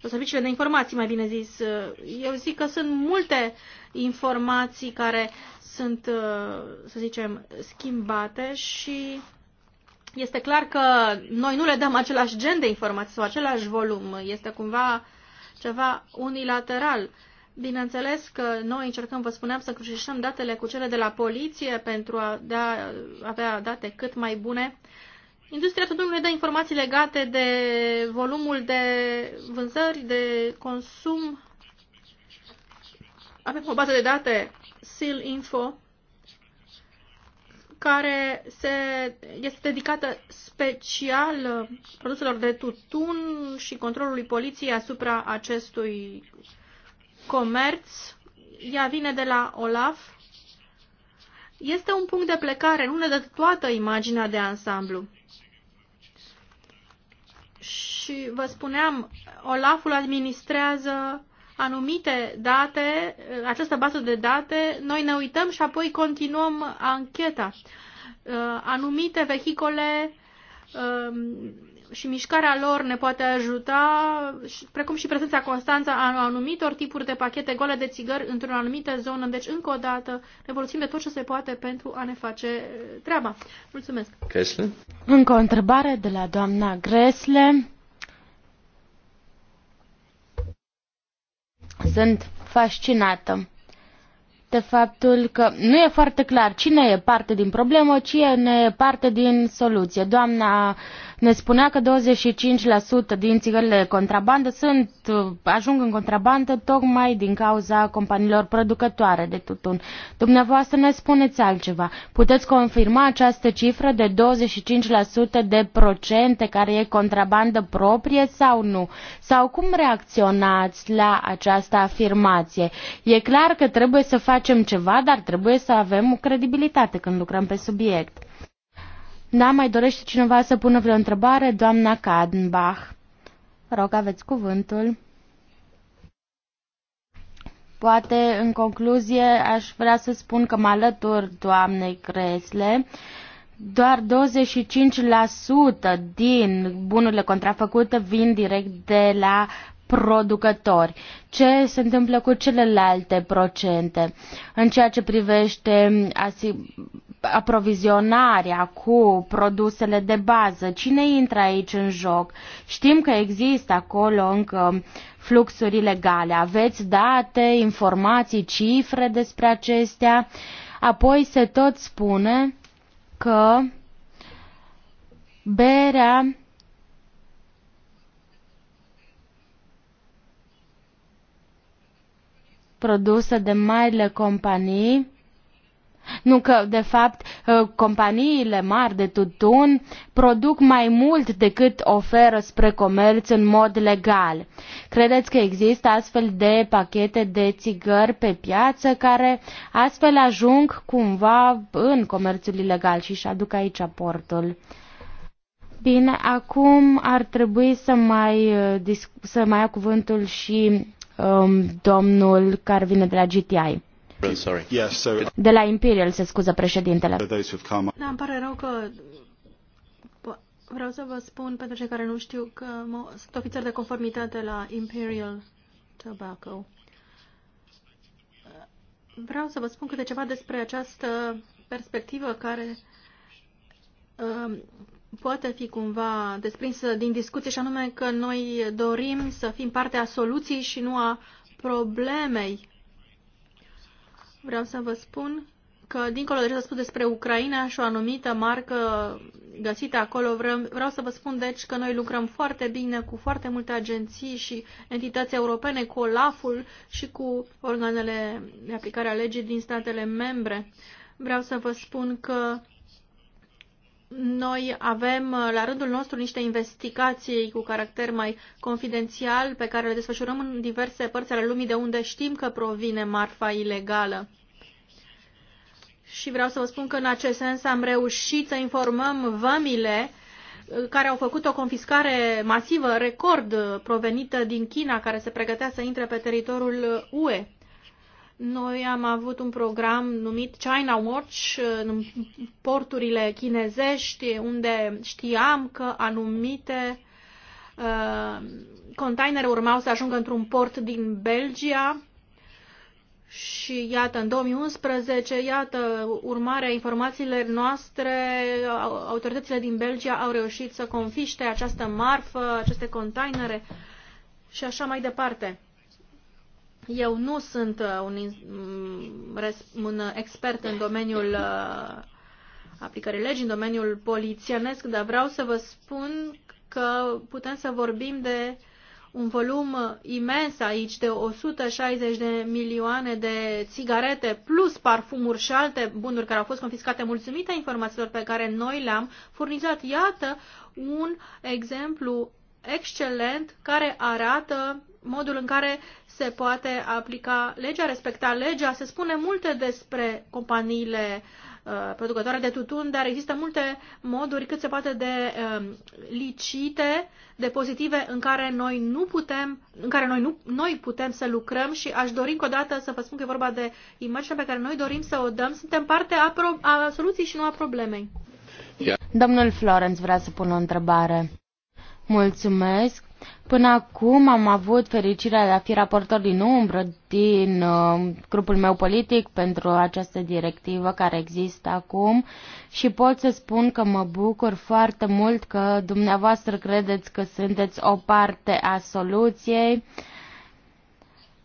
sau serviciile de informații, mai bine zis. Uh, eu zic că sunt multe informații care sunt, uh, să zicem, schimbate și este clar că noi nu le dăm același gen de informații sau același volum. Este cumva ceva unilateral. Bineînțeles că noi încercăm, vă spuneam, să crucișăm datele cu cele de la poliție pentru a da, avea date cât mai bune Industria tutunului dă informații legate de volumul de vânzări, de consum. Avem o bază de date, SEAL Info, care se, este dedicată special produselor de tutun și controlului poliției asupra acestui comerț. Ea vine de la OLAF. Este un punct de plecare, nu ne dă toată imaginea de ansamblu și vă spuneam, Olaful administrează anumite date, această bază de date, noi ne uităm și apoi continuăm ancheta. Uh, anumite vehicole uh, și mișcarea lor ne poate ajuta, precum și prezența constanța a anumitor tipuri de pachete goale de țigări într-o anumită zonă. Deci, încă o dată, ne folosim de tot ce se poate pentru a ne face treaba. Mulțumesc! Gresle? Încă o întrebare de la doamna Gresle. Sunt fascinată de faptul că nu e foarte clar cine e parte din problemă, cine e parte din soluție. Doamna uh, ne spunea că 25% din țigările contrabandă sunt, uh, ajung în contrabandă tocmai din cauza companiilor producătoare de tutun. Dumneavoastră ne spuneți altceva. Puteți confirma această cifră de 25% de procente care e contrabandă proprie sau nu? Sau cum reacționați la această afirmație? E clar că trebuie să facem ceva, dar trebuie să avem credibilitate când lucrăm pe subiect. Da, mai dorește cineva să pună vreo întrebare? Doamna Kadenbach. Rog, aveți cuvântul. Poate, în concluzie, aș vrea să spun că mă alătur doamnei Cresle. Doar 25% din bunurile contrafăcute vin direct de la producători. Ce se întâmplă cu celelalte procente? În ceea ce privește aprovizionarea cu produsele de bază. Cine intră aici în joc? Știm că există acolo încă fluxuri ilegale. Aveți date, informații, cifre despre acestea? Apoi se tot spune că berea produsă de marile companii nu că, de fapt, ă, companiile mari de tutun produc mai mult decât oferă spre comerț în mod legal. Credeți că există astfel de pachete de țigări pe piață care astfel ajung cumva în comerțul ilegal și își aduc aici aportul? Bine, acum ar trebui să mai, ă, să mai ia cuvântul și um, domnul care vine de la GTI. De la Imperial, se scuză președintele. Da, îmi pare rău că vreau să vă spun, pentru cei care nu știu, că sunt ofițer de conformitate la Imperial Tobacco. Vreau să vă spun câte ceva despre această perspectivă care um, poate fi cumva desprinsă din discuție și anume că noi dorim să fim parte a soluției și nu a problemei vreau să vă spun că, dincolo de ce s-a spus despre Ucraina și o anumită marcă găsită acolo, vreau, vreau să vă spun, deci, că noi lucrăm foarte bine cu foarte multe agenții și entități europene, cu OLAF-ul și cu organele de aplicare a legii din statele membre. Vreau să vă spun că noi avem uh, la rândul nostru niște investigații cu caracter mai confidențial pe care le desfășurăm în diverse părți ale lumii de unde știm că provine marfa ilegală. Și vreau să vă spun că în acest sens am reușit să informăm vămile uh, care au făcut o confiscare masivă, record, uh, provenită din China, care se pregătea să intre pe teritoriul UE. Noi am avut un program numit China Watch în porturile chinezești, unde știam că anumite uh, containere urmau să ajungă într-un port din Belgia și iată, în 2011, iată, urmarea informațiilor noastre, autoritățile din Belgia au reușit să confiște această marfă, aceste containere și așa mai departe. Eu nu sunt uh, un, un uh, expert în domeniul uh, aplicării legii, în domeniul polițienesc, dar vreau să vă spun că putem să vorbim de un volum imens aici de 160 de milioane de țigarete plus parfumuri și alte bunuri care au fost confiscate mulțumită informațiilor pe care noi le-am furnizat. Iată un exemplu excelent care arată modul în care se poate aplica legea, respecta legea. Se spune multe despre companiile uh, producătoare de tutun, dar există multe moduri cât se poate de um, licite, de pozitive, în care noi nu putem, în care noi, nu, noi putem să lucrăm și aș dori încă o dată să vă spun că e vorba de imaginea pe care noi dorim să o dăm. Suntem parte a, pro- a soluției și nu a problemei. Domnul Florence vrea să pună o întrebare. Mulțumesc. Până acum am avut fericirea de a fi raportor din umbră din uh, grupul meu politic pentru această directivă care există acum și pot să spun că mă bucur foarte mult că dumneavoastră credeți că sunteți o parte a soluției.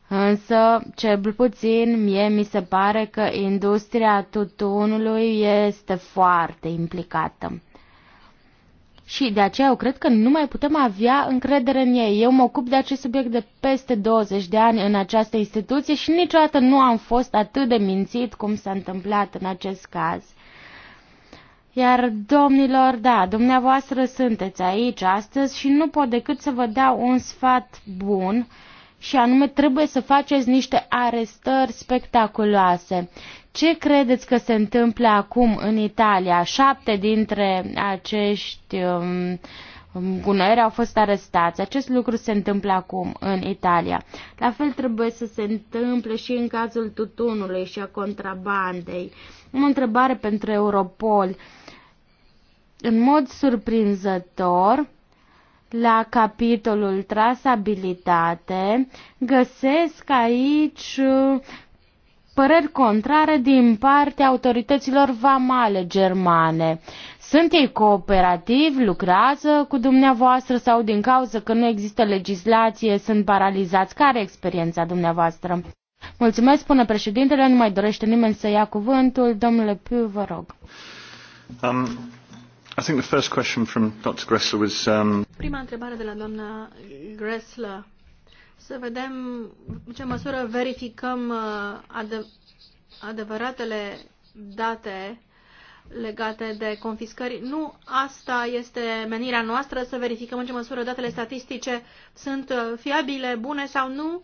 Însă, cel puțin, mie mi se pare că industria tutunului este foarte implicată și de aceea eu cred că nu mai putem avea încredere în ei. Eu mă ocup de acest subiect de peste 20 de ani în această instituție și niciodată nu am fost atât de mințit cum s-a întâmplat în acest caz. Iar, domnilor, da, dumneavoastră sunteți aici astăzi și nu pot decât să vă dau un sfat bun uh, și anume trebuie să faceți niște arestări spectaculoase. Ce credeți că se întâmplă acum în Italia? Șapte dintre acești um, um gunoieri au fost arestați. Acest lucru se întâmplă acum în Italia. La fel trebuie să se întâmple și în cazul tutunului și a contrabandei. O întrebare pentru Europol. În mod surprinzător, la capitolul trasabilitate, găsesc aici uh, păreri contrare din partea autorităților vamale germane. Sunt ei cooperativi, lucrează cu dumneavoastră sau din cauza că nu există legislație sunt paralizați? Care e experiența dumneavoastră? Mulțumesc, până președintele, nu mai dorește nimeni să ia cuvântul. Domnule Piu, vă rog. Um. I think the first question from Dr. Gressler was, um... Prima întrebare de la doamna Gressler. Să vedem în ce măsură verificăm uh, adev adevăratele date legate de confiscări. Nu asta este menirea noastră, să verificăm în ce măsură datele statistice sunt uh, fiabile, bune sau nu.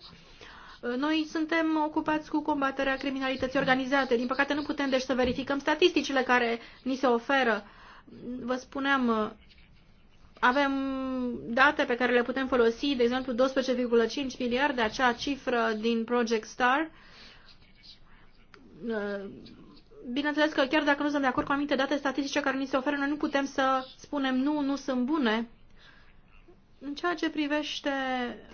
Uh, noi suntem ocupați cu combaterea criminalității organizate. Din păcate nu putem deci să verificăm statisticile care ni se oferă Vă spuneam, uh, avem date pe care le putem folosi, de exemplu 12,5 miliarde, acea cifră din Project Star. Uh, bineînțeles că chiar dacă nu suntem de acord cu anumite date statistice care ni se oferă, noi nu putem să spunem nu, nu sunt bune. În ceea ce privește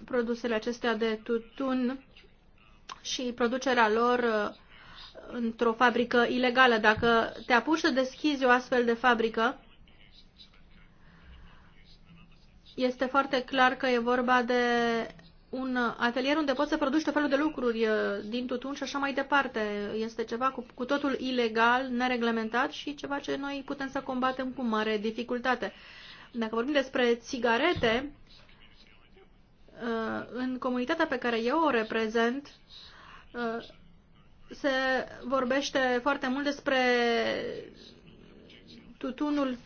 produsele acestea de tutun și producerea lor uh, într-o fabrică ilegală. Dacă te apuci să deschizi o astfel de fabrică, este foarte clar că e vorba de un atelier unde poți să produci tot felul de lucruri uh, din tutun și așa mai departe. Este ceva cu, cu totul ilegal, nereglementat și ceva ce noi putem să combatem cu mare dificultate. Dacă vorbim despre țigarete, uh, în comunitatea pe care eu o reprezent, uh, se vorbește foarte mult despre tutunul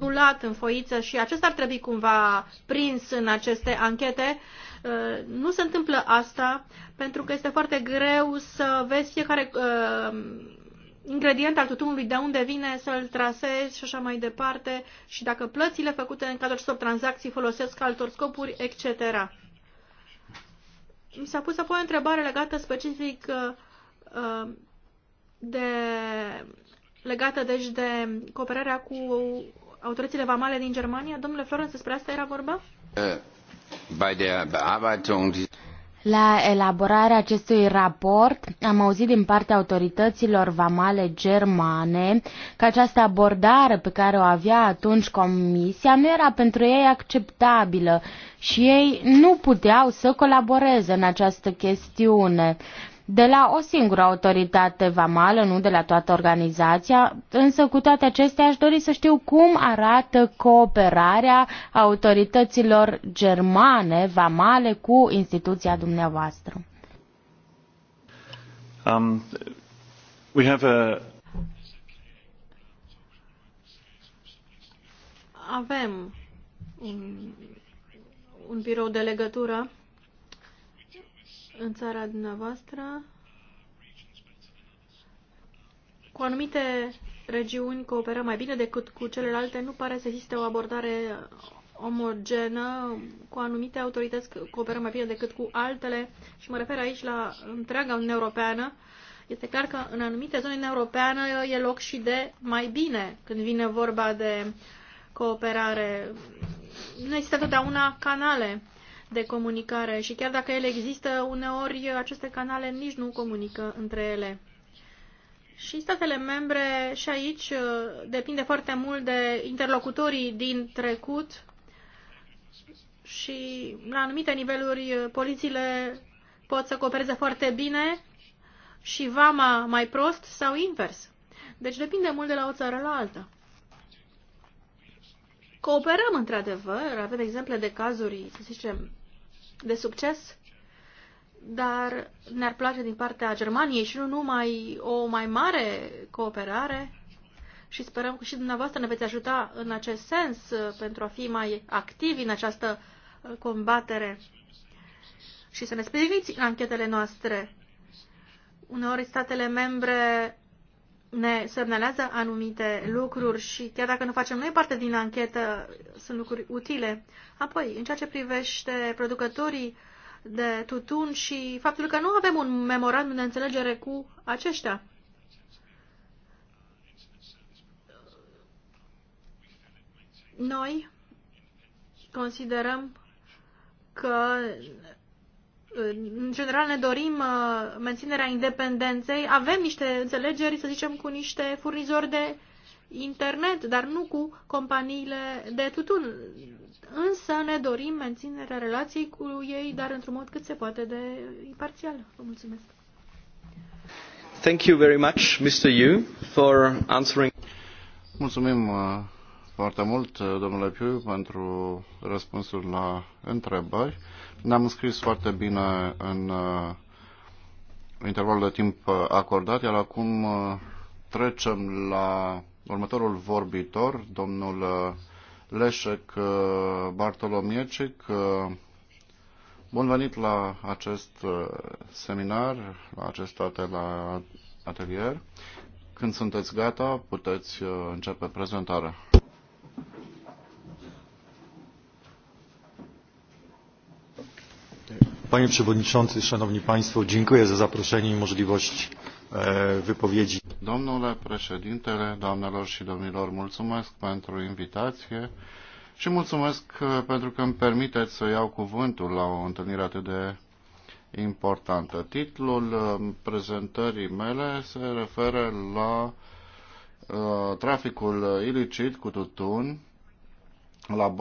nulat în foiță și acesta ar trebui cumva prins în aceste anchete. Uh, nu se întâmplă asta pentru că este foarte greu să vezi fiecare uh, ingredient al tutunului, de unde vine, să-l trasezi și așa mai departe și dacă plățile făcute în cadrul acestor tranzacții folosesc altor scopuri, etc. Mi s-a pus apoi o întrebare legată specific uh, uh, de, legată deci de cooperarea cu autoritățile vamale din Germania. Domnule Florence, despre asta era vorba? Eh, bei der Bearbeitung la elaborarea acestui raport am auzit din partea autorităților vamale germane că această abordare pe care o avea atunci Comisia nu era pentru ei acceptabilă și ei nu puteau să colaboreze în această chestiune de la o singură autoritate vamală, nu de la toată organizația, însă cu toate acestea aș dori să știu cum arată cooperarea autorităților germane vamale cu instituția dumneavoastră. Um, we have a... Avem un, un birou de legătură în țara dumneavoastră cu anumite regiuni cooperăm mai bine decât cu celelalte. Nu pare să existe o abordare omogenă, cu anumite autorități cooperăm mai bine decât cu altele și mă refer aici la întreaga Uniune Europeană. Este clar că în anumite zone Uniunea Europeană e loc și de mai bine când vine vorba de cooperare. Nu există totdeauna canale de comunicare și chiar dacă ele există, uneori aceste canale nici nu comunică între ele. Și statele membre și aici uh, depinde foarte mult de interlocutorii din trecut și la anumite niveluri uh, polițiile pot să coopereze foarte bine și vama mai prost sau invers. Deci depinde mult de la o țară la alta. Cooperăm într-adevăr, avem exemple de cazuri, să zicem, de succes, dar ne-ar place din partea Germaniei și nu numai o mai mare cooperare și sperăm că și dumneavoastră ne veți ajuta în acest sens uh, pentru a fi mai activi în această uh, combatere și să ne sprijiniți în anchetele noastre. Uneori statele membre ne semnalează anumite lucruri și chiar dacă nu facem noi parte din anchetă, sunt lucruri utile. Apoi, în ceea ce privește producătorii de tutun și faptul că nu avem un memorandum de înțelegere cu aceștia. Noi considerăm că în general ne dorim uh, menținerea independenței, avem niște înțelegeri, să zicem, cu niște furnizori de internet, dar nu cu companiile de tutun. Însă ne dorim menținerea relației cu ei, dar într-un mod cât se poate de imparțial. Vă mulțumesc. Thank you very much, Mr. Yu, for answering. Mulțumim uh, foarte mult, uh, domnule Piu, pentru răspunsul la întrebări. Ne-am înscris foarte bine în uh, intervalul de timp uh, acordat, iar acum uh, trecem la următorul vorbitor, domnul Leșec Bartolomiecic. Bun venit la acest seminar, la acest atelier. Când sunteți gata, puteți începe prezentarea. Panie Przewodniczący, Szanowni Państwo, dziękuję za zaproszenie i możliwość wypowiedzi. Domnule președintele, doamnelor și domnilor, mulțumesc pentru invitație și mulțumesc pentru că îmi permiteți să iau cuvântul la o întâlnire atât de importantă. Titlul prezentării mele se referă la traficul ilicit cu tutun la,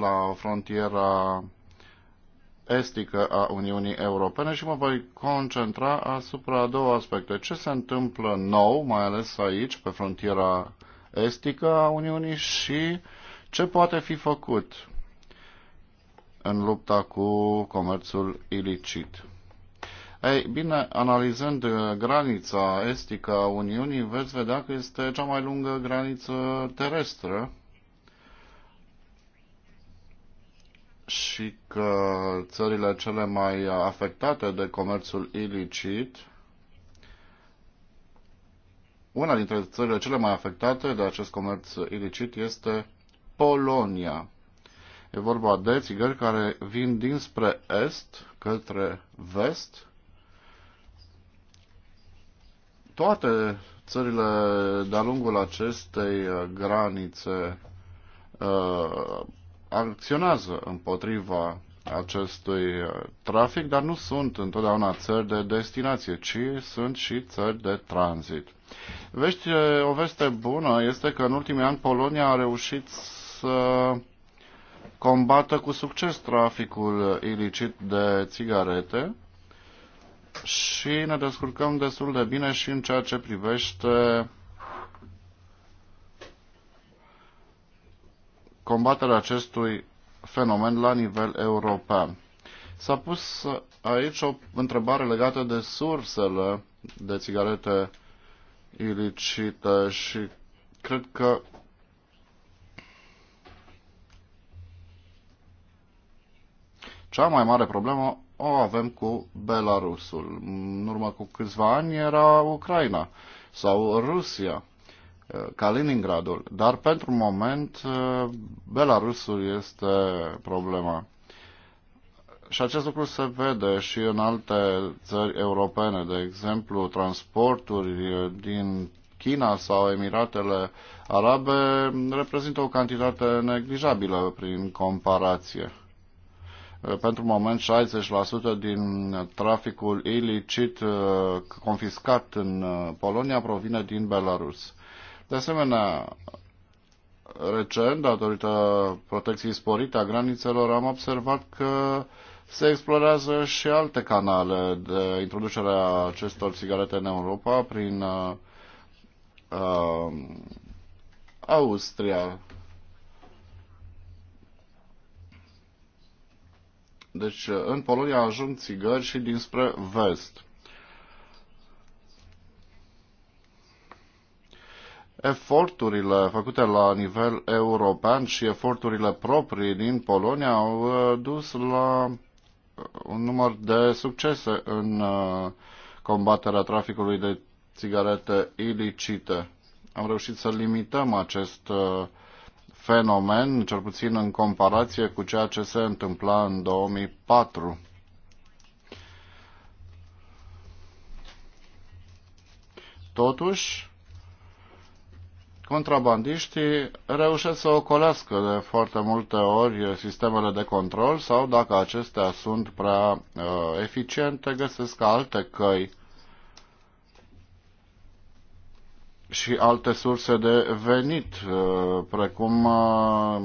la frontiera estică a Uniunii Europene și mă voi concentra asupra două aspecte. Ce se întâmplă nou, mai ales aici, pe frontiera estică a Uniunii și ce poate fi făcut în lupta cu comerțul ilicit. Ei, bine, analizând granița estică a Uniunii, veți vedea că este cea mai lungă graniță terestră și că țările cele mai afectate de comerțul ilicit, una dintre țările cele mai afectate de acest comerț ilicit este Polonia. E vorba de țigări care vin dinspre est către vest. Toate țările de-a lungul acestei granițe uh, acționează împotriva acestui uh, trafic, dar nu sunt întotdeauna țări de destinație, ci sunt și țări de tranzit. Vești, uh, o veste bună este că în ultimii ani Polonia a reușit să combată cu succes traficul ilicit de țigarete și ne descurcăm destul de bine și în ceea ce privește combaterea acestui fenomen la nivel european. S-a pus aici o întrebare legată de sursele de țigarete ilicite și cred că cea mai mare problemă o avem cu Belarusul. În urmă cu câțiva ani era Ucraina sau Rusia. Kaliningradul, uh, dar pentru moment uh, Belarusul este problema. Și acest lucru se vede și în alte țări europene, de exemplu, transporturi din China sau Emiratele Arabe reprezintă o cantitate neglijabilă prin comparație. Uh, pentru moment, 60% din traficul ilicit confiscat în Polonia provine din Belarus. De asemenea, recent, datorită protecției sporite a granițelor, am observat că se explorează și alte canale de introducere a acestor țigarete în Europa prin uh, Austria. Deci, în Polonia ajung țigări și dinspre vest. eforturile făcute la nivel european și eforturile proprii din Polonia au uh, dus la uh, un număr de succese în uh, combaterea traficului de țigarete ilicite. Am reușit să limităm acest fenomen, cel puțin în comparație cu ceea ce se întâmpla în 2004. Totuși, contrabandiștii reușesc să ocolească de foarte multe ori sistemele de control sau dacă acestea sunt prea uh, eficiente, găsesc alte căi și alte surse de venit, uh, precum uh,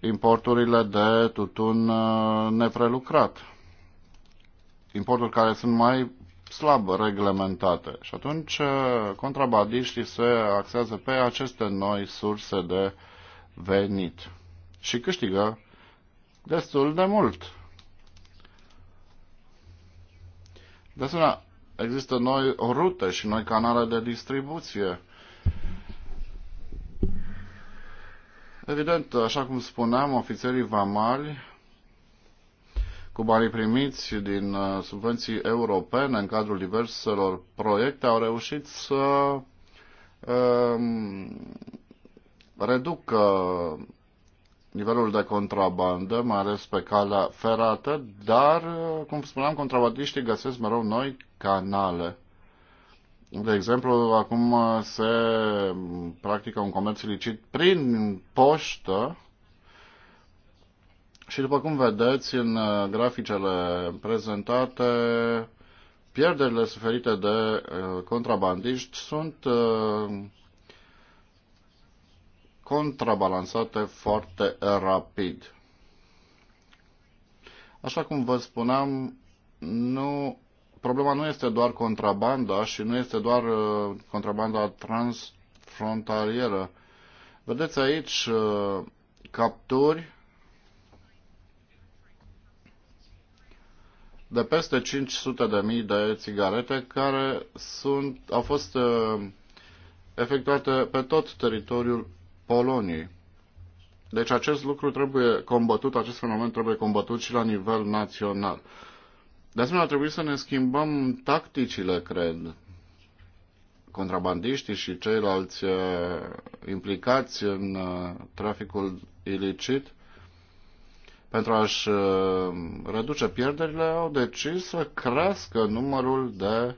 importurile de tutun uh, neprelucrat. Importuri care sunt mai slab reglementate. Și atunci uh, contrabandiștii se axează pe aceste noi surse de venit și câștigă destul de mult. De asemenea, există noi rute și noi canale de distribuție. Evident, așa cum spuneam, ofițerii vamali cu banii primiți din uh, subvenții europene în cadrul diverselor proiecte au reușit să um, reducă nivelul de contrabandă, mai ales pe calea ferată, dar, uh, cum spuneam, contrabandiștii găsesc mereu noi canale. De exemplu, acum se practică un comerț ilicit prin poștă, și după cum vedeți în uh, graficele prezentate, pierderile suferite de uh, contrabandiști sunt uh, contrabalansate foarte rapid. Așa cum vă spuneam, nu, problema nu este doar contrabanda și nu este doar contrabanda transfrontalieră. Vedeți aici capturi de peste 500 de mii de țigarete care sunt, au fost uh, efectuate pe tot teritoriul Poloniei. Deci acest lucru trebuie combătut, acest fenomen trebuie combătut și la nivel național. De asemenea, ar trebui să ne schimbăm tacticile, cred. Contrabandiștii și ceilalți uh, implicați în uh, traficul ilicit pentru a-și uh, reduce pierderile, au decis să crească numărul de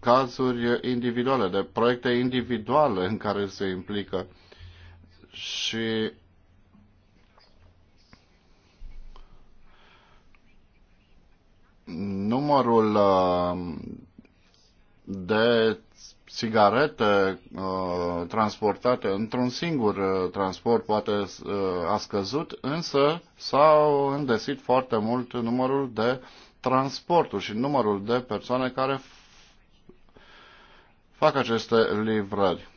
cazuri individuale, de proiecte individuale în care se implică. Și numărul uh, de sigarete uh, transportate într-un singur uh, transport poate uh, a scăzut, însă s-au îndesit foarte mult numărul de transporturi și numărul de persoane care fac aceste livrări.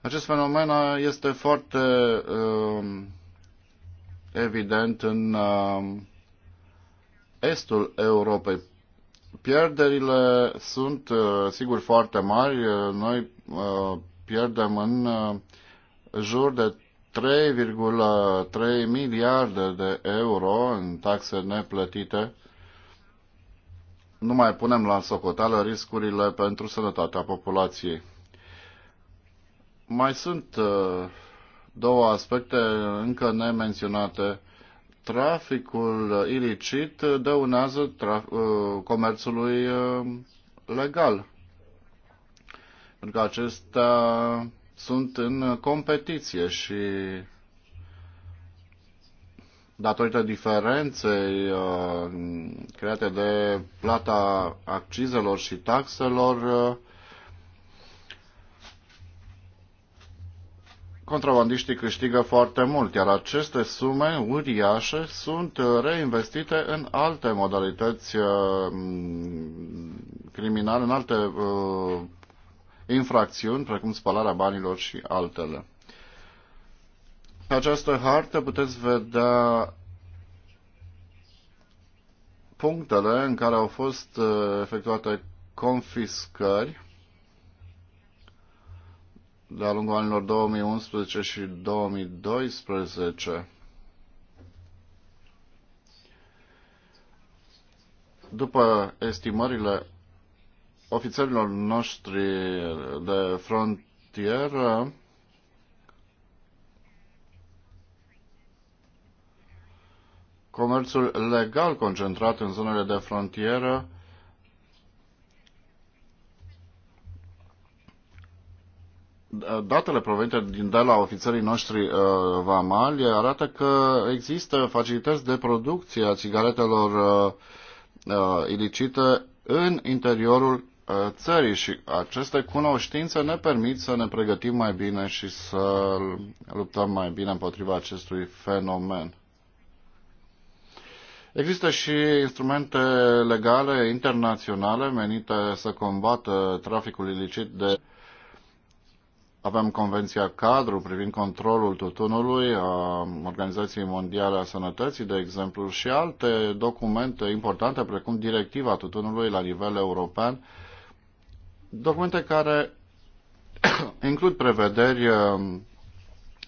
Acest fenomen este foarte evident în estul Europei. Pierderile sunt, uh, sigur, foarte mari. Uh, noi uh, pierdem în jur de 3,3 miliarde de euro în taxe neplătite. Nu mai punem la socoteală riscurile pentru sănătatea populației. Mai sunt două aspecte încă nemenționate traficul ilicit dăunează traf- uh, comerțului uh, legal. Pentru că acestea sunt în competiție și datorită diferenței uh, create de plata accizelor și taxelor, contrabandiștii câștigă foarte mult, iar aceste sume uriașe sunt uh, reinvestite în alte modalități uh, criminale, în alte uh, infracțiuni, precum spălarea banilor și altele. Pe această hartă puteți vedea punctele în care au fost efectuate confiscări de-a lungul anilor 2011 și 2012. După estimările ofițerilor noștri de frontieră, comerțul legal concentrat în zonele de frontieră datele provenite din de la ofițerii noștri uh, vamali arată că există facilități de producție a țigaretelor uh, uh, ilicite în interiorul uh, țării și aceste cunoștințe ne permit să ne pregătim mai bine și să luptăm mai bine împotriva acestui fenomen. Există și instrumente legale internaționale menite să combată traficul ilicit de avem Convenția Cadru privind controlul tutunului a Organizației Mondiale a Sănătății, de exemplu, și alte documente importante, precum Directiva Tutunului la nivel european, documente care includ prevederi uh,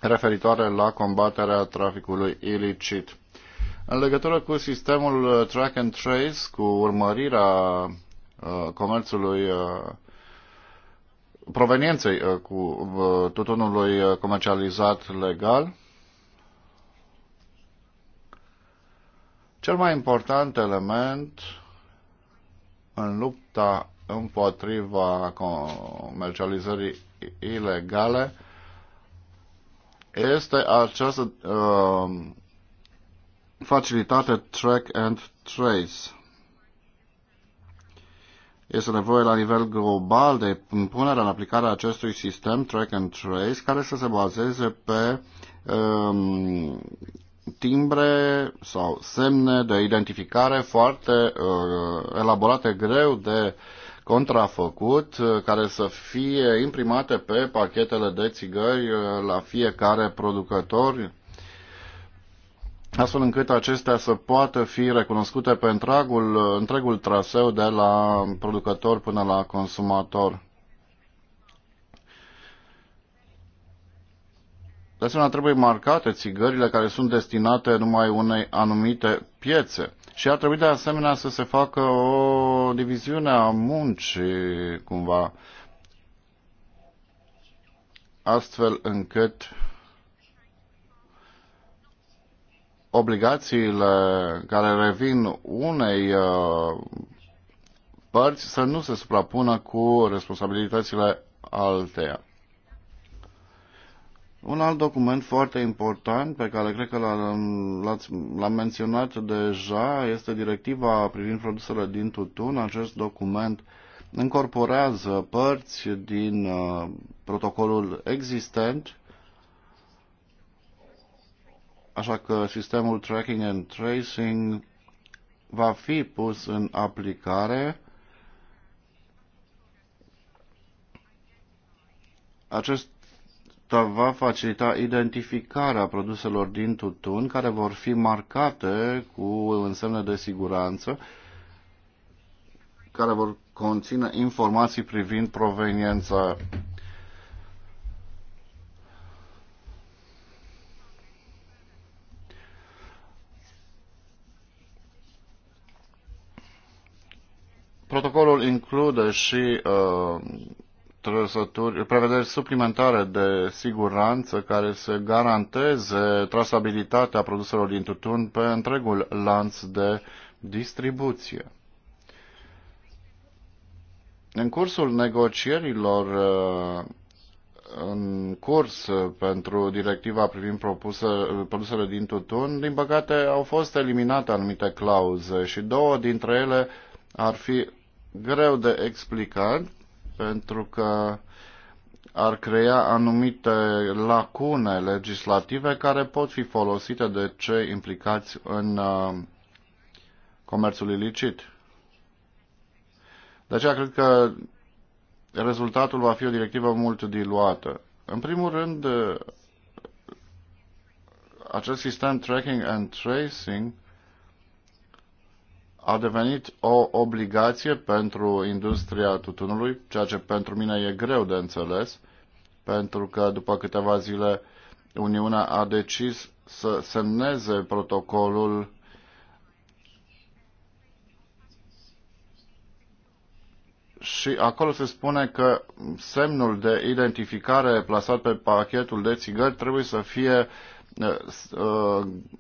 referitoare la combaterea traficului ilicit. În legătură cu sistemul uh, track and trace, cu urmărirea uh, comerțului provenienței uh, cu uh, tutunului uh, comercializat legal. Cel mai important element în lupta împotriva comercializării ilegale este această uh, facilitate track and trace. Este nevoie la nivel global de punerea în aplicare a acestui sistem track and trace care să se bazeze pe um, timbre sau semne de identificare foarte uh, elaborate, greu de contrafăcut, uh, care să fie imprimate pe pachetele de țigări uh, la fiecare producător astfel încât acestea să poată fi recunoscute pe întregul, întregul traseu de la producător până la consumator. De asemenea, trebuie marcate țigările care sunt destinate numai unei anumite piețe. Și ar trebui de asemenea să se facă o diviziune a muncii, cumva, astfel încât obligațiile care revin unei uh, părți să nu se suprapună cu responsabilitățile alteia. Un alt document foarte important pe care cred că l-am menționat deja este directiva privind produsele din tutun. Acest document incorporează părți din uh, protocolul existent Așa că sistemul tracking and tracing va fi pus în aplicare. Acesta va facilita identificarea produselor din tutun care vor fi marcate cu însemne de siguranță care vor conține informații privind proveniența protocolul include și uh, trăsături, prevederi suplimentare de siguranță care să garanteze trasabilitatea produselor din tutun pe întregul lanț de distribuție. În cursul negocierilor uh, în curs pentru directiva privind produsele din tutun, din păcate au fost eliminate anumite clauze și două dintre ele ar fi greu de explicat pentru că ar crea anumite lacune legislative care pot fi folosite de cei implicați în uh, comerțul ilicit. De aceea cred că rezultatul va fi o directivă mult diluată. În primul rând, uh, acest sistem tracking and tracing uh, a devenit o obligație pentru industria tutunului, ceea ce pentru mine e greu de înțeles, pentru că după câteva zile Uniunea a decis să semneze protocolul și acolo se spune că semnul de identificare plasat pe pachetul de țigări trebuie să fie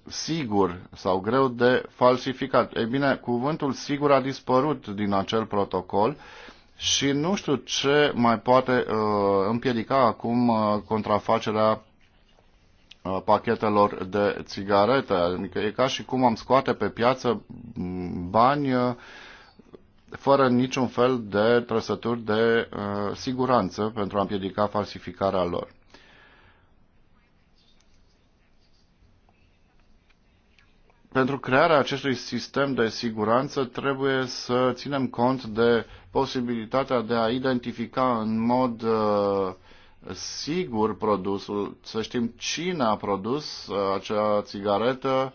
sigur sau greu de falsificat. Ei bine, cuvântul sigur a dispărut din acel protocol și nu știu ce mai poate împiedica acum contrafacerea pachetelor de țigarete. Adică e ca și cum am scoate pe piață bani fără niciun fel de trăsături de siguranță pentru a împiedica falsificarea lor. pentru crearea acestui sistem de siguranță trebuie să ținem cont de posibilitatea de a identifica în mod uh, sigur produsul, să știm cine a produs uh, acea țigaretă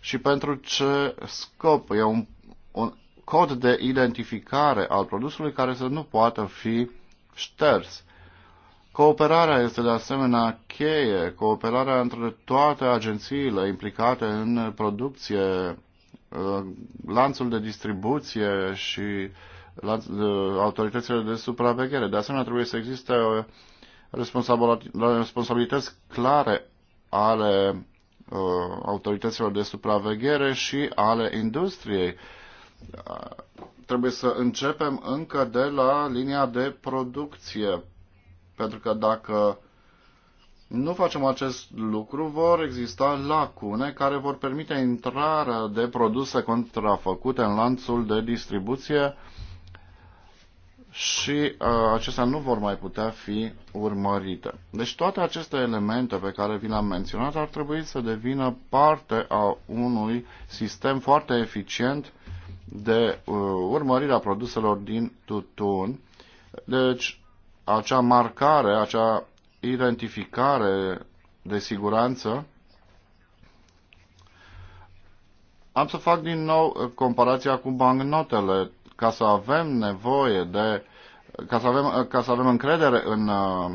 și pentru ce scop. E un, un cod de identificare al produsului care să nu poată fi șters. Cooperarea este de asemenea cheie, cooperarea între toate agențiile implicate în producție, uh, lanțul de distribuție și uh, autoritățile de supraveghere. De asemenea, trebuie să existe uh, responsabilități clare ale autorităților de supraveghere și ale industriei. Trebuie să începem încă de la linia de producție pentru că dacă nu facem acest lucru, vor exista lacune care vor permite intrarea de produse contrafăcute în lanțul de distribuție și uh, acestea nu vor mai putea fi urmărite. Deci toate aceste elemente pe care vi le-am menționat ar trebui să devină parte a unui sistem foarte eficient de uh, urmărire a produselor din tutun. Deci acea marcare, acea identificare de siguranță, am să fac din nou uh, comparația cu bancnotele, ca să avem nevoie de, ca să avem, uh, ca să avem încredere în uh,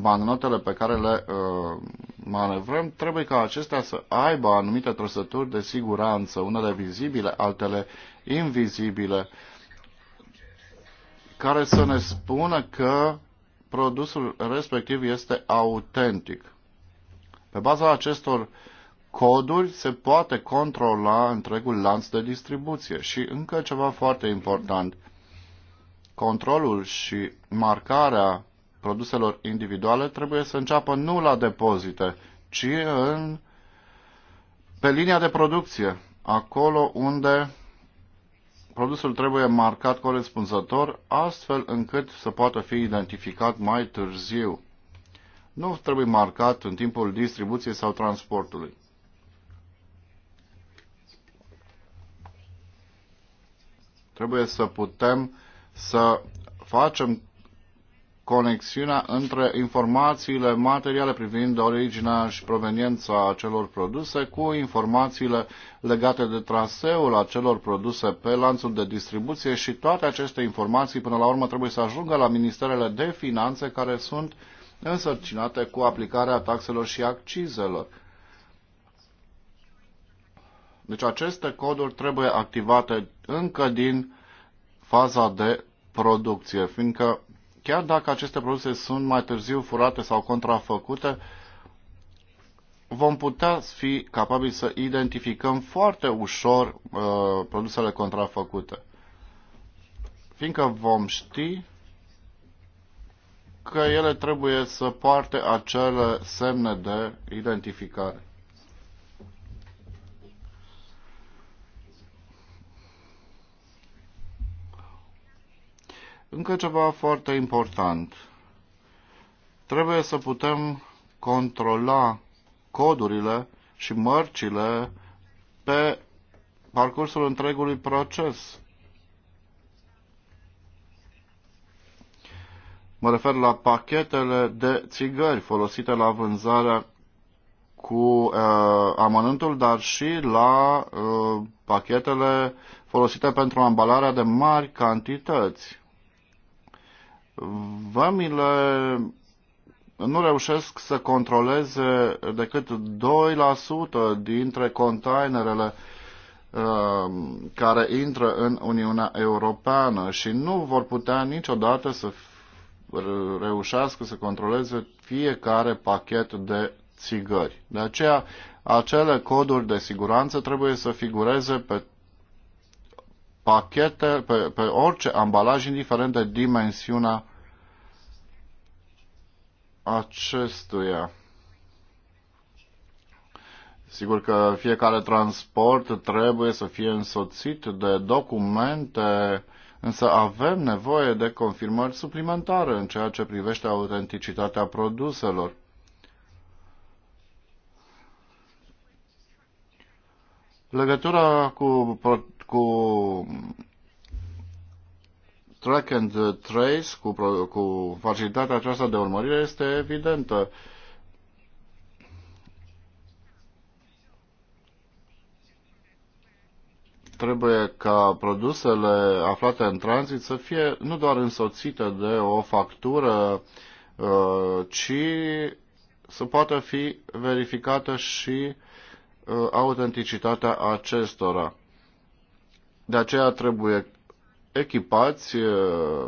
bancnotele pe care le uh, manevrăm, trebuie ca acestea să aibă anumite trăsături de siguranță, unele vizibile, altele invizibile. Uh, care să ne spună că produsul respectiv este autentic. Pe baza acestor coduri se poate controla întregul lanț de distribuție și încă ceva foarte important. Controlul și marcarea produselor individuale trebuie să înceapă nu la depozite, ci în, pe linia de producție, acolo unde produsul trebuie marcat corespunzător astfel încât să poată fi identificat mai târziu. Nu trebuie marcat în timpul distribuției sau transportului. Trebuie să putem să facem conexiunea între informațiile materiale privind originea și proveniența acelor produse cu informațiile legate de traseul acelor produse pe lanțul de distribuție și toate aceste informații până la urmă trebuie să ajungă la ministerele de finanțe care sunt însărcinate cu aplicarea taxelor și accizelor. Deci aceste coduri trebuie activate încă din faza de producție, fiindcă chiar dacă aceste produse sunt mai târziu furate sau contrafăcute, vom putea fi capabili să identificăm foarte ușor uh, produsele contrafăcute. Fiindcă vom ști că ele trebuie să poarte acele semne de identificare. Încă ceva foarte important. Trebuie să putem controla codurile și mărcile pe parcursul întregului proces. Mă refer la pachetele de țigări folosite la vânzarea cu uh, amănântul, dar și la uh, pachetele folosite pentru ambalarea de mari cantități. Vămile nu reușesc să controleze decât 2% dintre containerele uh, care intră în Uniunea Europeană și nu vor putea niciodată să reușească să controleze fiecare pachet de țigări. De aceea, acele coduri de siguranță trebuie să figureze pe pachete, pe, pe orice ambalaj, indiferent de dimensiunea acestuia. Sigur că fiecare transport trebuie să fie însoțit de documente, însă avem nevoie de confirmări suplimentare în ceea ce privește autenticitatea produselor. Legătura cu cu track and trace, cu, cu facilitatea aceasta de urmărire, este evidentă. Trebuie ca produsele aflate în tranzit să fie nu doar însoțite de o factură, uh, ci să poată fi verificată și uh, autenticitatea acestora. De aceea trebuie echipați uh,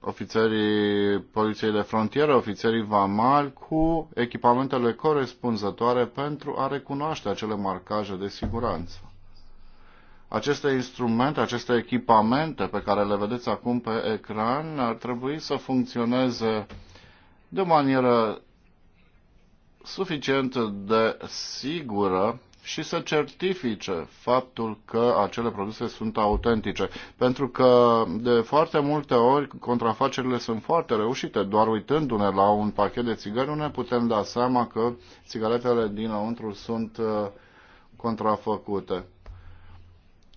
ofițerii poliției de frontieră, ofițerii VAMAL cu echipamentele corespunzătoare pentru a recunoaște acele marcaje de siguranță. Aceste instrumente, aceste echipamente pe care le vedeți acum pe ecran ar trebui să funcționeze de o manieră suficient de sigură și să certifice faptul că acele produse sunt autentice. Pentru că de foarte multe ori contrafacerile sunt foarte reușite. Doar uitându-ne la un pachet de țigări nu ne putem da seama că țigaretele dinăuntru sunt uh, contrafăcute.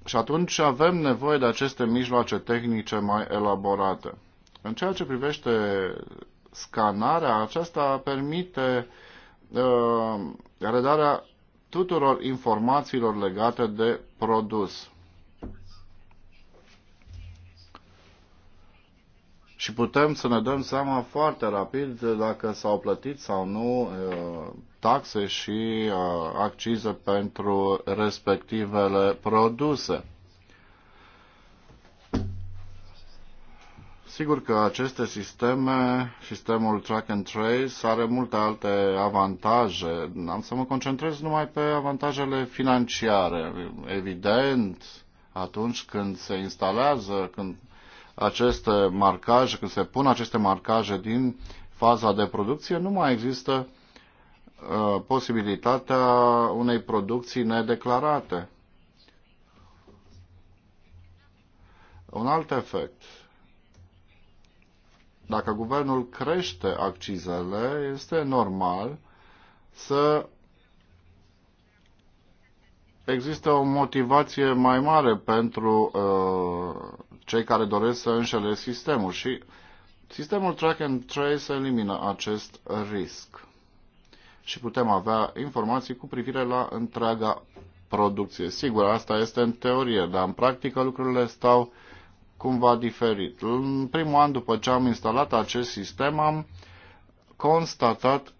Și atunci avem nevoie de aceste mijloace tehnice mai elaborate. În ceea ce privește scanarea, aceasta permite uh, redarea tuturor informațiilor legate de produs. Și putem să ne dăm seama foarte rapid dacă s-au plătit sau nu uh, taxe și uh, accize pentru respectivele produse. Sigur că aceste sisteme, sistemul track and trace, are multe alte avantaje. Am să mă concentrez numai pe avantajele financiare. Evident, atunci când se instalează, când aceste marcaje, când se pun aceste marcaje din faza de producție, nu mai există uh, posibilitatea unei producții nedeclarate. Un alt efect dacă guvernul crește accizele, este normal să există o motivație mai mare pentru uh, cei care doresc să înșele sistemul și sistemul track and trace elimină acest risc și putem avea informații cu privire la întreaga producție. Sigur, asta este în teorie, dar în practică lucrurile stau cumva diferit. În primul an după ce am instalat acest sistem am constatat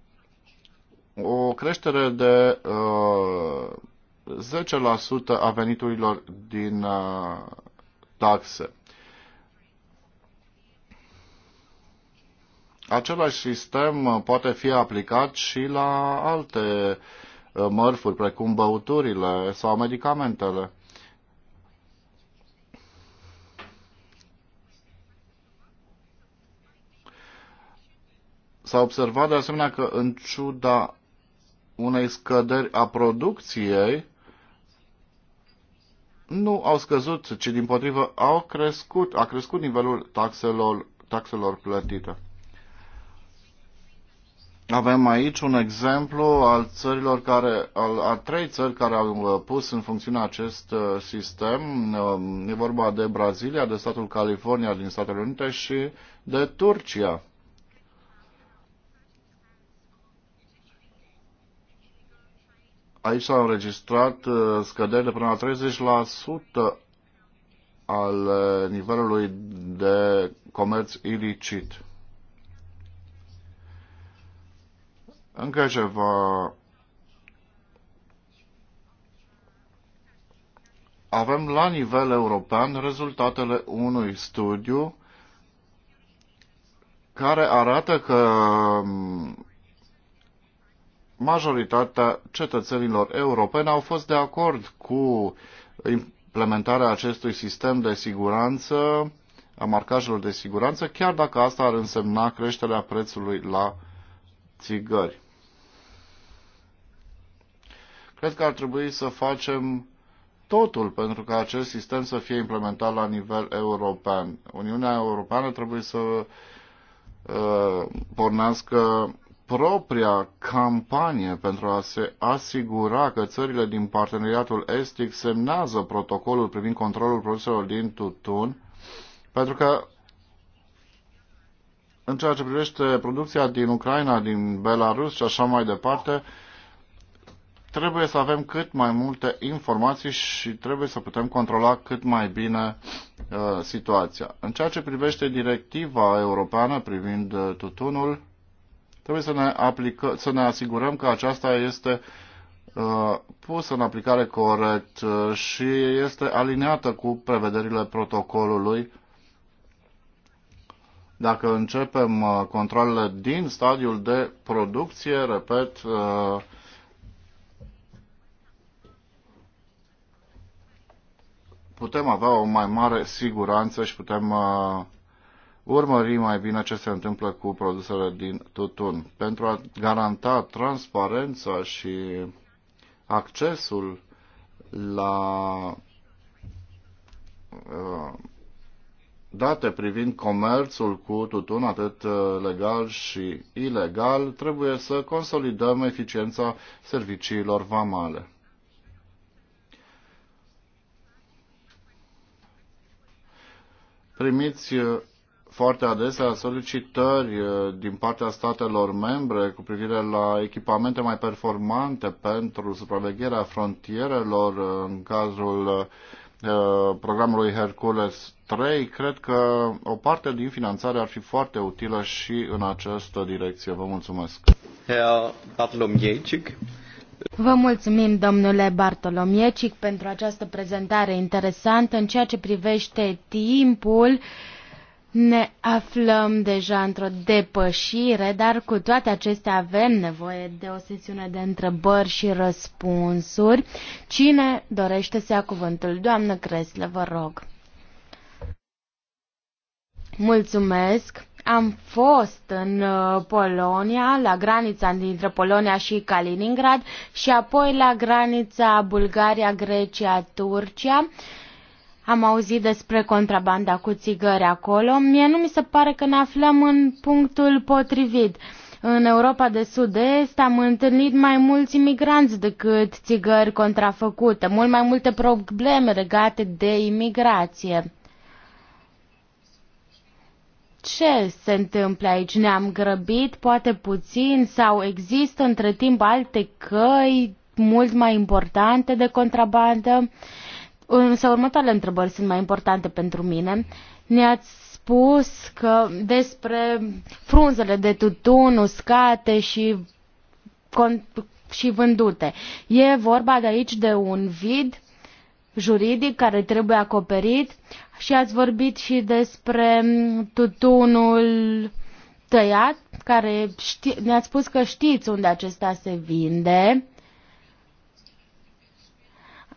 o creștere de uh, 10% a veniturilor din uh, taxe. Același sistem uh, poate fi aplicat și la alte uh, mărfuri, precum băuturile sau medicamentele. S-a observat de asemenea că în ciuda unei scăderi a producției, nu au scăzut, ci din potrivă au crescut, a crescut nivelul taxelor, taxelor plătite. Avem aici un exemplu al țărilor care, al, a trei țări care au uh, pus în funcțiune acest uh, sistem. Um, e vorba de Brazilia, de statul California din Statele Unite și de Turcia. aici s-au înregistrat uh, scăderi de până la 30% al uh, nivelului de comerț ilicit. Încă ceva. Avem la nivel european rezultatele unui studiu care arată că um, majoritatea cetățenilor europeni au fost de acord cu implementarea acestui sistem de siguranță, a marcajelor de siguranță, chiar dacă asta ar însemna creșterea prețului la țigări. Cred că ar trebui să facem totul pentru ca acest sistem să fie implementat la nivel european. Uniunea Europeană trebuie să uh, pornească propria campanie pentru a se asigura că țările din parteneriatul estic semnează protocolul privind controlul produselor din tutun, pentru că în ceea ce privește producția din Ucraina, din Belarus și așa mai departe, trebuie să avem cât mai multe informații și trebuie să putem controla cât mai bine uh, situația. În ceea ce privește directiva europeană privind uh, tutunul, Trebuie să ne, aplică, să ne asigurăm că aceasta este uh, pusă în aplicare corect uh, și este alineată cu prevederile protocolului. Dacă începem uh, controlele din stadiul de producție, repet, uh, putem avea o mai mare siguranță și putem uh, urmări mai bine ce se întâmplă cu produsele din tutun. Pentru a garanta transparența și accesul la uh, date privind comerțul cu tutun, atât uh, legal și ilegal, trebuie să consolidăm eficiența serviciilor vamale. Primiți uh, foarte adesea solicitări uh, din partea statelor membre cu privire la echipamente mai performante pentru supravegherea frontierelor uh, în cazul uh, programului Hercules 3. Cred că o parte din finanțare ar fi foarte utilă și în această direcție. Vă mulțumesc. Vă mulțumim, domnule Bartolomiecic, pentru această prezentare interesantă în ceea ce privește timpul. Ne aflăm deja într-o depășire, dar cu toate acestea avem nevoie de o sesiune de întrebări și răspunsuri. Cine dorește să ia cuvântul? Doamnă Cresle, vă rog. Mulțumesc! Am fost în uh, Polonia, la granița dintre Polonia și Kaliningrad și apoi la granița Bulgaria-Grecia-Turcia. Uh, am auzit despre contrabanda cu țigări acolo. Mie nu mi se pare că ne aflăm în punctul potrivit. În Europa de Sud-Est am întâlnit mai mulți imigranți decât țigări contrafăcute, mult mai multe probleme legate de imigrație. Ce se întâmplă aici? Ne-am grăbit, poate puțin, sau există între timp alte căi mult mai importante de contrabandă? Însă următoarele întrebări sunt mai importante pentru mine. Ne-ați spus că despre frunzele de tutun uscate și, și vândute. E vorba de aici de un vid juridic care trebuie acoperit și ați vorbit și despre tutunul tăiat, care ne-ați spus că știți unde acesta se vinde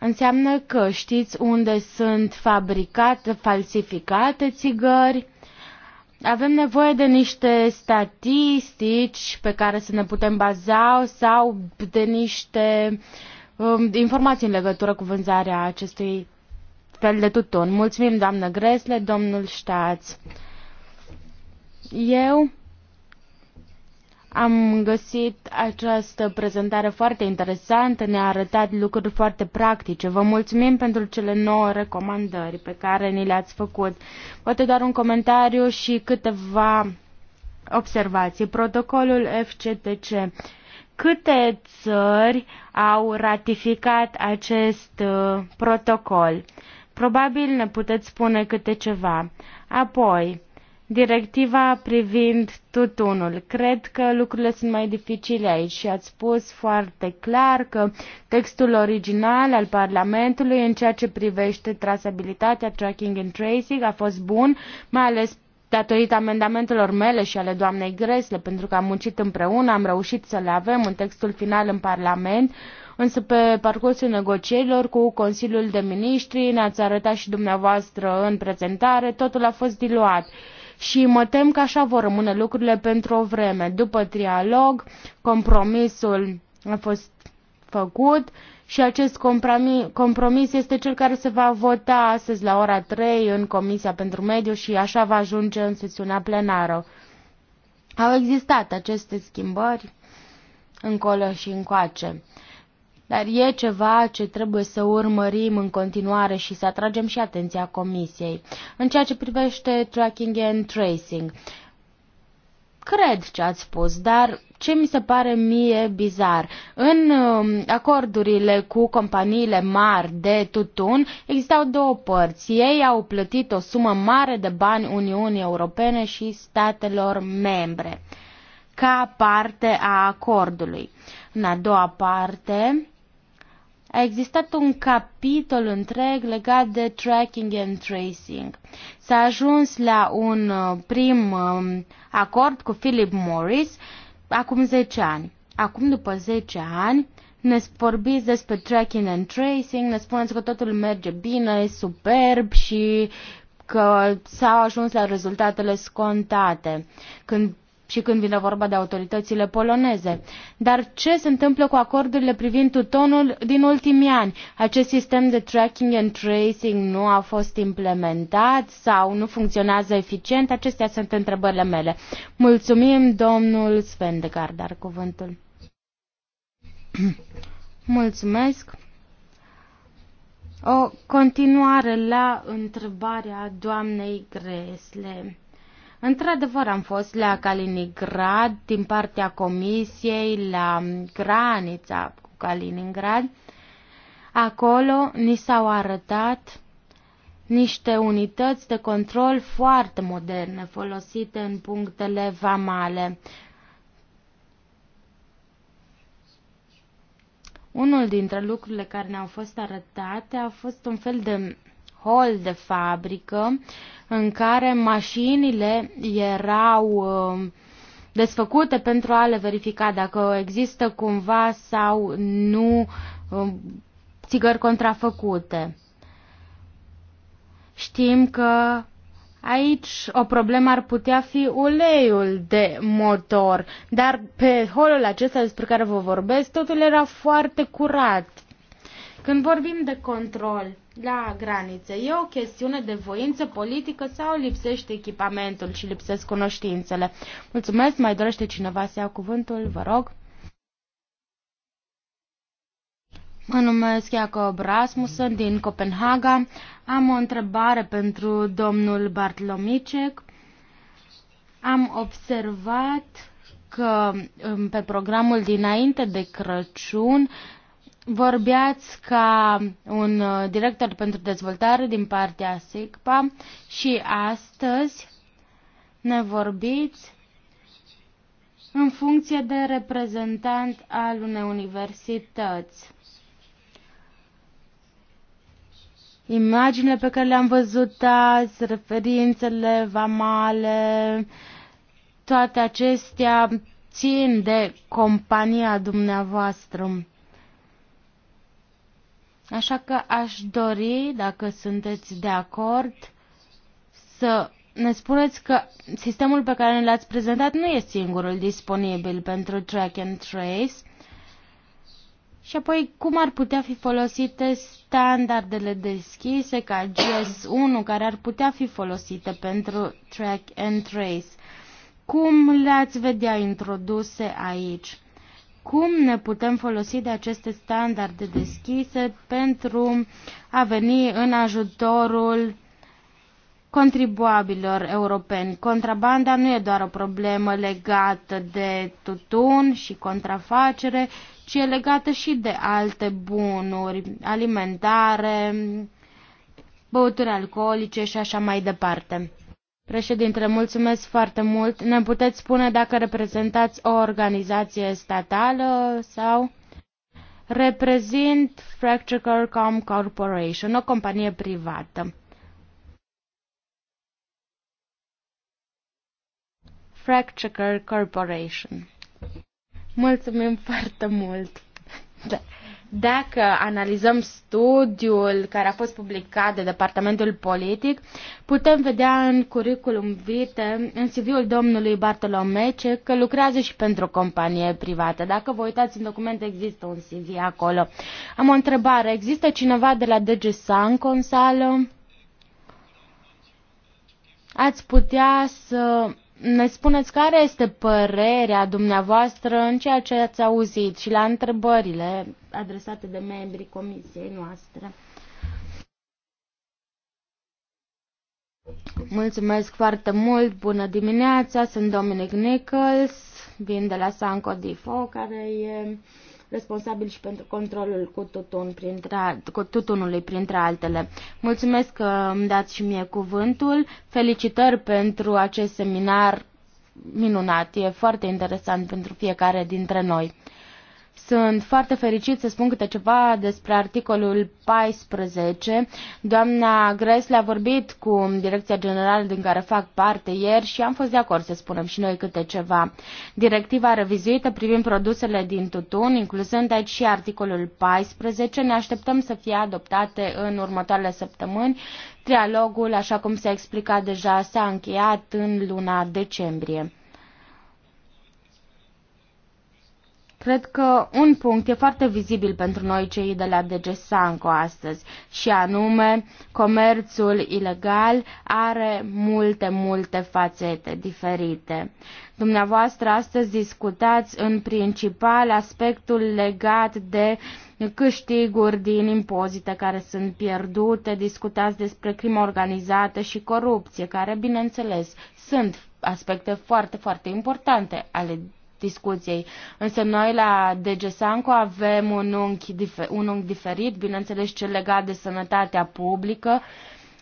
Înseamnă că știți unde sunt fabricate, falsificate țigări. Avem nevoie de niște statistici pe care să ne putem baza sau de niște um, informații în legătură cu vânzarea acestui fel de tutun. Mulțumim, doamnă Gresle, domnul Ștaț. Eu am găsit această prezentare foarte interesantă, ne-a arătat lucruri foarte practice. Vă mulțumim pentru cele nouă recomandări pe care ni le-ați făcut. Poate doar un comentariu și câteva observații. Protocolul FCTC. Câte țări au ratificat acest uh, protocol? Probabil ne puteți spune câte ceva. Apoi, Directiva privind tutunul. Cred că lucrurile sunt mai dificile aici și ați spus foarte clar că textul original al Parlamentului în ceea ce privește trasabilitatea, tracking and tracing a fost bun, mai ales datorită amendamentelor mele și ale doamnei Gresle, pentru că am muncit împreună, am reușit să le avem în textul final în Parlament, însă pe parcursul negocierilor cu Consiliul de Ministri, ne-ați arătat și dumneavoastră în prezentare, totul a fost diluat și mă tem că așa vor rămâne lucrurile pentru o vreme. După trialog, compromisul a fost făcut și acest compromis, este cel care se va vota astăzi la ora 3 în Comisia pentru Mediu și așa va ajunge în sesiunea plenară. Au existat aceste schimbări încolo și încoace dar e ceva ce trebuie să urmărim în continuare și să atragem și atenția Comisiei. În ceea ce privește tracking and tracing, cred ce ați spus, dar ce mi se pare mie bizar. În um, acordurile cu companiile mari de tutun existau două părți. Ei au plătit o sumă mare de bani Uniunii Europene și statelor membre ca parte a acordului. În a doua parte, a existat un capitol întreg legat de tracking and tracing. S-a ajuns la un uh, prim um, acord cu Philip Morris acum 10 ani. Acum, după 10 ani, ne vorbiți despre tracking and tracing, ne spuneți că totul merge bine, e superb și că s-au ajuns la rezultatele scontate. Când și când vine vorba de autoritățile poloneze. Dar ce se întâmplă cu acordurile privind tutonul din ultimii ani? Acest sistem de tracking and tracing nu a fost implementat sau nu funcționează eficient? Acestea sunt întrebările mele. Mulțumim, domnul Sven de Gardar, cuvântul. Mulțumesc. O continuare la întrebarea doamnei Gresle. Într-adevăr, am fost la Kaliningrad din partea comisiei, la granița cu Kaliningrad. Acolo ni s-au arătat niște unități de control foarte moderne folosite în punctele vamale. Unul dintre lucrurile care ne-au fost arătate a fost un fel de hol de fabrică în care mașinile erau um, desfăcute pentru a le verifica dacă există cumva sau nu um, țigări contrafăcute. Știm că Aici o problemă ar putea fi uleiul de motor, dar pe holul acesta despre care vă vorbesc, totul era foarte curat. Când vorbim de control, la graniță. E o chestiune de voință politică sau lipsește echipamentul și lipsesc cunoștințele? Mulțumesc, mai dorește cineva să ia cuvântul, vă rog. Mă numesc Iacob Rasmussen din Copenhaga. Am o întrebare pentru domnul Bartlomicek. Am observat că um, pe programul dinainte de Crăciun vorbeați ca un uh, director pentru dezvoltare din partea SICPA și astăzi ne vorbiți în funcție de reprezentant al unei universități. Imaginile pe care le-am văzut azi, referințele vamale, toate acestea țin de compania dumneavoastră. Așa că aș dori, dacă sunteți de acord, să ne spuneți că sistemul pe care ne l-ați prezentat nu este singurul disponibil pentru track and trace. Și apoi, cum ar putea fi folosite standardele deschise ca GS1, care ar putea fi folosite pentru track and trace? Cum le-ați vedea introduse aici? cum ne putem folosi de aceste standarde deschise pentru a veni în ajutorul contribuabilor europeni. Contrabanda nu e doar o problemă legată de tutun și contrafacere, ci e legată și de alte bunuri alimentare, băuturi alcoolice și așa mai departe. Președintele, mulțumesc foarte mult. Ne puteți spune dacă reprezentați o organizație statală sau... Reprezint Fracture Com Corporation, o companie privată. Fracture Corporation. Mulțumim foarte mult! da. Dacă analizăm studiul care a fost publicat de Departamentul Politic, putem vedea în curriculum vitae, în CV-ul domnului Bartolomece, că lucrează și pentru o companie privată. Dacă vă uitați în document, există un CV acolo. Am o întrebare. Există cineva de la DG Sanco în sală? Ați putea să ne spuneți care este părerea dumneavoastră în ceea ce ați auzit și la întrebările adresate de membrii comisiei noastre. Mulțumesc foarte mult, bună dimineața, sunt Dominic Nichols, vin de la Sanco Difo, care e responsabil și pentru controlul cu, tutun, printre, cu tutunului, printre altele. Mulțumesc că îmi dați și mie cuvântul. Felicitări pentru acest seminar minunat. E foarte interesant pentru fiecare dintre noi. Sunt foarte fericit să spun câte ceva despre articolul 14. Doamna Gresle a vorbit cu Direcția Generală din care fac parte ieri și am fost de acord să spunem și noi câte ceva. Directiva revizuită privind produsele din tutun, incluzând aici și articolul 14, ne așteptăm să fie adoptate în următoarele săptămâni. Trialogul, așa cum s-a explicat deja, s-a încheiat în luna decembrie. Cred că un punct e foarte vizibil pentru noi cei de la DG Sanco astăzi și anume comerțul ilegal are multe, multe fațete diferite. Dumneavoastră astăzi discutați în principal aspectul legat de câștiguri din impozite care sunt pierdute, discutați despre crimă organizată și corupție, care, bineînțeles, sunt aspecte foarte, foarte importante ale discuției. Însă noi la DG Sanco avem un unghi, difer, un unghi diferit, bineînțeles cel legat de sănătatea publică,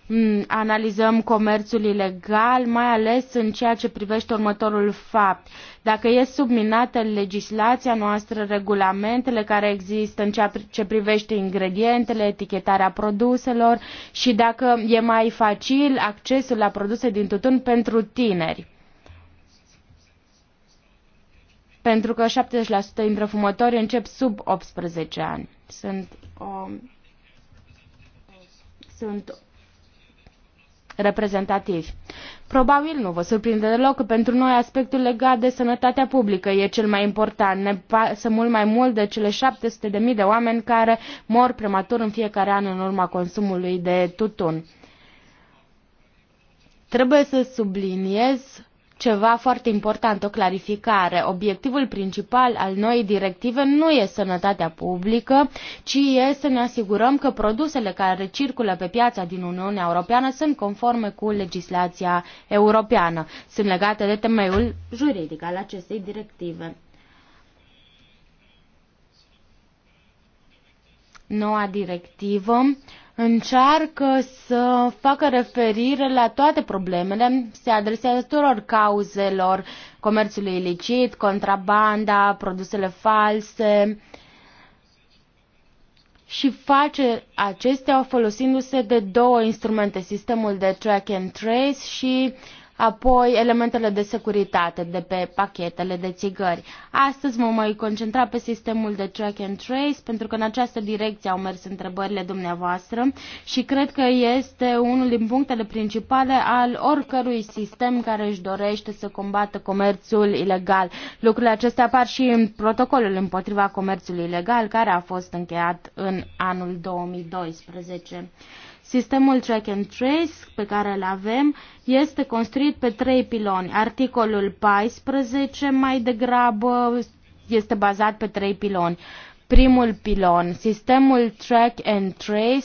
mm, analizăm comerțul ilegal, mai ales în ceea ce privește următorul fapt. Dacă e subminată legislația noastră, regulamentele care există în ceea ce privește ingredientele, etichetarea produselor și dacă e mai facil accesul la produse din tutun pentru tineri. pentru că 70% dintre fumători încep sub 18 ani. Sunt, o, sunt reprezentativi. Probabil nu vă surprinde deloc că pentru noi aspectul legat de sănătatea publică e cel mai important. Ne pasă mult mai mult de cele 700.000 de oameni care mor prematur în fiecare an în urma consumului de tutun. Trebuie să subliniez ceva foarte important, o clarificare. Obiectivul principal al noii directive nu e sănătatea publică, ci e să ne asigurăm că produsele care circulă pe piața din Uniunea Europeană sunt conforme cu legislația europeană. Sunt legate de temeiul juridic al acestei directive. Noua directivă uh, încearcă să facă referire la toate problemele, se adresează tuturor cauzelor comerțului ilicit, contrabanda, produsele false și face acestea folosindu-se de două instrumente, sistemul de track and trace și uh, apoi elementele de securitate de pe pachetele de țigări. Astăzi mă mai concentra pe sistemul de track and trace, pentru că în această direcție au mers întrebările dumneavoastră și cred că este unul din punctele principale al oricărui sistem care își dorește să combată comerțul ilegal. Lucrurile acestea apar și în protocolul împotriva comerțului ilegal care a fost încheiat în anul 2012. Sistemul track and trace pe care îl avem este construit pe trei piloni. Articolul 14 mai degrabă este bazat pe trei piloni. Primul pilon, sistemul track and trace,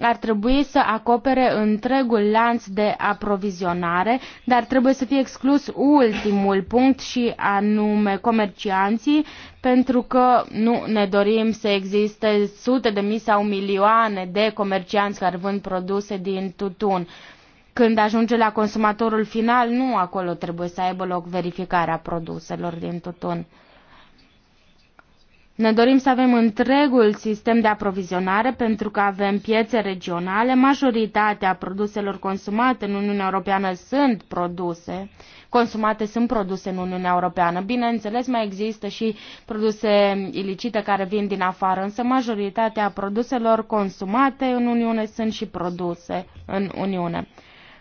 ar trebui să acopere întregul lanț de aprovizionare, dar trebuie să fie exclus ultimul punct și anume comercianții, pentru că nu ne dorim să existe sute de mii sau milioane de comercianți care vând produse din tutun. Când ajunge la consumatorul final, nu acolo trebuie să aibă loc verificarea produselor din tutun. Ne dorim să avem întregul sistem de aprovizionare pentru că avem piețe regionale, majoritatea produselor consumate în Uniunea Europeană sunt produse, consumate sunt produse în Uniunea Europeană. Bineînțeles, mai există și produse ilicite care vin din afară, însă majoritatea produselor consumate în Uniune sunt și produse în Uniune.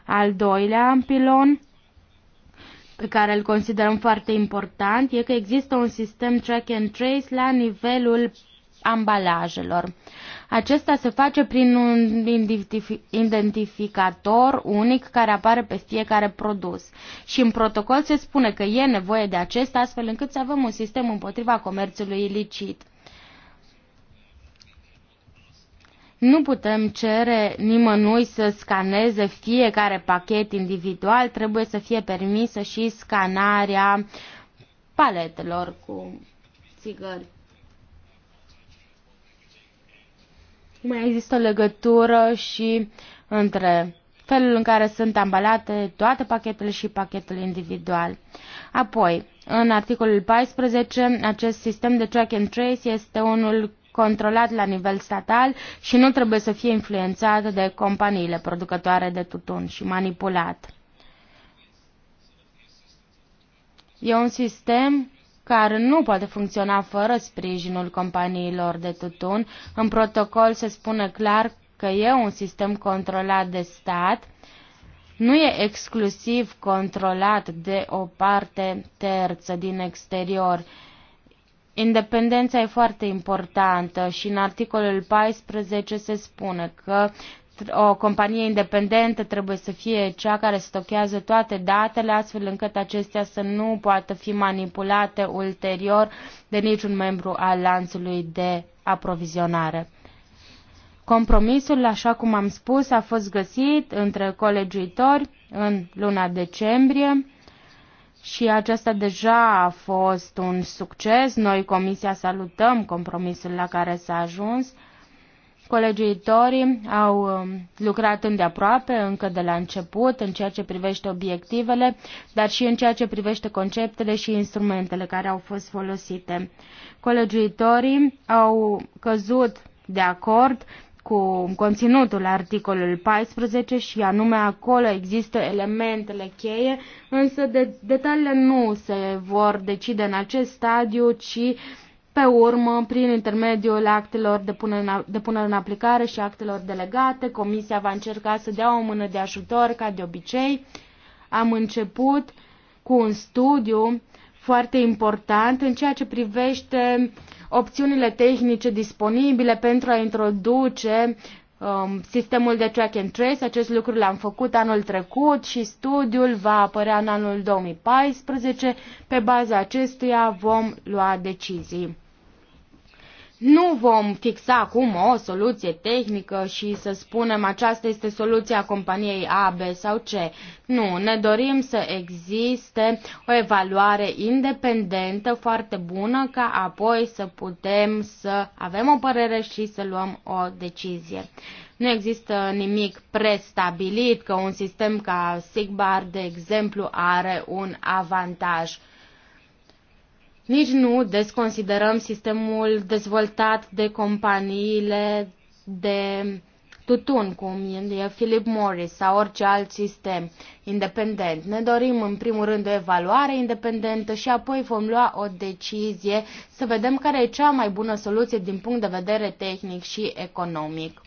Al doilea pilon pe care îl considerăm foarte important e că există un sistem track and trace la nivelul ambalajelor. Acesta se face prin un identificator unic care apare pe fiecare produs și în protocol se spune că e nevoie de acesta astfel încât să avem un sistem împotriva comerțului ilicit. Nu putem cere nimănui să scaneze fiecare pachet individual, trebuie să fie permisă și scanarea paletelor cu țigări. Mai există o legătură și între felul în care sunt ambalate toate pachetele și pachetul individual. Apoi, în articolul 14, acest sistem de track and trace este unul controlat la nivel statal și nu trebuie să fie influențat de companiile producătoare de tutun și manipulat. E un sistem care nu poate funcționa fără sprijinul companiilor de tutun. În protocol se spune clar că e un sistem controlat de stat, nu e exclusiv controlat de o parte terță din exterior. Independența e foarte importantă și în articolul 14 se spune că o companie independentă trebuie să fie cea care stochează toate datele, astfel încât acestea să nu poată fi manipulate ulterior de niciun membru al lanțului de aprovizionare. Compromisul, așa cum am spus, a fost găsit între colegiuitori în luna decembrie și acesta deja a fost un succes. Noi, Comisia, salutăm compromisul la care s-a ajuns. Colegii Tori au um, lucrat îndeaproape încă de la început în ceea ce privește obiectivele, dar și în ceea ce privește conceptele și instrumentele care au fost folosite. Colegii Tori au căzut de acord cu conținutul articolului 14 și anume acolo există elementele cheie, însă de, detaliile nu se vor decide în acest stadiu, ci pe urmă, prin intermediul actelor de punere, în, de punere în aplicare și actelor delegate, Comisia va încerca să dea o mână de ajutor, ca de obicei. Am început cu un studiu foarte important în ceea ce privește uh, opțiunile tehnice disponibile pentru a introduce um, sistemul de track and trace. Acest lucru l-am făcut anul trecut și studiul va apărea în anul 2014. Pe baza acestuia vom lua decizii. Nu vom fixa acum o soluție tehnică și să spunem aceasta este soluția companiei A, B sau C. Nu, ne dorim să existe o evaluare independentă foarte bună ca apoi să putem să avem o părere și să luăm o decizie. Nu există nimic prestabilit că un sistem ca SIGBAR, de exemplu, are un avantaj nici nu desconsiderăm sistemul dezvoltat de companiile de tutun, cum e Philip Morris sau orice alt sistem independent. Ne dorim în primul rând o evaluare independentă și apoi vom lua o decizie să vedem care e cea mai bună soluție din punct de vedere tehnic și economic.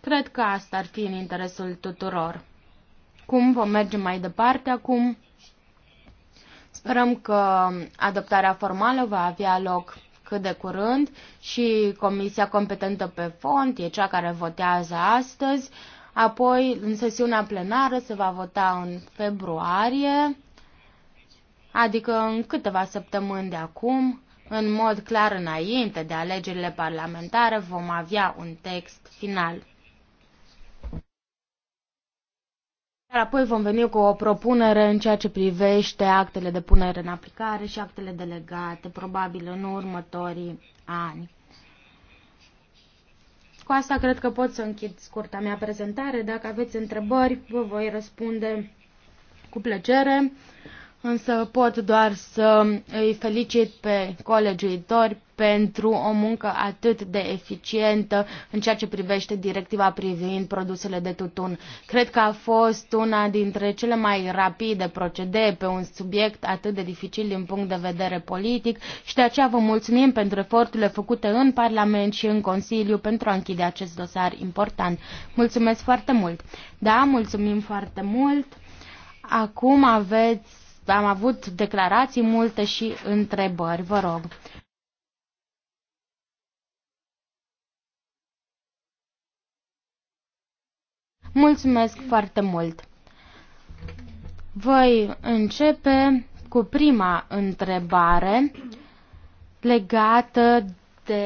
Cred că asta ar fi în interesul tuturor cum vom merge mai departe acum. Sperăm că adoptarea formală va avea loc cât de curând și comisia competentă pe fond e cea care votează astăzi. Apoi, în sesiunea plenară se va vota în februarie, adică în câteva săptămâni de acum, în mod clar înainte de alegerile parlamentare, vom avea un text final. Apoi vom veni cu o propunere în ceea ce privește actele de punere în aplicare și actele delegate, probabil în următorii ani. Cu asta cred că pot să închid scurta mea prezentare. Dacă aveți întrebări, vă voi răspunde cu plăcere, însă pot doar să îi felicit pe colegii colegiuitori pentru o muncă atât de eficientă în ceea ce privește directiva privind produsele de tutun. Cred că a fost una dintre cele mai rapide procedee pe un subiect atât de dificil din punct de vedere politic și de aceea vă mulțumim pentru eforturile făcute în Parlament și în Consiliu pentru a închide acest dosar important. Mulțumesc foarte mult! Da, mulțumim foarte mult! Acum aveți, am avut declarații multe și întrebări, vă rog. Mulțumesc foarte mult! Voi începe cu prima întrebare legată de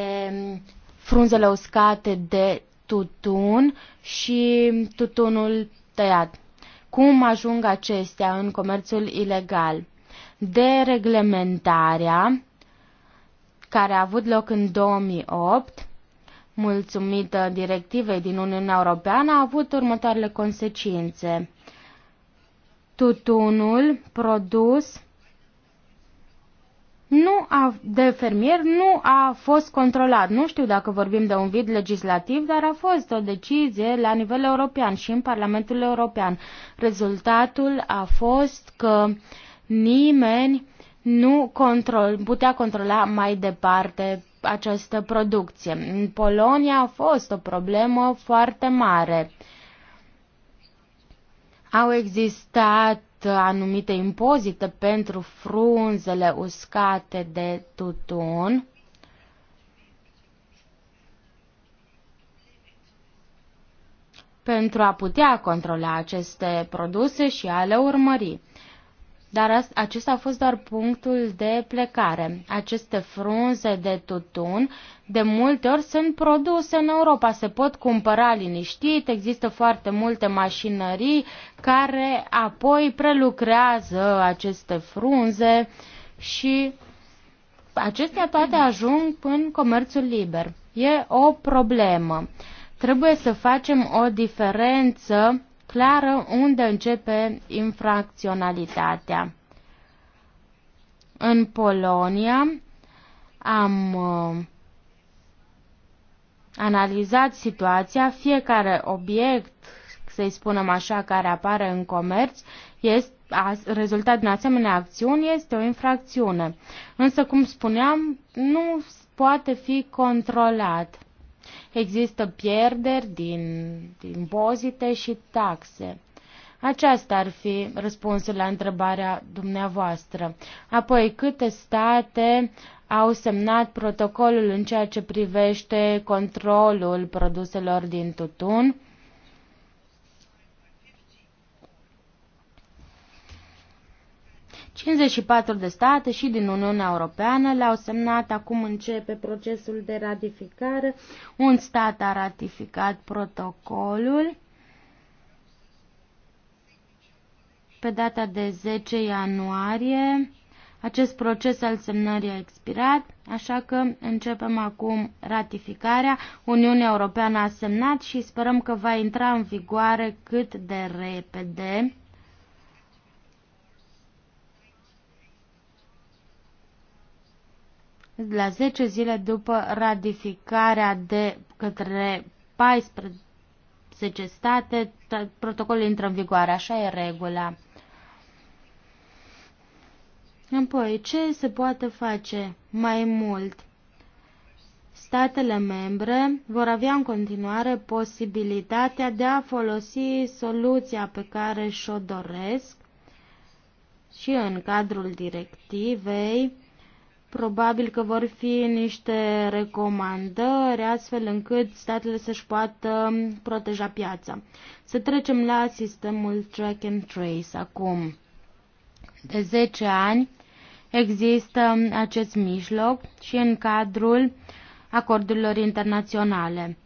frunzele uscate de tutun și tutunul tăiat. Cum ajung acestea în comerțul ilegal? De reglementarea care a avut loc în 2008 mulțumită directivei din Uniunea Europeană, a avut următoarele consecințe. Tutunul produs nu a, de fermier nu a fost controlat. Nu știu dacă vorbim de un vid legislativ, dar a fost o decizie la nivel european și în Parlamentul European. Rezultatul a fost că nimeni nu control, putea controla mai departe această producție. În Polonia a fost o problemă foarte mare. Au existat anumite impozite pentru frunzele uscate de tutun. pentru a putea controla aceste produse și a le urmări. Dar acesta a fost doar punctul de plecare. Aceste frunze de tutun de multe ori sunt produse în Europa, se pot cumpăra liniștit, există foarte multe mașinării care apoi prelucrează aceste frunze și acestea toate ajung în comerțul liber. E o problemă. Trebuie să facem o diferență clară unde începe infracționalitatea. În Polonia am uh, analizat situația, fiecare obiect, să-i spunem așa, care apare în comerț, este a, rezultat din asemenea acțiuni este o infracțiune. Însă, cum spuneam, nu poate fi controlat. Există pierderi din impozite și taxe. Aceasta ar fi răspunsul la întrebarea dumneavoastră. Apoi, câte state au semnat protocolul în ceea ce privește controlul produselor din tutun? 54 de state și din Uniunea Europeană le-au semnat, acum începe procesul de ratificare. Un stat a ratificat protocolul. Pe data de 10 ianuarie, acest proces al semnării a expirat, așa că începem acum ratificarea. Uniunea Europeană a semnat și sperăm că va intra în vigoare cât de repede la 10 zile după ratificarea de către 14 state, protocolul intră în vigoare, așa e regula. Apoi, ce se poate face mai mult? Statele membre vor avea în continuare posibilitatea de a folosi soluția pe care și-o doresc și în cadrul directivei Probabil că vor fi niște recomandări astfel încât statele să-și poată proteja piața. Să trecem la sistemul track and trace acum. De 10 ani există acest mijloc și în cadrul acordurilor internaționale.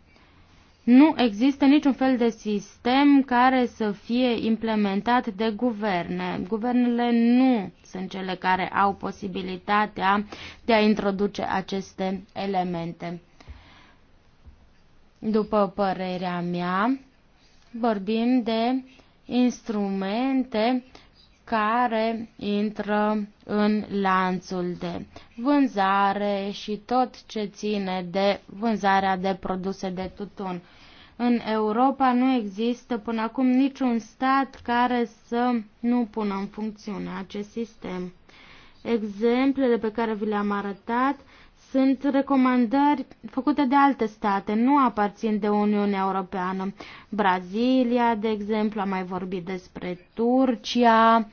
Nu există niciun fel de sistem care să fie implementat de guverne. Guvernele nu sunt cele care au posibilitatea de a introduce aceste elemente. După părerea mea, vorbim de instrumente care intră în lanțul de vânzare și tot ce ține de vânzarea de produse de tutun. În Europa nu există până acum niciun stat care să nu pună în funcțiune acest sistem. Exemplele pe care vi le-am arătat sunt recomandări făcute de alte state, nu aparțin de Uniunea Europeană. Brazilia, de exemplu, a mai vorbit despre Turcia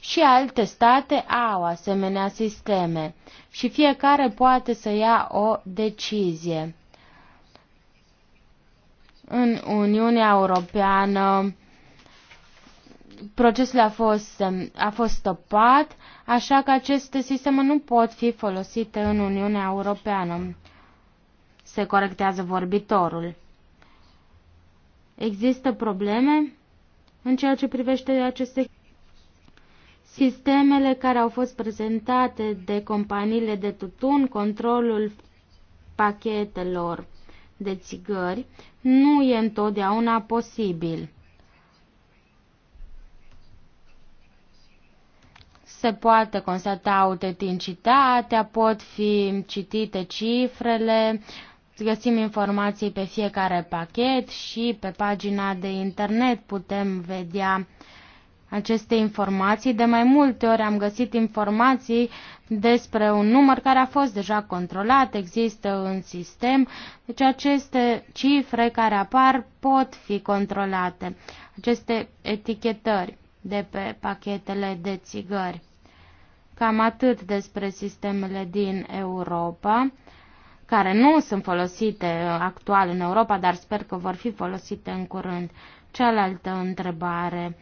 și alte state au asemenea sisteme și fiecare poate să ia o decizie. În Uniunea Europeană procesul a fost, a fost stopat așa că aceste sisteme nu pot fi folosite în Uniunea Europeană. Se corectează vorbitorul. Există probleme în ceea ce privește aceste sistemele care au fost prezentate de companiile de tutun, controlul pachetelor de țigări, nu e întotdeauna posibil. se poate constata autenticitatea, pot fi citite cifrele, găsim informații pe fiecare pachet și pe pagina de internet putem vedea aceste informații. De mai multe ori am găsit informații despre un număr care a fost deja controlat, există în sistem, deci aceste cifre care apar pot fi controlate, aceste etichetări de pe pachetele de țigări. Cam atât despre sistemele din Europa, care nu sunt folosite uh, actual în Europa, dar sper că vor fi folosite în curând. Cealaltă întrebare,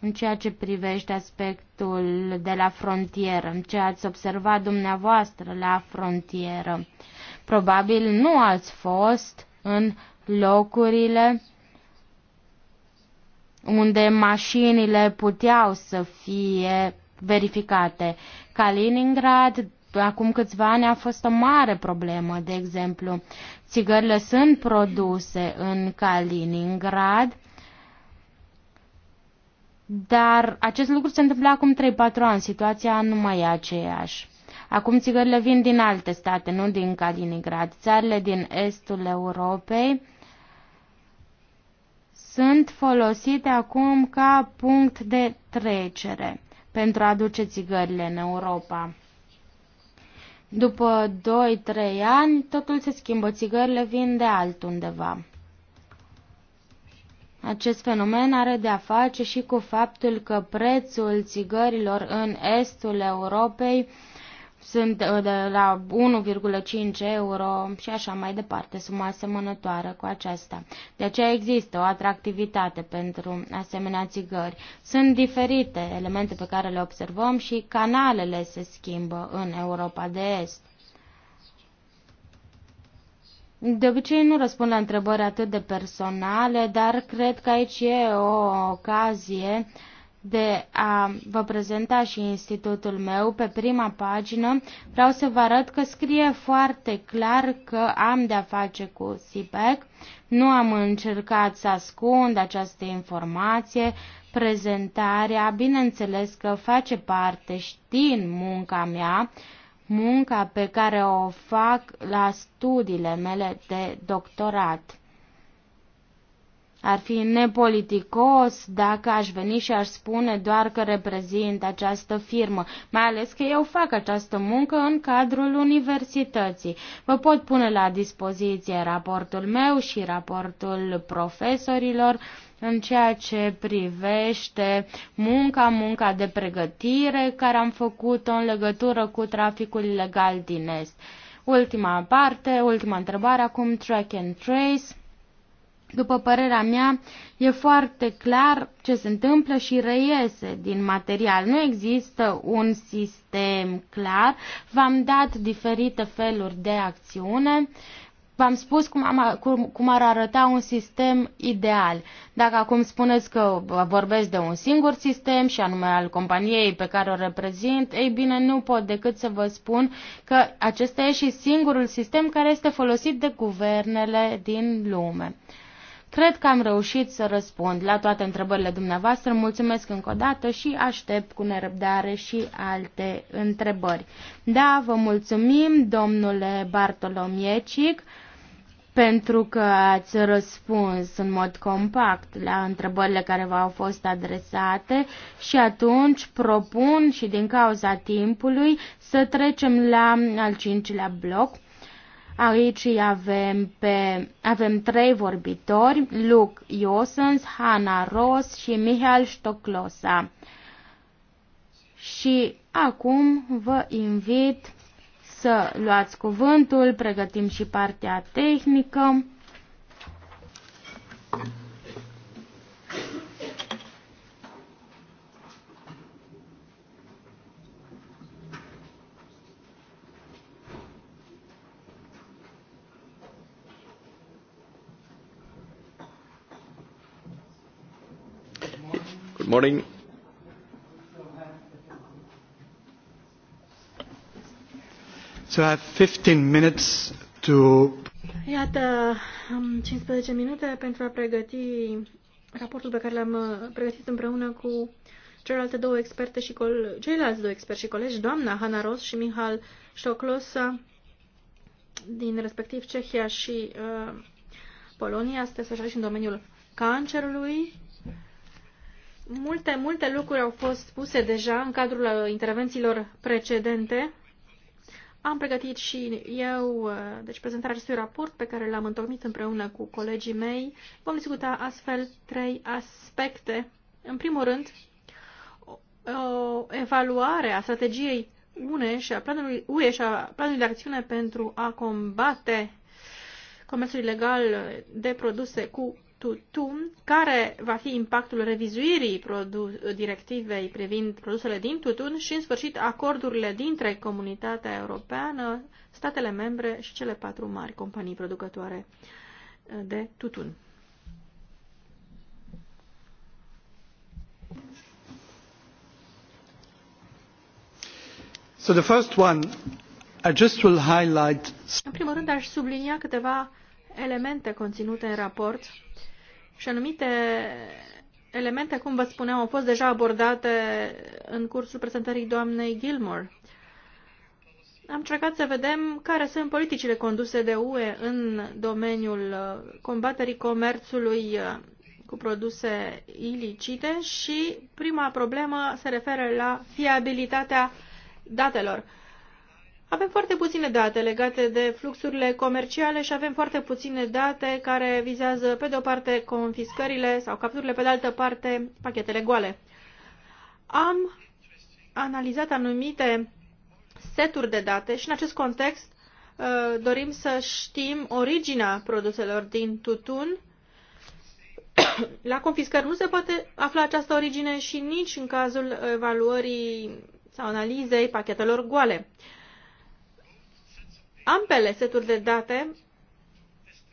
în ceea ce privește aspectul de la frontieră, ce ați observat dumneavoastră la frontieră. Probabil nu ați fost în locurile unde mașinile puteau să fie verificate. Kaliningrad, acum câțiva ani, a fost o mare problemă, de exemplu. Țigările sunt produse în Kaliningrad, dar acest lucru se întâmplă acum 3-4 ani, situația nu mai e aceeași. Acum țigările vin din alte state, nu din Kaliningrad. Țările din estul Europei sunt folosite acum ca punct de trecere pentru a aduce țigările în Europa. După 2-3 ani, totul se schimbă, țigările vin de altundeva. Acest fenomen are de-a face și cu faptul că prețul țigărilor în estul Europei sunt uh, de la 1,5 euro și așa mai departe, suma asemănătoare cu aceasta. De aceea există o atractivitate pentru asemenea țigări. Sunt diferite elemente pe care le observăm și canalele se schimbă în Europa de Est. De obicei nu răspund la întrebări atât de personale, dar cred că aici e o ocazie uh, de a vă prezenta și institutul meu pe prima pagină, vreau să vă arăt că scrie foarte clar că am de-a face cu SIPEC. Nu am încercat să ascund această informație, prezentarea, bineînțeles că face parte, știin munca mea, munca pe care o fac la studiile mele de doctorat. Ar fi nepoliticos dacă aș veni și aș spune doar că reprezint această firmă, mai ales că eu fac această muncă în cadrul universității. Vă pot pune la dispoziție raportul meu și raportul profesorilor în ceea ce privește munca, munca de pregătire care am făcut-o în legătură cu traficul ilegal din Est. Ultima parte, ultima întrebare acum, track and trace. După părerea mea, e foarte clar ce se întâmplă și reiese din material. Nu există un sistem clar. V-am dat diferite feluri de acțiune. V-am spus cum, am, cum, cum ar arăta un sistem ideal. Dacă acum spuneți că vorbesc de un singur sistem și anume al companiei pe care o reprezint, ei bine, nu pot decât să vă spun că acesta e și singurul sistem care este folosit de guvernele din lume. Cred că am reușit să răspund la toate întrebările dumneavoastră. Mulțumesc încă o dată și aștept cu nerăbdare și alte întrebări. Da, vă mulțumim, domnule Bartolomiecic, pentru că ați răspuns în mod compact la întrebările care v-au fost adresate și atunci propun și din cauza timpului să trecem la al cincilea bloc Aici avem, pe, avem trei vorbitori, Luc Iosens, Hanna Ross și Mihail Stoclosa. Și acum vă invit să luați cuvântul, pregătim și partea tehnică. Thank you. morning. So I have 15 minutes to... Iată, am 15 minute pentru a pregăti raportul pe care l-am uh, pregătit împreună cu celelalte două experte și col- ceilalți două experți și colegi, doamna Hanna Ros și Mihal Șoclosa din respectiv Cehia și uh, Polonia, este și în domeniul cancerului Multe, multe lucruri au fost spuse deja în cadrul uh, intervențiilor precedente. Am pregătit și eu, uh, deci prezentarea acestui raport pe care l-am întocmit împreună cu colegii mei. Vom discuta astfel trei aspecte. În primul rând, o evaluare a strategiei UE și a planului, UE și a planului de acțiune pentru a combate comerțul ilegal de produse cu tutum, care va fi impactul revizuirii directivei privind produsele din tutun și, în sfârșit, acordurile dintre comunitatea europeană, statele membre și cele patru mari companii producătoare de tutun. So the first one, I just will highlight... În primul rând, aș sublinia câteva elemente conținute în raport și anumite elemente, cum vă spuneam, au fost deja abordate în cursul prezentării doamnei Gilmore. Am încercat să vedem care sunt politicile conduse de UE în domeniul uh, combaterii comerțului uh, cu produse ilicite și prima problemă se referă la fiabilitatea datelor. Avem foarte puține date legate de fluxurile comerciale și avem foarte puține date care vizează, pe de o parte, confiscările sau capturile, pe de altă parte, pachetele goale. Am analizat anumite seturi de date și, în acest context, uh, dorim să știm originea produselor din tutun. La confiscări nu se poate afla această origine și nici în cazul evaluării sau analizei pachetelor goale. Ambele seturi de date,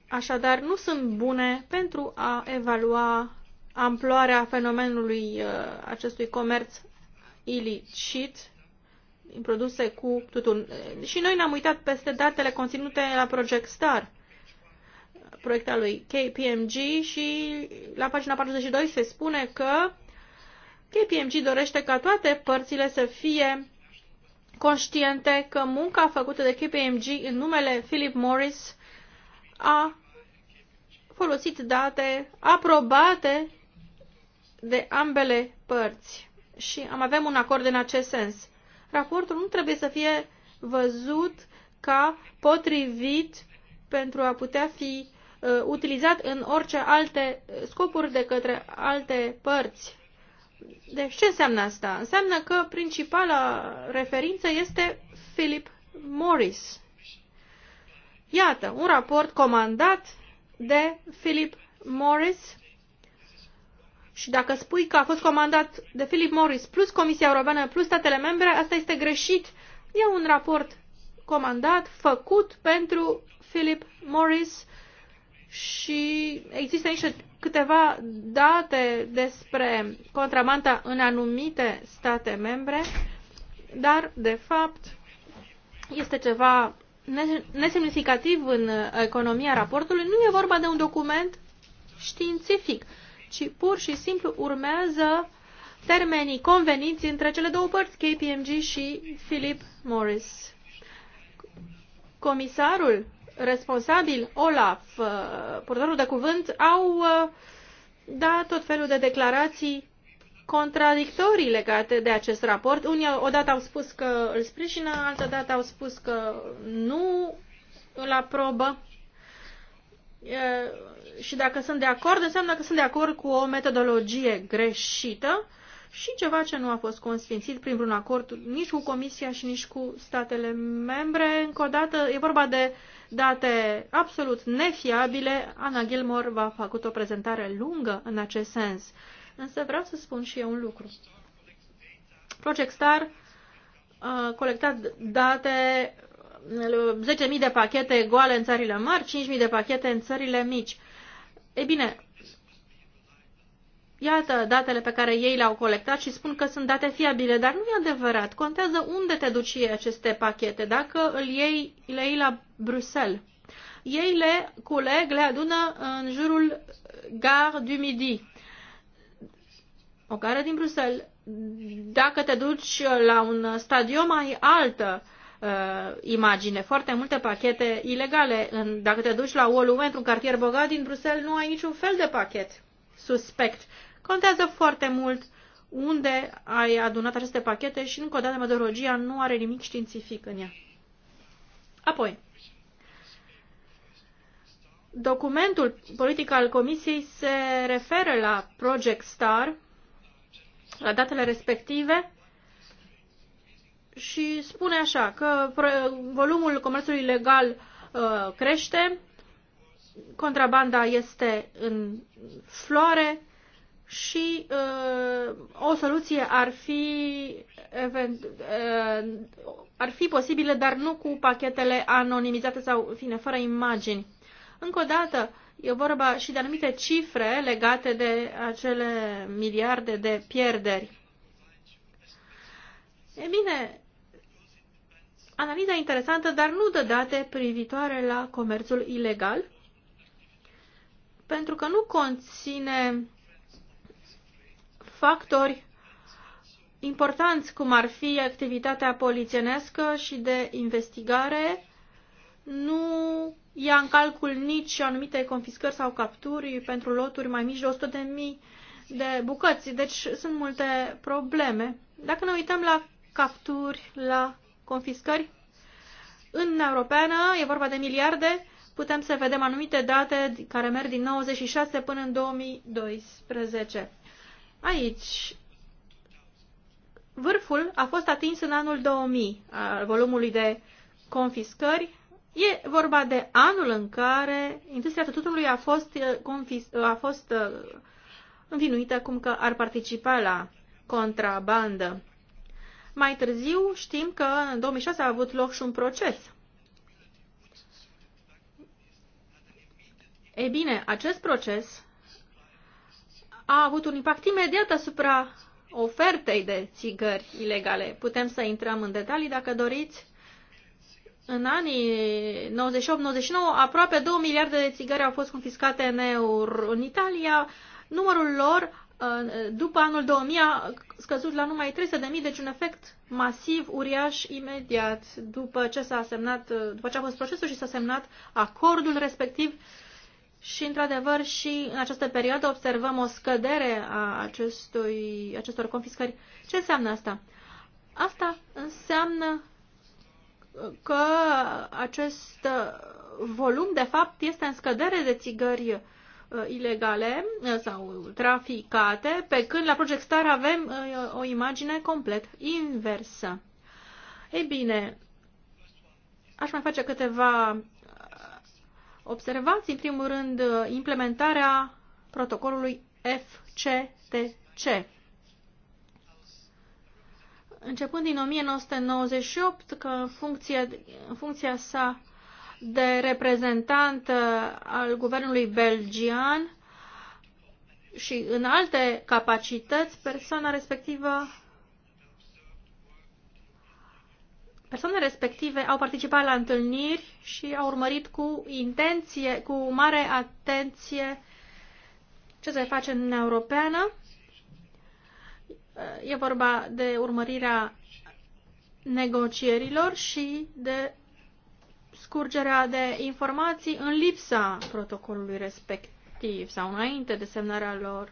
așadar, nu sunt bune pentru a evalua amploarea fenomenului uh, acestui comerț ilicit în produse cu tutun. Și noi ne-am uitat peste datele conținute la Project Star, proiectul lui KPMG și la pagina 42 se spune că KPMG dorește ca toate părțile să fie conștiente că munca făcută de KPMG în numele Philip Morris a folosit date aprobate de ambele părți și am avem un acord în acest sens. Raportul nu trebuie să fie văzut ca potrivit pentru a putea fi uh, utilizat în orice alte scopuri de către alte părți deci ce înseamnă asta? Înseamnă că principala referință este Philip Morris. Iată, un raport comandat de Philip Morris și dacă spui că a fost comandat de Philip Morris plus Comisia Europeană plus statele membre, asta este greșit. E un raport comandat, făcut pentru Philip Morris și există niște câteva date despre contramanta în anumite state membre, dar, de fapt, este ceva nesemnificativ în economia raportului. Nu e vorba de un document științific, ci pur și simplu urmează termenii conveniți între cele două părți, KPMG și Philip Morris. Comisarul responsabil, Olaf, uh, purtătorul de cuvânt, au uh, dat tot felul de declarații contradictorii legate de acest raport. Unii odată au spus că îl sprijină, altă dată au spus că nu îl aprobă. E, uh, și dacă sunt de acord, înseamnă că sunt de acord cu o metodologie greșită și ceva ce nu a fost consfințit prin un acord nici cu Comisia și nici cu statele membre. Încă o dată, e vorba de date absolut nefiabile. Ana Gilmore va făcut o prezentare lungă în acest sens. Însă vreau să spun și eu un lucru. Project Star a colectat date 10.000 de pachete goale în țările mari, 5.000 de pachete în țările mici. Ei bine, Iată datele pe care ei le-au colectat și spun că sunt date fiabile, dar nu e adevărat. Contează unde te duci ei aceste pachete, dacă îl iei, le iei la Bruxelles. Ei le culeg, le adună în jurul Gare du Midi, o gară din Bruxelles. Dacă te duci la un stadion, mai altă uh, imagine, foarte multe pachete ilegale. În, dacă te duci la Wallum, într-un cartier bogat din Bruxelles, nu ai niciun fel de pachet suspect. Contează foarte mult unde ai adunat aceste pachete și, încă o dată, metodologia nu are nimic științific în ea. Apoi, documentul politic al Comisiei se referă la Project Star, la datele respective, și spune așa că volumul comerțului legal uh, crește, contrabanda este în floare, și uh, o soluție ar fi, event, uh, ar fi posibilă, dar nu cu pachetele anonimizate sau, fine, fără imagini. Încă o dată, e vorba și de anumite cifre legate de acele miliarde de pierderi. E bine, analiza interesantă, dar nu dă date privitoare la comerțul ilegal, pentru că nu conține factori importanți, cum ar fi activitatea polițienescă și de investigare, nu ia în calcul nici anumite confiscări sau capturi pentru loturi mai mici de 100 de bucăți. Deci sunt multe probleme. Dacă ne uităm la capturi, la confiscări, în Europeană e vorba de miliarde, putem să vedem anumite date care merg din 96 până în 2012. Aici, vârful a fost atins în anul 2000 al volumului de confiscări. E vorba de anul în care industria tutunului a fost, uh, confis, uh, a fost uh, învinuită cum că ar participa la contrabandă. Mai târziu știm că în 2006 a avut loc și un proces. E bine, acest proces a avut un impact imediat asupra ofertei de țigări ilegale. Putem să intrăm în detalii dacă doriți. În anii 98-99, aproape 2 miliarde de țigări au fost confiscate în, Eur, în Italia. Numărul lor, după anul 2000, a scăzut la numai 300.000, deci un efect masiv, uriaș, imediat, după ce s-a semnat, după ce a fost procesul și s-a semnat acordul respectiv și, într-adevăr, și în această perioadă observăm o scădere a acestui, acestor confiscări. Ce înseamnă asta? Asta înseamnă uh, că acest uh, volum, de fapt, este în scădere de țigări uh, ilegale sau traficate, pe când la Project Star avem o imagine complet inversă. Ei bine, aș mai face câteva Observați, în primul rând, implementarea protocolului FCTC. Începând din 1998, că în, funcție, în funcția sa de reprezentant uh, al guvernului belgian și în alte capacități, persoana respectivă Persoanele respective au participat la întâlniri și au urmărit cu intenție, cu mare atenție ce se face în Uniunea Europeană. E vorba de urmărirea negocierilor și de scurgerea de informații în lipsa protocolului respectiv sau înainte de semnarea lor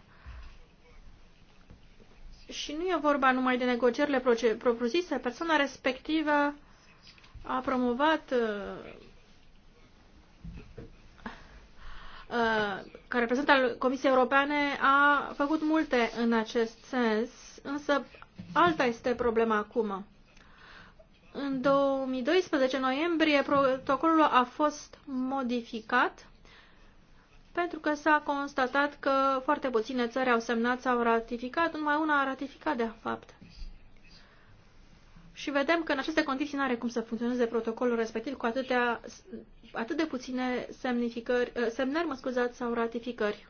și nu e vorba numai de negocierile propriu-zise, persoana respectivă a promovat uh, uh, ca reprezentant al Comisiei Europene a făcut multe în acest sens, însă alta este problema acum. În 2012, noiembrie, protocolul a fost modificat pentru că s-a constatat că foarte puține țări au semnat sau ratificat, numai una a ratificat de fapt. Și vedem că în aceste condiții nu are cum să funcționeze protocolul respectiv cu atâtea, atât de puține semnificări, eh, semnări mă scuzați, sau ratificări.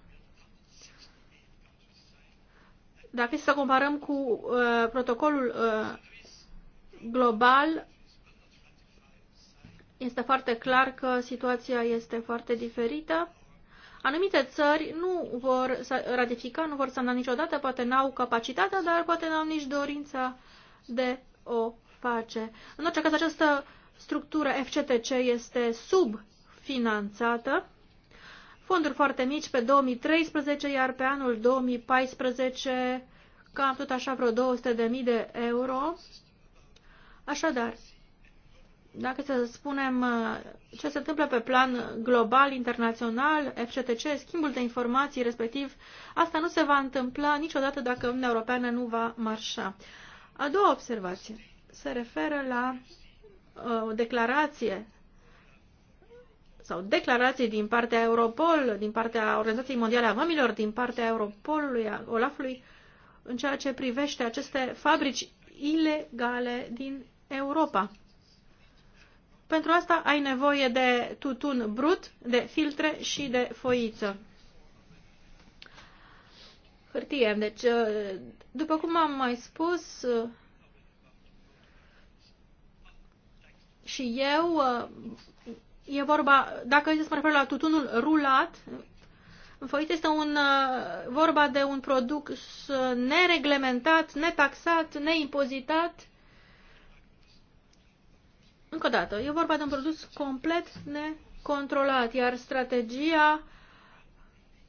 Dacă să comparăm cu uh, protocolul uh, global, este foarte clar că situația este foarte diferită Anumite țări nu vor ratifica, nu vor semna niciodată, poate n-au capacitatea, dar poate n-au nici dorința de o face. În orice caz, această structură FCTC este subfinanțată, fonduri foarte mici pe 2013, iar pe anul 2014 cam tot așa vreo 200.000 de euro. Așadar, dacă să spunem uh, ce se întâmplă pe plan global, internațional, FCTC, schimbul de informații respectiv, asta nu se va întâmpla niciodată dacă Uniunea Europeană nu va marșa. A doua observație se referă la uh, o declarație sau declarații din partea Europol, din partea Organizației Mondiale a Vămilor, din partea Europolului, a Olafului, în ceea ce privește aceste fabrici ilegale din Europa. Pentru asta ai nevoie de tutun brut, de filtre și de foiță. Hârtie. Deci, uh, după cum am mai spus, uh, și eu, uh, e vorba, dacă să mă refer la tutunul rulat, în foiță este un, vorba de un produs nereglementat, netaxat, neimpozitat, încă o dată, e vorba de un produs complet necontrolat, iar strategia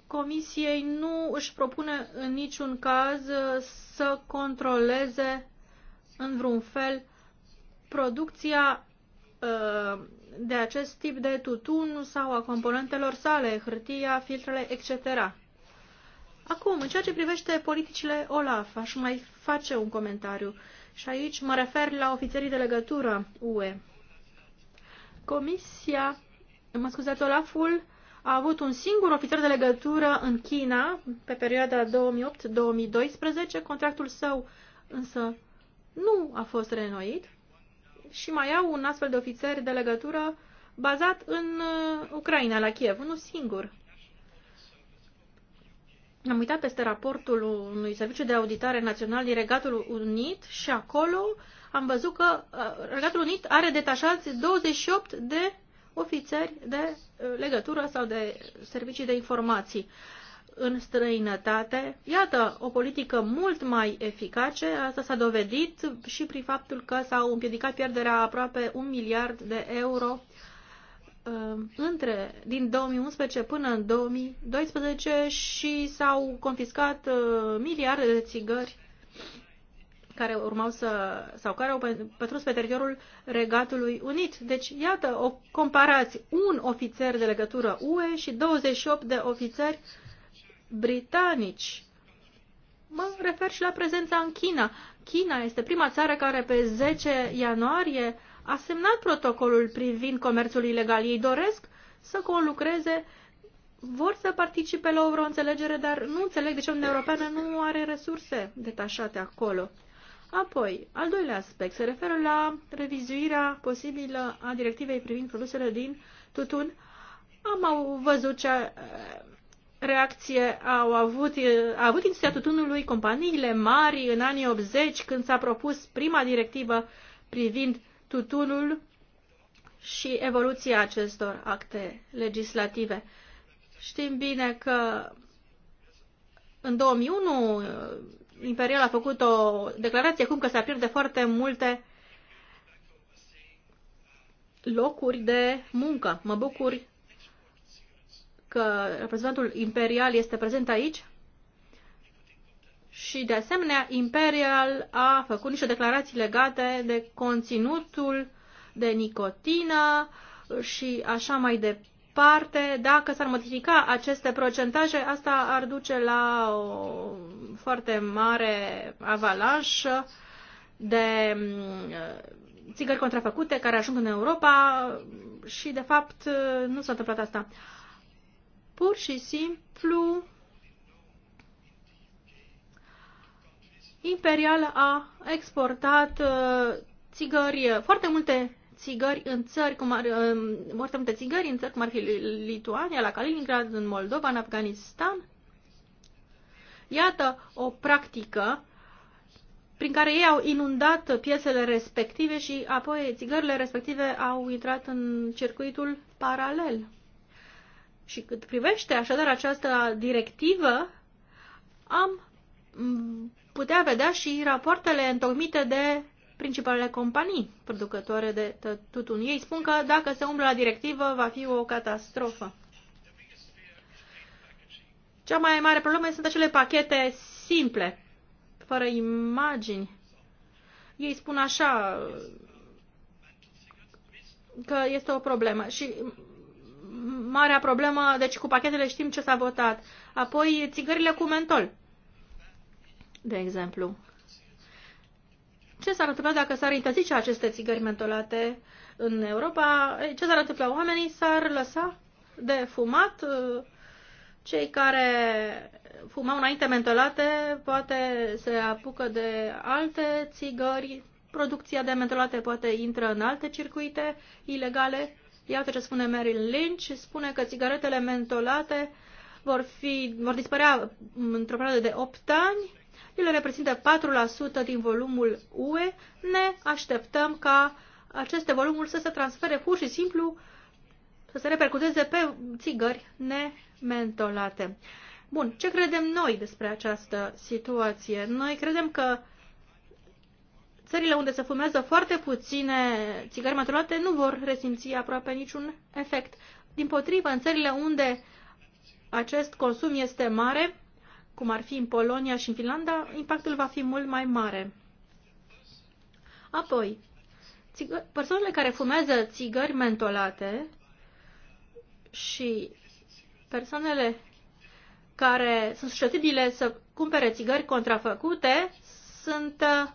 Comisiei nu își propune în niciun caz să controleze în vreun fel producția uh, de acest tip de tutun sau a componentelor sale, hârtia, filtrele, etc. Acum, în ceea ce privește politicile OLAF, aș mai face un comentariu. Și aici mă refer la ofițerii de legătură UE. Comisia, mă scuzați, Olaful a avut un singur ofițer de legătură în China pe perioada 2008-2012. Contractul său însă nu a fost renoit și mai au un astfel de ofițer de legătură bazat în uh, Ucraina, la Kiev, unul singur. Am uitat peste raportul unui serviciu de auditare național din Regatul Unit și acolo uh, am văzut că uh, Regatul Unit are detașați 28 de ofițeri de uh, legătură sau de servicii de informații în străinătate. Iată, o politică mult mai eficace, asta s-a dovedit și prin faptul că s-au împiedicat pierderea aproape un miliard de euro uh, între din 2011 până în 2012 și s-au confiscat miliarde de țigări care urmau să, sau care au pătruns pe teritoriul Regatului Unit. Deci, iată, o comparați un ofițer de legătură UE și 28 de ofițeri britanici. Mă refer și la prezența în China. China este prima țară care pe 10 ianuarie a semnat protocolul privind comerțul ilegal. Ei doresc să conlucreze vor să participe la o vreo înțelegere, dar nu înțeleg de ce Uniunea Europeană nu are resurse detașate acolo. Apoi, al doilea aspect se referă la revizuirea posibilă a directivei privind produsele din tutun. Am văzut ce eh, reacție au avut, eh, a avut industria tutunului companiile mari în anii 80 când s-a propus prima directivă privind tutunul și evoluția acestor acte legislative. Știm bine că în 2001 imperial a făcut o declarație cum că se pierde foarte multe locuri de muncă. Mă bucur că reprezentantul imperial este prezent aici și, de asemenea, Imperial a făcut niște declarații legate de conținutul de nicotină și așa mai departe parte, dacă s-ar modifica aceste procentaje, asta ar duce la o foarte mare avalanș de mm, țigări contrafăcute care ajung în Europa și, de fapt, nu s-a întâmplat asta. Pur și simplu, Imperial a exportat uh, țigări, foarte multe țigări în țări, cum ar, multe țigări în țări cum ar fi Lituania, la Kaliningrad, în Moldova, în Afganistan. Iată o practică prin care ei au inundat piesele respective și apoi țigările respective au intrat în circuitul paralel. Și cât privește așadar această directivă, am putea vedea și rapoartele întocmite de principalele companii producătoare de tutun. Ei spun că dacă se umblă la directivă va fi o catastrofă. Cea mai mare problemă sunt acele pachete simple, fără imagini. Ei spun așa că este o problemă și marea problemă, deci cu pachetele știm ce s-a votat. Apoi țigările cu mentol, de exemplu ce s-ar întâmpla dacă s-ar interzice aceste țigări mentolate în Europa? Ce s-ar întâmpla? Oamenii s-ar lăsa de fumat? Cei care fumau înainte mentolate poate se apucă de alte țigări. Producția de mentolate poate intră în alte circuite ilegale. Iată ce spune Merrill Lynch. Spune că țigaretele mentolate vor, fi, vor dispărea într-o perioadă de 8 ani ele reprezintă 4% din volumul UE, ne așteptăm ca aceste volumuri să se transfere pur și simplu, să se repercuteze pe țigări nementolate. Bun, ce credem noi despre această situație? Noi credem că țările unde se fumează foarte puține țigări mentolate nu vor resimți aproape niciun efect. Din potrivă, în țările unde acest consum este mare, cum ar fi în Polonia și în Finlanda, impactul va fi mult mai mare. Apoi, persoanele care fumează țigări mentolate și persoanele care sunt susceptibile să cumpere țigări contrafăcute sunt uh,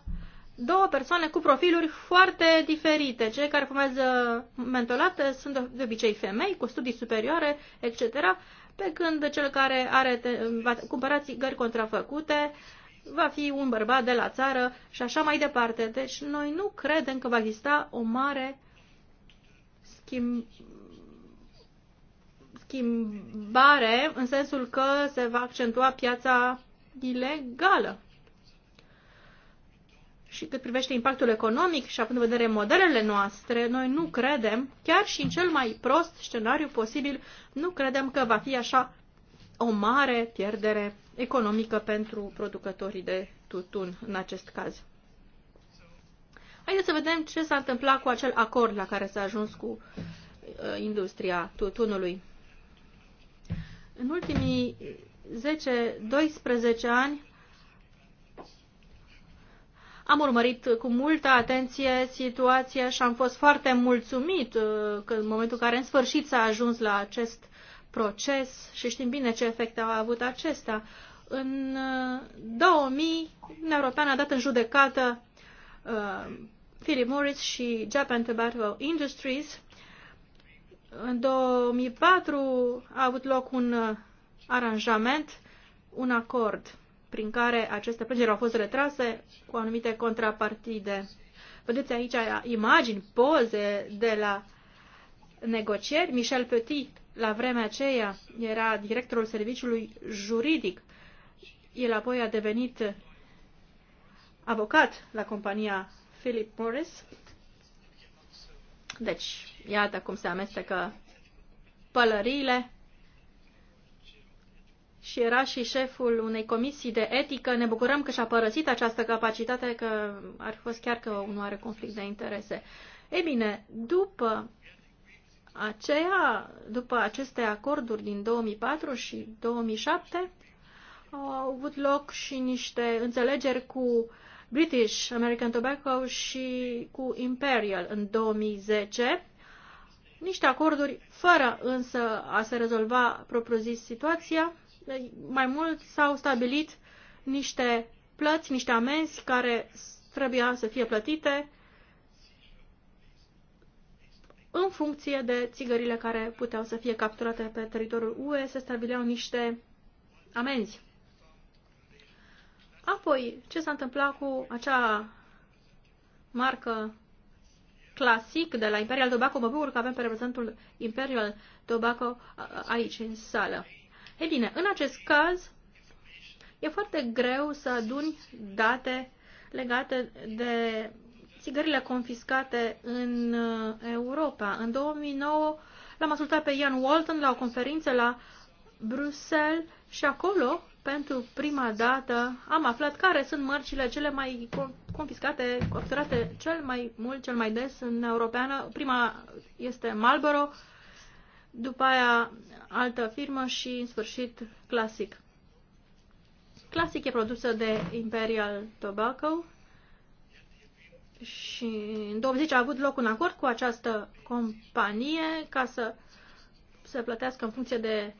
două persoane cu profiluri foarte diferite. Cei care fumează mentolate sunt de obicei femei cu studii superioare, etc pe când cel care are va cumpăra țigări contrafăcute va fi un bărbat de la țară și așa mai departe. Deci noi nu credem că va exista o mare schimb, schimbare în sensul că se va accentua piața ilegală și cât privește impactul economic și având în vedere modelele noastre, noi nu credem, chiar și în cel mai prost scenariu posibil, nu credem că va fi așa o mare pierdere economică pentru producătorii de tutun în acest caz. Haideți să vedem ce s-a întâmplat cu acel acord la care s-a ajuns cu uh, industria tutunului. În ultimii 10-12 ani am urmărit cu multă atenție situația și am fost foarte mulțumit uh, că în momentul în care în sfârșit s-a ajuns la acest proces și știm bine ce efecte a avut acesta. În 2000, uh, Uniunea Europeană a dat în judecată uh, Philip Morris și Japan Tobacco Industries. În 2004 a avut loc un uh, aranjament, un acord prin care aceste plângeri au fost retrase cu anumite contrapartide. Vedeți aici imagini, poze de la negocieri. Michel Petit, la vremea aceea, era directorul serviciului juridic. El apoi a devenit avocat la compania Philip Morris. Deci, iată cum se amestecă pălăriile și era și șeful unei comisii de etică. Ne bucurăm că și-a părăsit această capacitate, că ar fi fost chiar că nu are conflict de interese. Ei bine, după aceea, după aceste acorduri din 2004 și 2007, au avut loc și niște înțelegeri cu British American Tobacco și cu Imperial în 2010, niște acorduri fără însă a se rezolva propriu-zis situația, mai mult s-au stabilit niște plăți, niște amenzi care trebuia să fie plătite în funcție de țigările care puteau să fie capturate pe teritoriul UE, se stabileau niște amenzi. Apoi, ce s-a întâmplat cu acea marcă clasic de la Imperial Tobacco? Mă bucur că avem pe reprezentantul Imperial Tobacco aici, în sală. Ei bine, în acest caz, e foarte greu să aduni date legate de țigările confiscate în uh, Europa. În 2009 l-am ascultat pe Ian Walton la o conferință la Bruxelles și acolo, pentru prima dată, am aflat care sunt mărcile cele mai confiscate, capturate cel mai mult, cel mai des în Europeană. Prima este Marlboro, după aia altă firmă și, în sfârșit, Classic. Classic e produsă de Imperial Tobacco și în 2010 a avut loc un acord cu această companie ca să se plătească în funcție de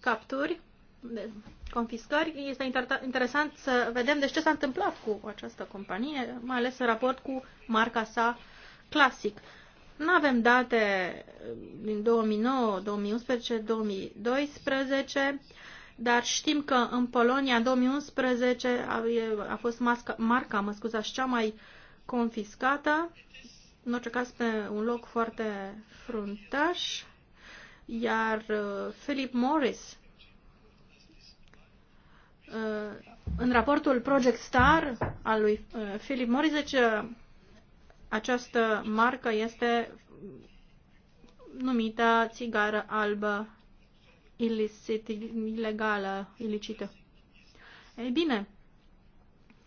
capturi, de confiscări. Este interesant să vedem deci ce s-a întâmplat cu această companie, mai ales în raport cu marca sa Classic. Nu avem date eh, din 2009, 2011, 2012, dar știm că în Polonia 2011 a, fost masca, marca, mă scuzați, cea mai confiscată, în orice caz pe un loc foarte fruntaș, iar eh, Philip Morris, eh, în raportul Project Star al lui Philip Morris, deci această marcă este numită țigară albă ilicit, ilegală, ilicită. Ei bine,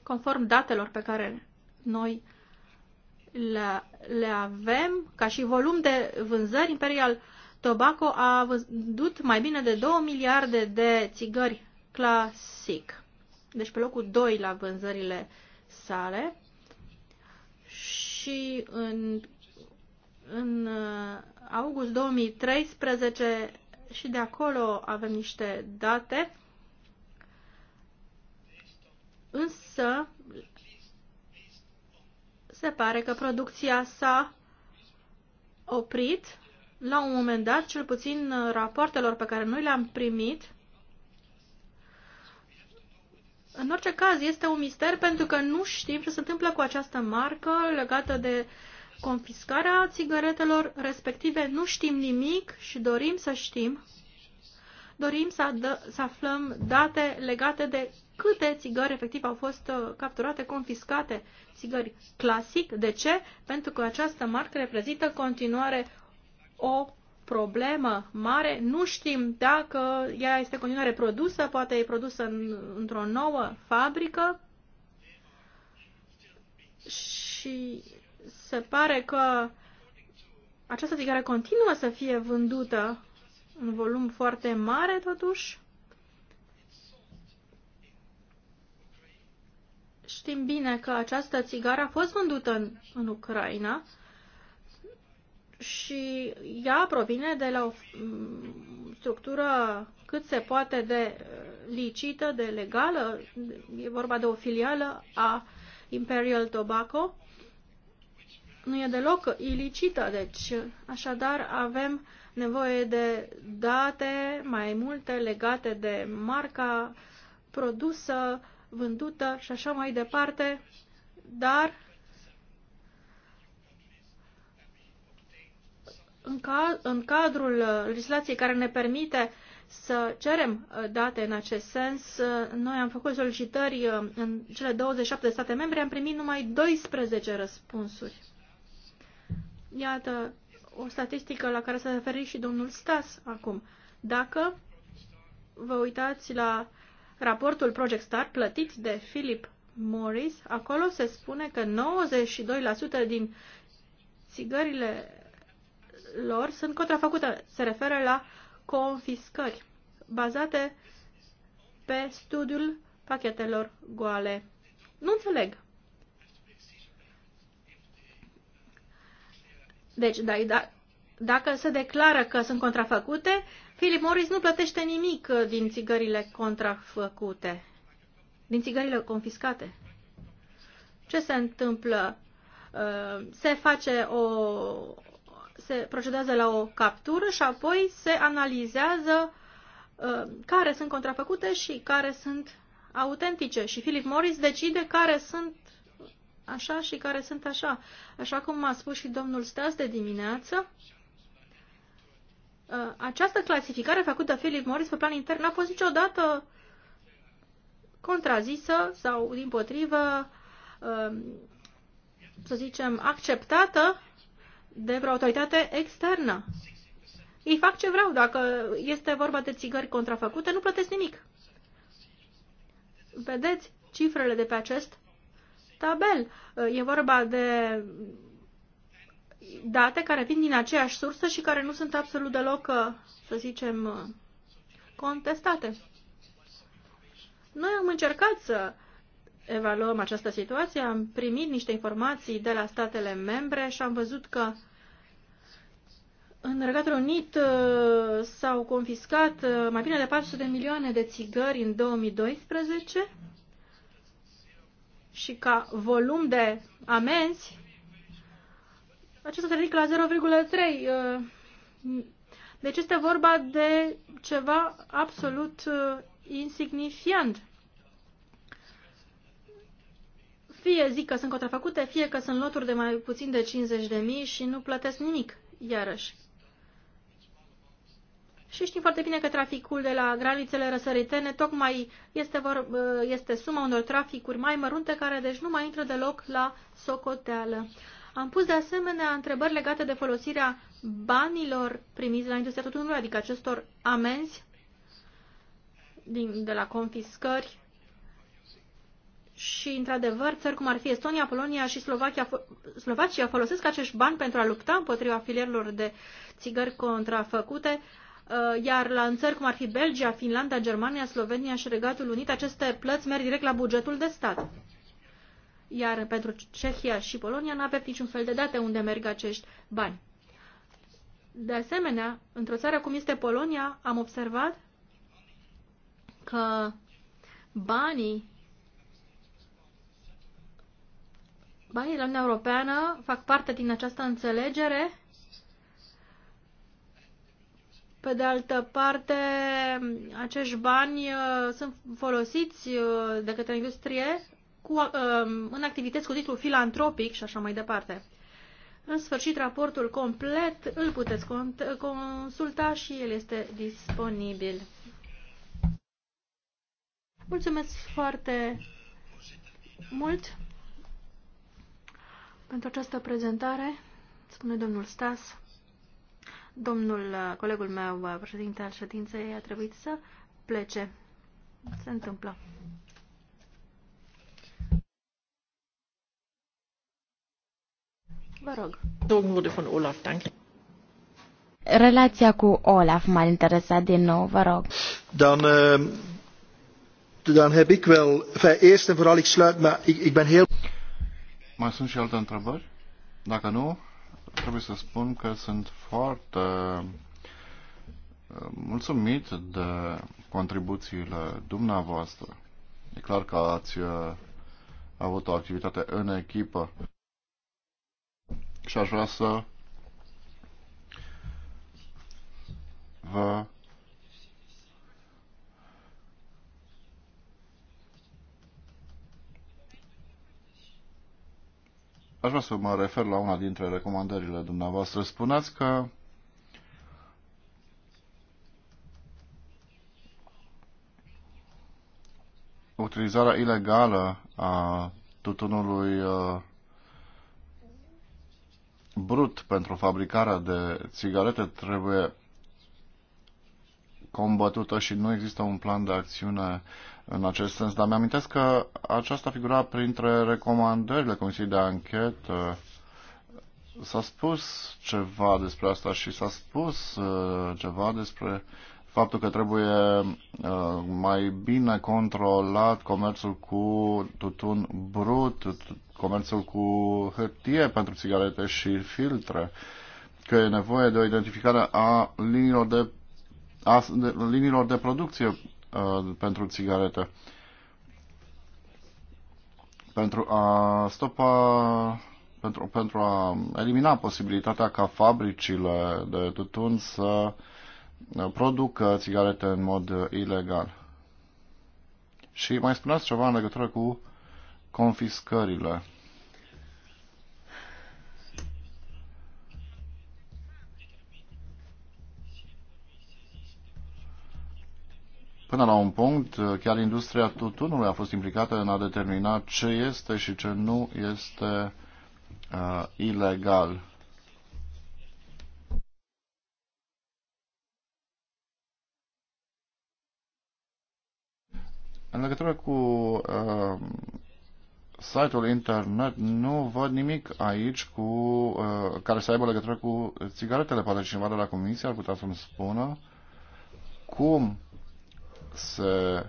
conform datelor pe care noi le, le avem, ca și volum de vânzări, Imperial Tobacco a vândut mai bine de 2 miliarde de țigări clasic. Deci pe locul 2 la vânzările sale și în, în uh, august 2013 și de acolo avem niște date. Însă se pare că producția s-a oprit la un moment dat, cel puțin rapoartelor pe care noi le-am primit, în orice caz, este un mister pentru că nu știm ce se întâmplă cu această marcă legată de confiscarea țigaretelor respective. Nu știm nimic și dorim să știm. Dorim să, să aflăm date legate de câte țigări efectiv au fost uh, capturate, confiscate, țigări clasic. De ce? Pentru că această marcă reprezintă continuare o problemă mare. Nu știm dacă ea este continuare produsă, poate e produsă în, într-o nouă fabrică și se pare că această țigară continuă să fie vândută în volum foarte mare, totuși. Știm bine că această țigară a fost vândută în, în Ucraina și ea provine de la o mm, structură cât se poate de uh, licită, de legală, e vorba de o filială a Imperial Tobacco, nu e deloc ilicită, deci așadar avem nevoie de date mai multe legate de marca produsă, vândută și așa mai departe, dar în, ca, în cadrul uh, legislației care ne permite să cerem uh, date în acest sens, uh, noi am făcut solicitări în cele 27 de state membre, am primit numai 12 răspunsuri. Iată o statistică la care s-a referit și domnul Stas acum. Dacă vă uitați la raportul Project Star plătit de Philip Morris, acolo se spune că 92% din țigările lor sunt contrafăcute, se referă la confiscări bazate pe studiul pachetelor goale. Nu înțeleg. Deci, da, da, dacă se declară că sunt contrafăcute, Philip Morris nu plătește nimic uh, din țigările contrafăcute, din țigările confiscate. Ce se întâmplă? Uh, se face o, se procedează la o captură și apoi se analizează uh, care sunt contrafăcute și care sunt autentice. Și Philip Morris decide care sunt așa și care sunt așa. Așa cum a spus și domnul Stas de dimineață, uh, această clasificare făcută Philip Morris pe plan intern n-a fost niciodată contrazisă sau, din potrivă, uh, să zicem, acceptată de vreo autoritate externă. Ei fac ce vreau. Dacă este vorba de țigări contrafăcute, nu plătesc nimic. Vedeți cifrele de pe acest tabel. E vorba de date care vin din aceeași sursă și care nu sunt absolut deloc, să zicem, contestate. Noi am încercat să evaluăm această situație, am primit niște informații de la statele membre și am văzut că în Regatul Unit uh, s-au confiscat uh, mai bine de 400 de milioane de țigări în 2012 și ca volum de amenzi acesta se ridică la 0,3. Uh, deci este vorba de ceva absolut insignifiant. fie zic că sunt contrafăcute, fie că sunt loturi de mai puțin de 50 de mii și nu plătesc nimic, iarăși. Și știm foarte bine că traficul de la granițele răsăritene tocmai este, vor, este suma unor traficuri mai mărunte care deci nu mai intră deloc la socoteală. Am pus de asemenea întrebări legate de folosirea banilor primiți la industria tutunului, adică acestor amenzi din, de la confiscări și, într-adevăr, țări cum ar fi Estonia, Polonia și Slovacia, Slovacia folosesc acești bani pentru a lupta împotriva filierilor de țigări contrafăcute, uh, iar la în țări cum ar fi Belgia, Finlanda, Germania, Slovenia și Regatul Unit, aceste plăți merg direct la bugetul de stat. Iar pentru Cehia și Polonia nu avem niciun fel de date unde merg acești bani. De asemenea, într-o țară cum este Polonia, am observat că banii banii la Uniunea Europeană fac parte din această înțelegere. Pe de altă parte, acești bani uh, sunt folosiți uh, de către industrie cu, uh, în activități cu titlu filantropic și așa mai departe. În sfârșit, raportul complet îl puteți consulta și el este disponibil. Mulțumesc foarte mult! pentru această prezentare, spune domnul Stas. Domnul, uh, colegul meu, uh, președinte al ședinței, a trebuit să plece. Se întâmplă. Vă rog. von Olaf, danke. Relația cu Olaf m-a interesat din nou, vă rog. Dan, uh, dan heb ik wel, enfin, eerst en vooral, ik sluit, maar ik, ik ben heel... Mai sunt și alte întrebări? Dacă nu, trebuie să spun că sunt foarte uh, mulțumit de contribuțiile dumneavoastră. E clar că ați uh, avut o activitate în echipă și aș vrea să vă Aș vrea să mă refer la una dintre recomandările dumneavoastră. Spuneați că utilizarea ilegală a tutunului uh, brut pentru fabricarea de țigarete trebuie combătută și nu există un plan de acțiune în acest sens. Dar mi-amintesc că aceasta figura printre recomandările Comisiei de Anchetă. S-a spus ceva despre asta și s-a spus uh, ceva despre faptul că trebuie uh, mai bine controlat comerțul cu tutun brut, comerțul cu hârtie pentru țigarete și filtre, că e nevoie de o identificare a liniilor de a liniilor de producție pentru țigarete. Pentru a stopa, pentru, pentru a elimina posibilitatea ca fabricile de tutun să producă țigarete în mod ilegal. Și mai spuneați ceva în legătură cu confiscările. Până la un punct, chiar industria tutunului a fost implicată în a determina ce este și ce nu este uh, ilegal. În legătură cu uh, site-ul internet, nu văd nimic aici cu, uh, care să aibă legătură cu țigaretele. Poate cineva de la comisie ar putea să-mi spună cum se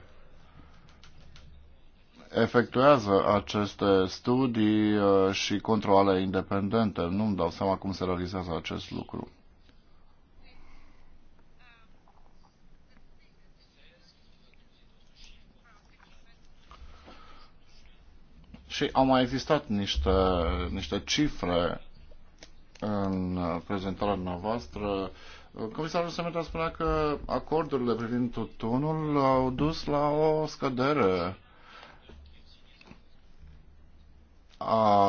efectuează aceste studii uh, și controle independente. Nu-mi dau seama cum se realizează acest lucru. Și au mai existat niște, niște cifre în prezentarea noastră Comisarul a spunea că acordurile privind tutunul au dus la o scădere a,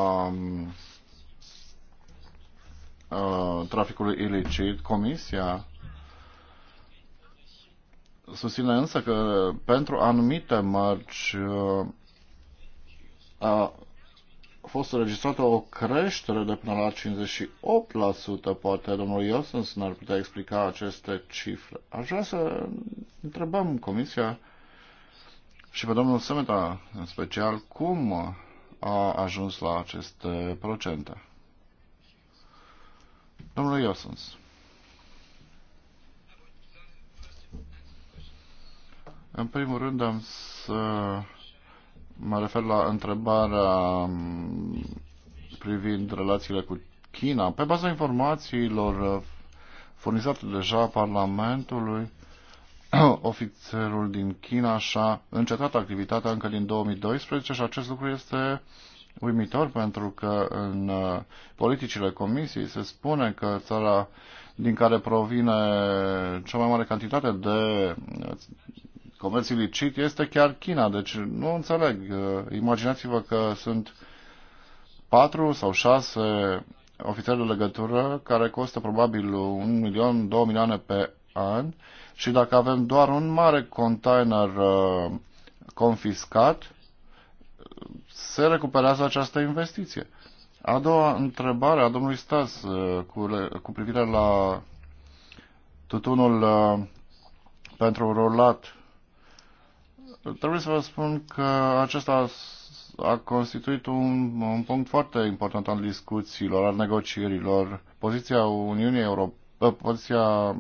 a traficului ilicit. Comisia susține însă că pentru anumite mărci a, fost înregistrată o creștere de până la 58%. Poate domnul Iosens ne-ar putea explica aceste cifre. Aș vrea să întrebăm Comisia și pe domnul Semeta în special cum a ajuns la aceste procente. Domnul Iosens. În primul rând am să mă refer la întrebarea um, privind relațiile cu China. Pe baza informațiilor uh, furnizate deja Parlamentului, ofițerul din China și-a încetat activitatea încă din 2012 și acest lucru este uimitor pentru că în uh, politicile comisiei se spune că țara din care provine cea mai mare cantitate de uh, comerț ilicit este chiar China. Deci nu înțeleg. Uh, imaginați-vă că sunt patru sau șase ofițeri de legătură care costă probabil un milion, două milioane pe an și dacă avem doar un mare container uh, confiscat, se recuperează această investiție. A doua întrebare a domnului Stas uh, cu, cu privire la tutunul pentru rolat. Trebuie să vă spun că acesta a constituit un, un punct foarte important al discuțiilor, al negocierilor. Poziția Uniunii Europene, ă, poziția ă,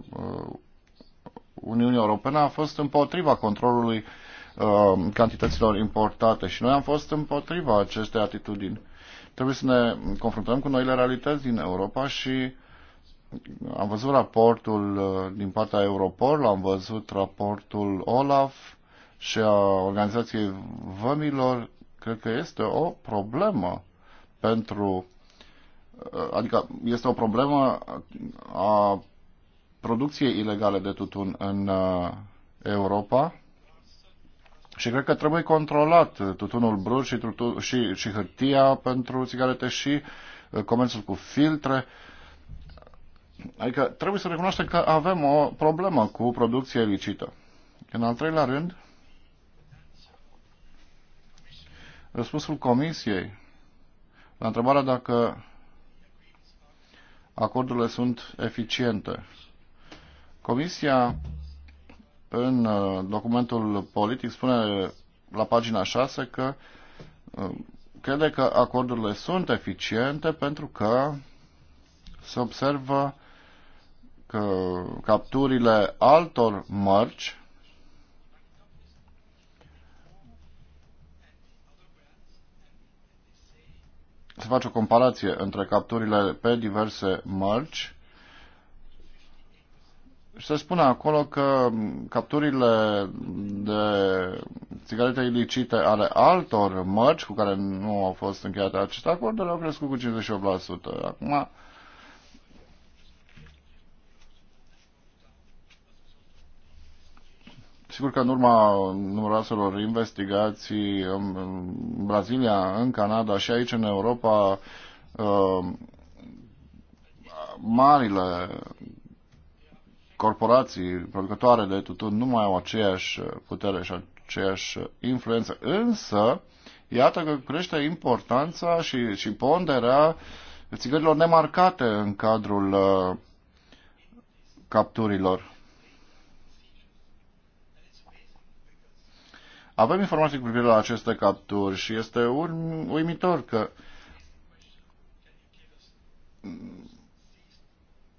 Uniunii Europene a fost împotriva controlului ă, cantităților importate și noi am fost împotriva acestei atitudini. Trebuie să ne confruntăm cu noile realități din Europa și am văzut raportul din partea Europol, am văzut raportul Olaf, și a organizației vămilor, cred că este o problemă pentru uh, adică este o problemă a producției ilegale de tutun în uh, Europa și cred că trebuie controlat tutunul brut și, tutun, și, și hârtia pentru țigarete și uh, comerțul cu filtre. Adică trebuie să recunoaștem că avem o problemă cu producția ilicită. În al treilea rând, Răspunsul Comisiei la întrebarea dacă acordurile sunt eficiente. Comisia în uh, documentul politic spune la pagina 6 că uh, crede că acordurile sunt eficiente pentru că se observă că capturile altor mărci se face o comparație între capturile pe diverse mărci și se spune acolo că capturile de țigarete ilicite ale altor mărci cu care nu au fost încheiate aceste acorduri au crescut cu 58%. Acum, Sigur că în urma numeroaselor investigații în Brazilia, în Canada și aici în Europa, uh, marile corporații producătoare de tutun nu mai au aceeași putere și aceeași influență. Însă, iată că crește importanța și, și ponderea țigărilor nemarcate în cadrul uh, capturilor. Avem informații cu privire la aceste capturi și este uimitor că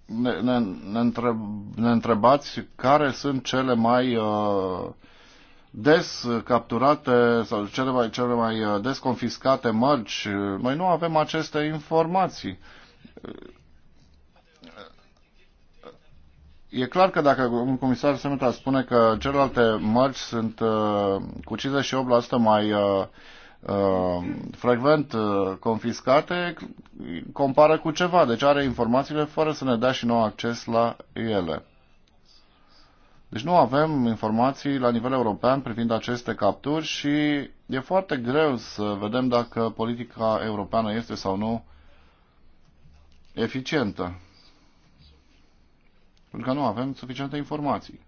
ne, ne, ne, întreb, ne întrebați care sunt cele mai uh, des capturate sau cele mai, cele mai uh, des confiscate mărci. Noi nu avem aceste informații. E clar că dacă un comisar Semeta spune că celelalte mărci sunt uh, cu 58% mai uh, uh, frecvent confiscate, compară cu ceva, deci are informațiile fără să ne dea și nou acces la ele. Deci nu avem informații la nivel european privind aceste capturi și e foarte greu să vedem dacă politica europeană este sau nu eficientă pentru că nu avem suficiente informații.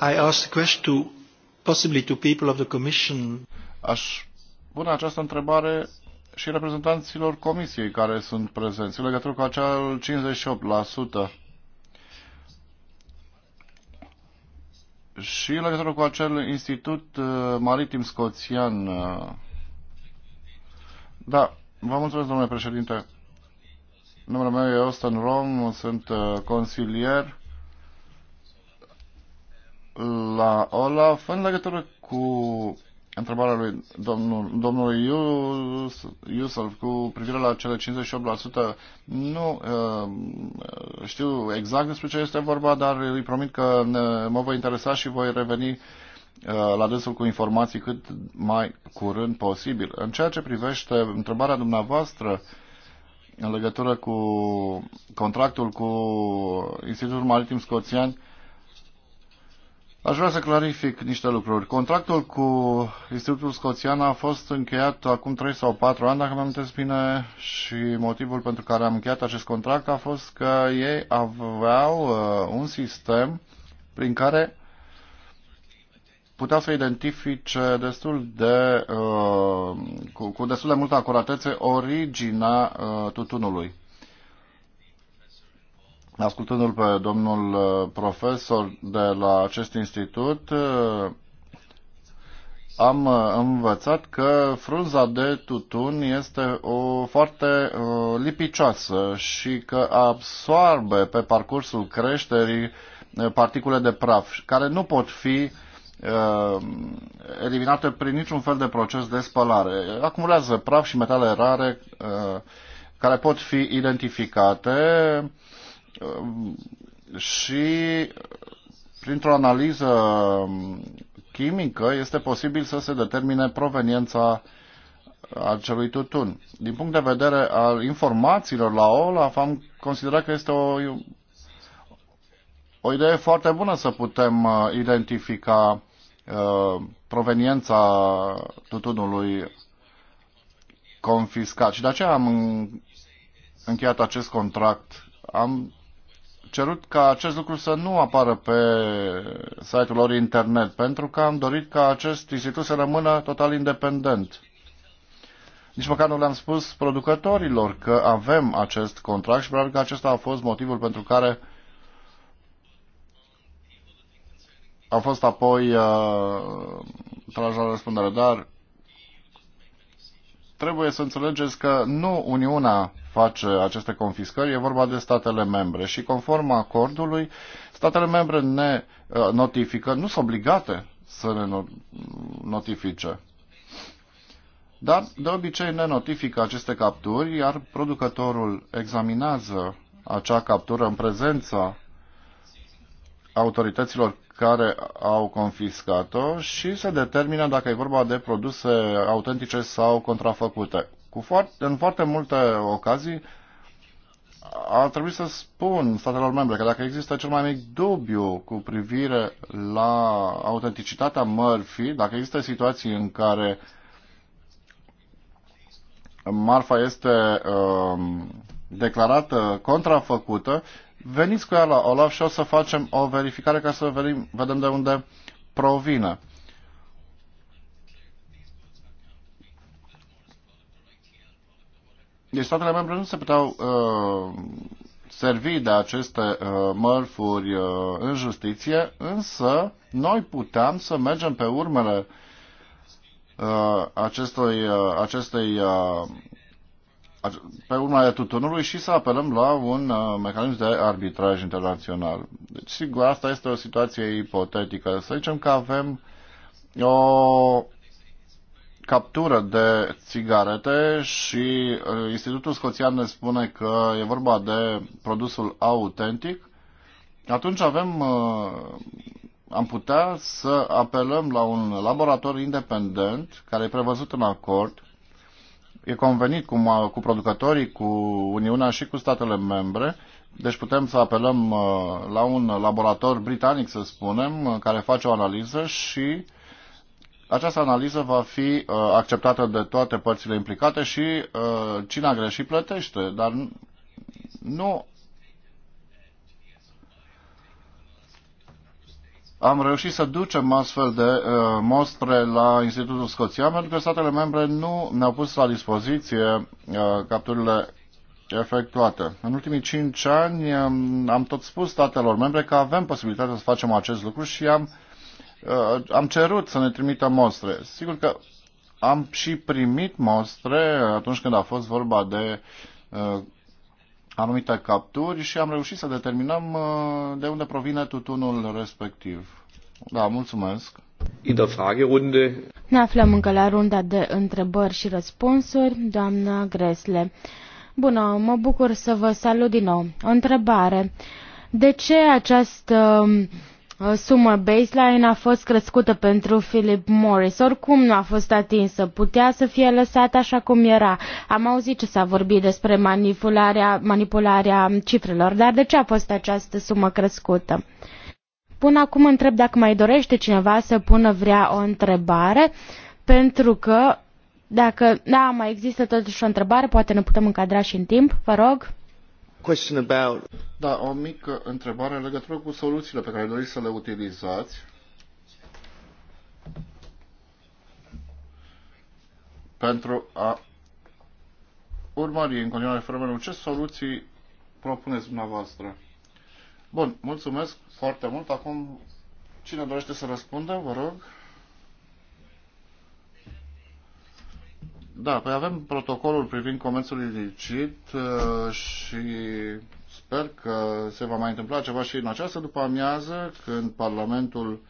I asked the question to possibly to people of the Commission. Aș pune această întrebare și reprezentanților Comisiei care sunt prezenți în legătură cu acel 58% și în legătură cu acel institut uh, maritim scoțian. Uh, da, Vă mulțumesc, domnule președinte. Numele meu e Austin Rom, sunt uh, consilier la Olaf în legătură cu întrebarea lui domnul, domnului Ius, Iusuf cu privire la cele 58%. Nu uh, știu exact despre ce este vorba, dar îi promit că uh, mă voi interesa și voi reveni Uh, la dânsul cu informații cât mai curând posibil. În ceea ce privește întrebarea dumneavoastră în legătură cu contractul cu Institutul Maritim Scoțian, aș vrea să clarific niște lucruri. Contractul cu Institutul Scoțian a fost încheiat acum 3 sau 4 ani, dacă mi-am bine, și motivul pentru care am încheiat acest contract a fost că ei aveau uh, un sistem prin care putea să identifice destul de, uh, cu, cu destul de multă acuratețe originea uh, tutunului. Ascultându-l pe domnul uh, profesor de la acest institut, am învățat că frunza de tutun este o foarte lipicioasă și că absoarbe pe parcursul creșterii particule de praf, care nu pot fi uh, Uh, eliminate prin niciun fel de proces de spălare. Acumulează praf și metale rare uh, care pot fi identificate uh, și printr-o analiză chimică este posibil să se determine proveniența acelui tutun. Din punct de vedere al informațiilor la OLAF, am considerat că este o, o idee foarte bună să putem identifica Uh, proveniența tutunului confiscat. Și de aceea am încheiat acest contract. Am cerut ca acest lucru să nu apară pe site-ul lor internet, pentru că am dorit ca acest institut să rămână total independent. Nici măcar nu le-am spus producătorilor că avem acest contract și probabil că acesta a fost motivul pentru care uh, A fost apoi uh, traj la răspundere, dar trebuie să înțelegeți că nu Uniunea face aceste confiscări, e vorba de statele membre și conform acordului, statele membre ne uh, notifică, nu sunt obligate să ne notifice. Dar de obicei ne notifică aceste capturi, iar producătorul examinează acea captură în prezența autorităților care au confiscat-o și se determină dacă e vorba de produse autentice sau contrafăcute. Cu foarte, în foarte multe ocazii ar trebui să spun statelor membre că dacă există cel mai mic dubiu cu privire la autenticitatea mărfii, dacă există situații în care marfa este uh, declarată contrafăcută, veniți cu ea la Olaf și o să facem o verificare ca să vedem, vedem de unde provine. Deci statele membre nu se puteau uh, servi de aceste uh, mărfuri uh, în justiție, însă noi puteam să mergem pe urmele uh, acestui, uh, acestei uh, pe urma de tutunului și să apelăm la un uh, mecanism de arbitraj internațional. Deci, sigur, asta este o situație ipotetică. Să zicem că avem o captură de țigarete și uh, Institutul Scoțian ne spune că e vorba de produsul autentic, atunci avem, uh, am putea să apelăm la un laborator independent care e prevăzut în acord e convenit cu, cu producătorii, cu Uniunea și cu statele membre. Deci putem să apelăm uh, la un laborator britanic, să spunem, uh, care face o analiză și această analiză va fi uh, acceptată de toate părțile implicate și cine a greșit plătește. Dar nu am reușit să ducem astfel de uh, mostre la Institutul Scoțian pentru că statele membre nu ne-au pus la dispoziție uh, capturile efectuate. În ultimii cinci ani um, am tot spus statelor membre că avem posibilitatea să facem acest lucru și am, uh, am cerut să ne trimită mostre. Sigur că am și primit mostre atunci când a fost vorba de uh, anumite capturi și am reușit să determinăm uh, de unde provine tutunul respectiv. Da, mulțumesc. In der Fragerunde. Ne aflăm încă la runda de întrebări și răspunsuri, doamna Gresle. Bună, mă bucur să vă salut din nou. O întrebare. De ce această Uh, sumă baseline a fost crescută pentru Philip Morris. Oricum nu a fost atinsă, putea să fie lăsată așa cum era. Am auzit ce s-a vorbit despre manipularea, manipularea cifrelor, dar de ce a fost această sumă crescută? Până acum întreb dacă mai dorește cineva să pună vrea o întrebare, pentru că dacă, da, mai există totuși o întrebare, poate ne putem încadra și în timp, vă rog. Da, o mică întrebare în legătură cu soluțiile pe care doriți să le utilizați. Pentru a urmări în continuare fenomenul, ce soluții propuneți dumneavoastră? Bun, mulțumesc foarte mult. Acum, cine dorește să răspundă, vă rog. Da, păi avem protocolul privind comerțul ilicit uh, și sper că se va mai întâmpla ceva și în această după amiază, când Parlamentul,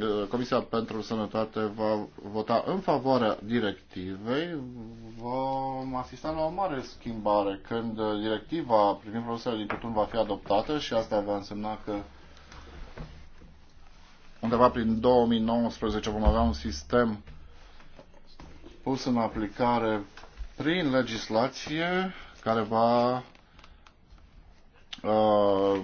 uh, Comisia pentru Sănătate va vota în favoarea directivei, vom asista la o mare schimbare când uh, directiva privind produsele din tutun va fi adoptată și asta va însemna că undeva prin 2019 vom avea un sistem pus în aplicare prin legislație care va uh,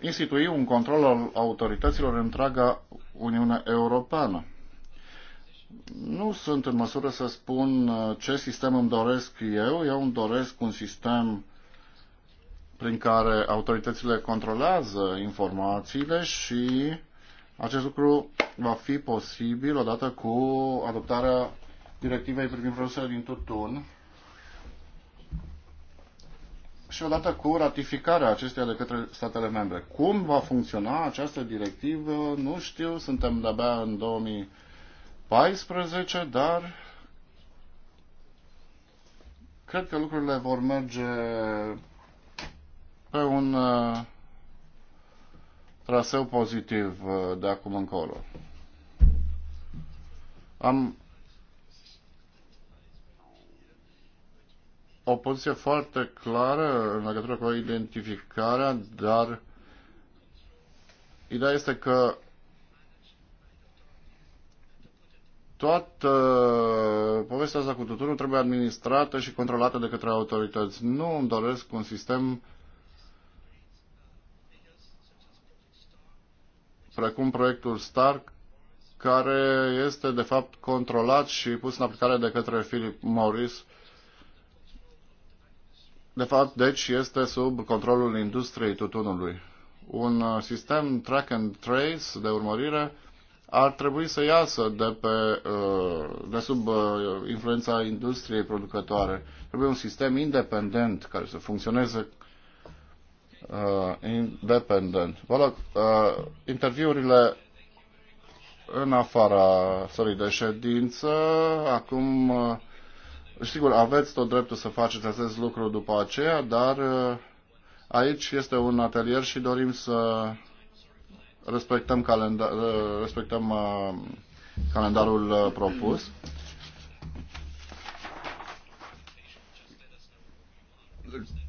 institui un control al autorităților în întreaga Uniune Europeană. Nu sunt în măsură să spun uh, ce sistem îmi doresc eu. Eu îmi doresc un sistem prin care autoritățile controlează informațiile și acest lucru va fi posibil odată cu adoptarea directivei privind produsele din tutun și odată cu ratificarea acesteia de către statele membre. Cum va funcționa această directivă, nu știu, suntem de-abia în 2014, dar cred că lucrurile vor merge pe un traseu pozitiv uh, de acum încolo. Am o poziție foarte clară în legătură cu identificarea, dar ideea este că toată povestea asta cu tuturor trebuie administrată și controlată de către autorități. Nu îmi doresc un sistem precum proiectul STAR, care este de fapt controlat și pus în aplicare de către Philip Morris. De fapt, deci, este sub controlul industriei tutunului. Un uh, sistem track and trace de urmărire ar trebui să iasă de, pe, uh, de sub uh, influența industriei producătoare. Trebuie un sistem independent care să funcționeze uh, independent. Vă rog, uh, interviurile în afara sării de ședință, acum, uh, sigur, aveți tot dreptul să faceți acest lucru după aceea, dar uh, aici este un atelier și dorim să respectăm, calendar, uh, respectăm uh, calendarul uh, propus.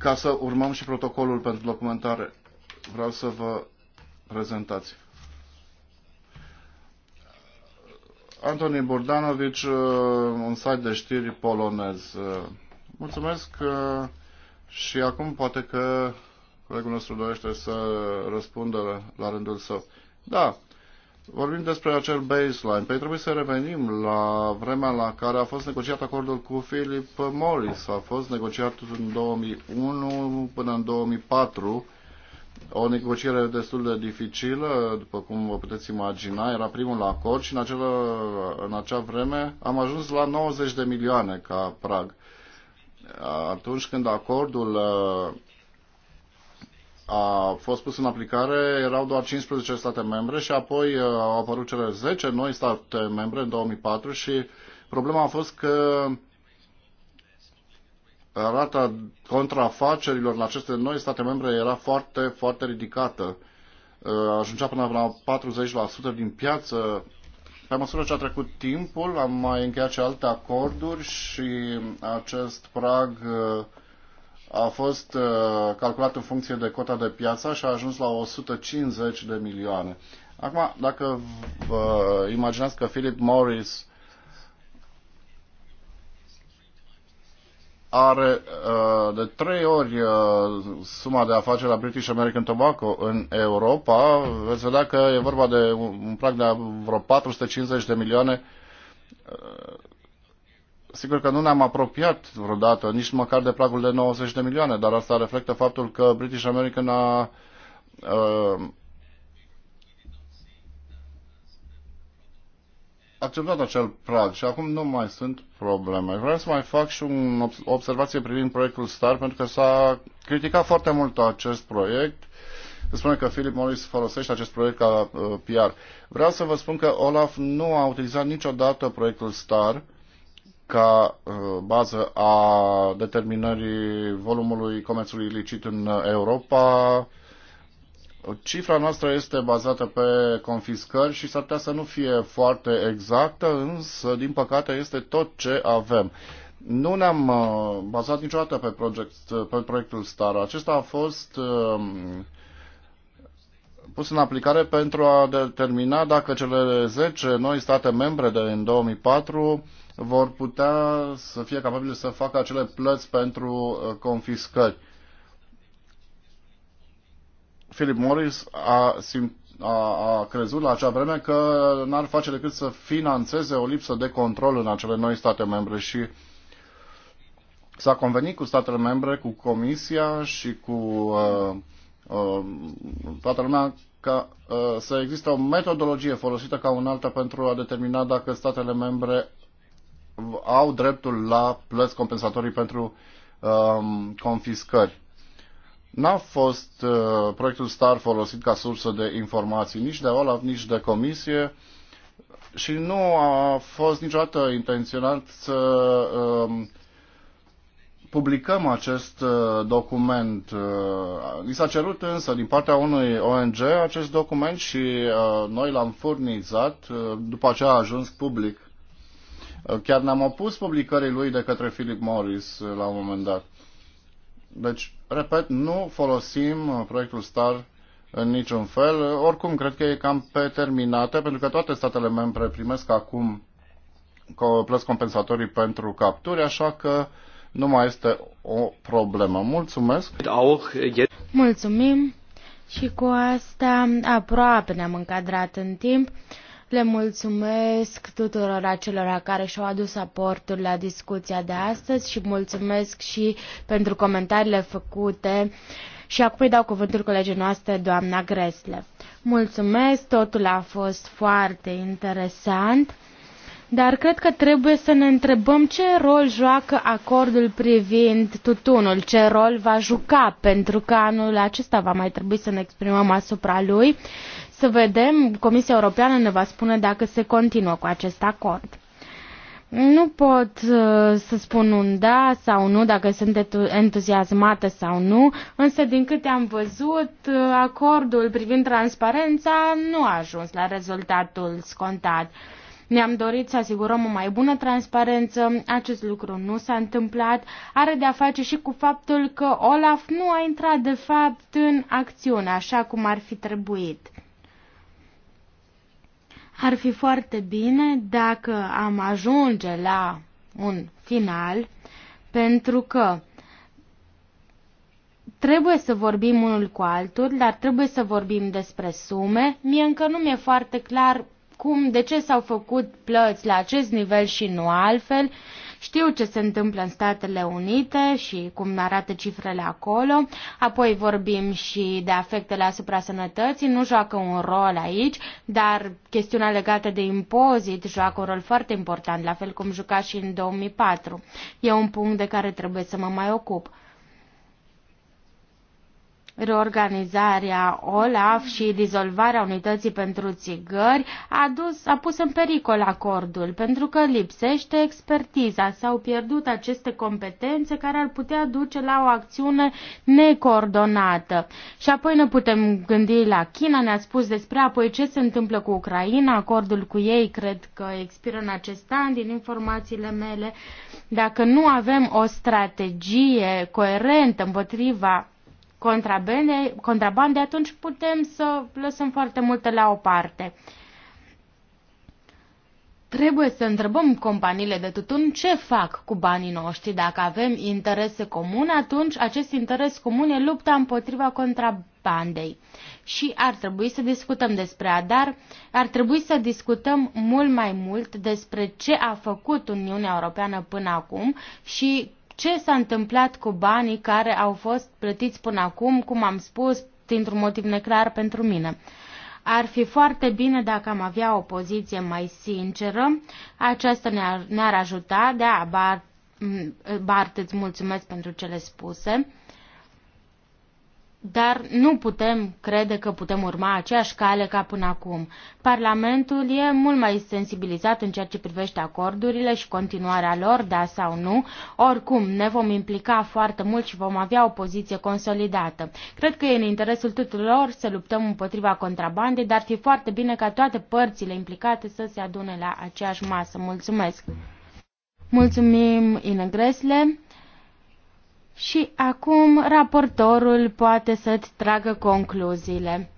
ca să urmăm și protocolul pentru documentare. Vreau să vă prezentați. Antoni Bordanovic, uh, un site de știri polonez. Uh, mulțumesc uh, și acum poate că colegul nostru dorește să răspundă la rândul său. Da, Vorbim despre acel baseline. Păi trebuie să revenim la vremea la care a fost negociat acordul cu Philip Morris. A fost negociat în 2001 până în 2004. O negociere destul de dificilă, după cum vă puteți imagina. Era primul acord și în, acea, în acea vreme am ajuns la 90 de milioane ca prag. Atunci când acordul a fost pus în aplicare erau doar 15 state membre și apoi uh, au apărut cele 10 noi state membre în 2004 și problema a fost că rata contrafacerilor în aceste noi state membre era foarte, foarte ridicată. Uh, ajungea până la 40% din piață. Pe măsură ce a trecut timpul, am mai încheiat și alte acorduri și acest prag uh, a fost uh, calculat în funcție de cota de piață și a ajuns la 150 de milioane. Acum, dacă vă imaginați că Philip Morris are uh, de trei ori uh, suma de afaceri la British American Tobacco în Europa, veți vedea că e vorba de un, un prag de vreo 450 de milioane uh, Sigur că nu ne-am apropiat vreodată, nici măcar de pragul de 90 de milioane, dar asta reflectă faptul că British American a uh, acceptat acel prag și acum nu mai sunt probleme. Vreau să mai fac și o observație privind proiectul STAR, pentru că s-a criticat foarte mult acest proiect. Se spune că Philip Morris folosește acest proiect ca uh, PR. Vreau să vă spun că Olaf nu a utilizat niciodată proiectul STAR ca uh, bază a determinării volumului comerțului ilicit în Europa. Cifra noastră este bazată pe confiscări și s-ar putea să nu fie foarte exactă, însă, din păcate, este tot ce avem. Nu ne-am uh, bazat niciodată pe, project, pe proiectul STAR. Acesta a fost um, pus în aplicare pentru a determina dacă cele 10 noi state membre de în 2004 vor putea să fie capabile să facă acele plăți pentru uh, confiscări. Philip Morris a, a, a crezut la acea vreme că n-ar face decât să financeze o lipsă de control în acele noi state membre și s-a convenit cu statele membre, cu Comisia și cu uh, uh, toată lumea ca uh, să există o metodologie folosită ca unaltă pentru a determina dacă statele membre au dreptul la plăți compensatorii pentru um, confiscări. N-a fost uh, proiectul STAR folosit ca sursă de informații nici de OLAF, nici de comisie și nu a fost niciodată intenționat să uh, publicăm acest uh, document. Uh, I s-a cerut însă din partea unui ONG acest document și uh, noi l-am furnizat, uh, după aceea a ajuns public Chiar ne-am opus publicării lui de către Philip Morris uh, la un moment dat. Deci, repet, nu folosim uh, proiectul STAR în niciun fel. Oricum, cred că e cam pe terminate, pentru că toate statele membre primesc acum plăți compensatorii pentru capturi, așa că nu mai este o problemă. Mulțumesc! Mulțumim! Și cu asta aproape ne-am încadrat în timp. Le mulțumesc tuturor acelora care și-au adus aportul la discuția de astăzi și mulțumesc și pentru comentariile făcute. Și acum îi dau cuvântul colegii noastre, doamna Gresle. Mulțumesc, totul a fost foarte interesant dar cred că trebuie să ne întrebăm ce rol joacă acordul privind tutunul, ce rol va juca, pentru că anul acesta va mai trebui să ne exprimăm asupra lui să vedem, Comisia Europeană ne va spune dacă se continuă cu acest acord. Nu pot uh, să spun un da sau nu, dacă sunt entuziasmată sau nu, însă din câte am văzut, uh, acordul privind transparența nu a ajuns la rezultatul scontat. Ne-am dorit să asigurăm o mai bună transparență, acest lucru nu s-a întâmplat, are de-a face și cu faptul că Olaf nu a intrat de fapt în acțiune așa cum ar fi trebuit. Ar fi foarte bine dacă am ajunge la un final, pentru că trebuie să vorbim unul cu altul, dar trebuie să vorbim despre sume. Mie încă nu mi-e foarte clar cum, de ce s-au făcut plăți la acest nivel și nu altfel știu ce se întâmplă în Statele Unite și cum arată cifrele acolo, apoi vorbim și de afectele asupra sănătății, nu joacă un rol aici, dar chestiunea legată de impozit joacă un rol foarte important, la fel cum juca și în 2004. E un punct de care trebuie să mă mai ocup reorganizarea OLAF și dizolvarea unității pentru țigări a, dus, a pus în pericol acordul, pentru că lipsește expertiza, s-au pierdut aceste competențe care ar putea duce la o acțiune necoordonată. Și apoi ne putem gândi la China, ne-a spus despre apoi ce se întâmplă cu Ucraina, acordul cu ei cred că expiră în acest an, din informațiile mele. Dacă nu avem o strategie coerentă împotriva contrabande, atunci putem să lăsăm foarte multe la o parte. Trebuie să întrebăm companiile de tutun ce fac cu banii noștri. Dacă avem interese comune, atunci acest interes comun e lupta împotriva contrabandei. Și ar trebui să discutăm despre ADAR, ar trebui să discutăm mult mai mult despre ce a făcut Uniunea Europeană până acum și ce s-a întâmplat cu banii care au fost plătiți până acum, cum am spus, dintr-un motiv neclar pentru mine. Ar fi foarte bine dacă am avea o poziție mai sinceră. Aceasta ne-ar, ne, -ar, ajuta. Da, Bart, Bart, îți mulțumesc pentru cele spuse dar nu putem crede că putem urma aceeași cale ca până acum. Parlamentul e mult mai sensibilizat în ceea ce privește acordurile și continuarea lor, da sau nu. Oricum, ne vom implica foarte mult și vom avea o poziție consolidată. Cred că e în interesul tuturor să luptăm împotriva contrabandei, dar fi foarte bine ca toate părțile implicate să se adune la aceeași masă. Mulțumesc! Mulțumim, Ine Gresle! Și acum raportorul poate să-ți tragă concluziile.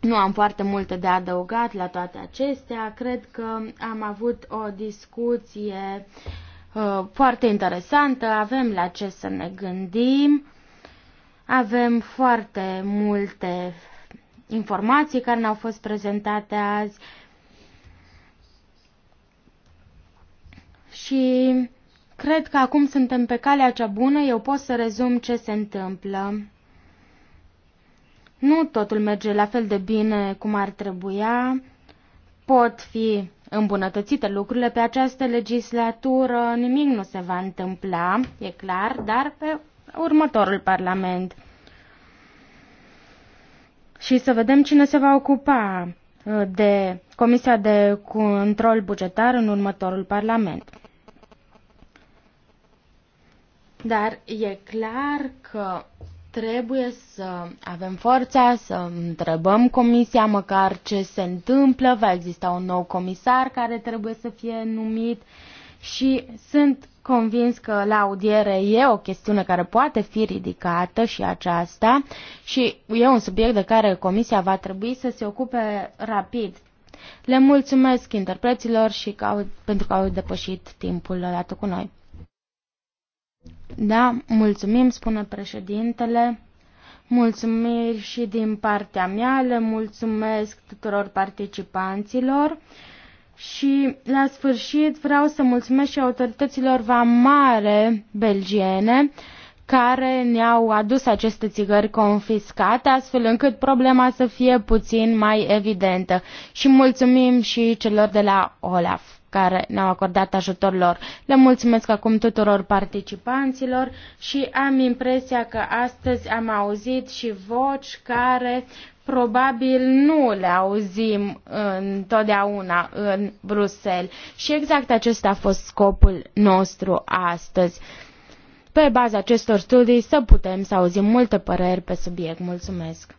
Nu am foarte multe de adăugat la toate acestea. Cred că am avut o discuție uh, foarte interesantă. Avem la ce să ne gândim. Avem foarte multe informații care ne-au fost prezentate azi. Și Cred că acum suntem pe calea cea bună, eu pot să rezum ce se întâmplă. Nu totul merge la fel de bine cum ar trebuia. Pot fi îmbunătățite lucrurile pe această legislatură, nimic nu se va întâmpla, e clar, dar pe următorul Parlament. Și să vedem cine se va ocupa uh, de Comisia de Control Bugetar în următorul Parlament. Dar e clar că trebuie să avem forța, să întrebăm comisia măcar ce se întâmplă, va exista un nou comisar care trebuie să fie numit și sunt convins că la audiere e o chestiune care poate fi ridicată și aceasta și e un subiect de care comisia va trebui să se ocupe rapid. Le mulțumesc interpreților și că au, pentru că au depășit timpul dat cu noi. Da, mulțumim, spune președintele. Mulțumim și din partea mea, le mulțumesc tuturor participanților și la sfârșit vreau să mulțumesc și autorităților vamare belgiene care ne-au adus aceste țigări confiscate, astfel încât problema să fie puțin mai evidentă. Și mulțumim și celor de la OLAF care ne-au acordat ajutor lor. Le mulțumesc acum tuturor participanților și am impresia că astăzi am auzit și voci care probabil nu le auzim întotdeauna în Bruxelles. Și exact acesta a fost scopul nostru astăzi. Pe baza acestor studii să putem să auzim multe păreri pe subiect. Mulțumesc!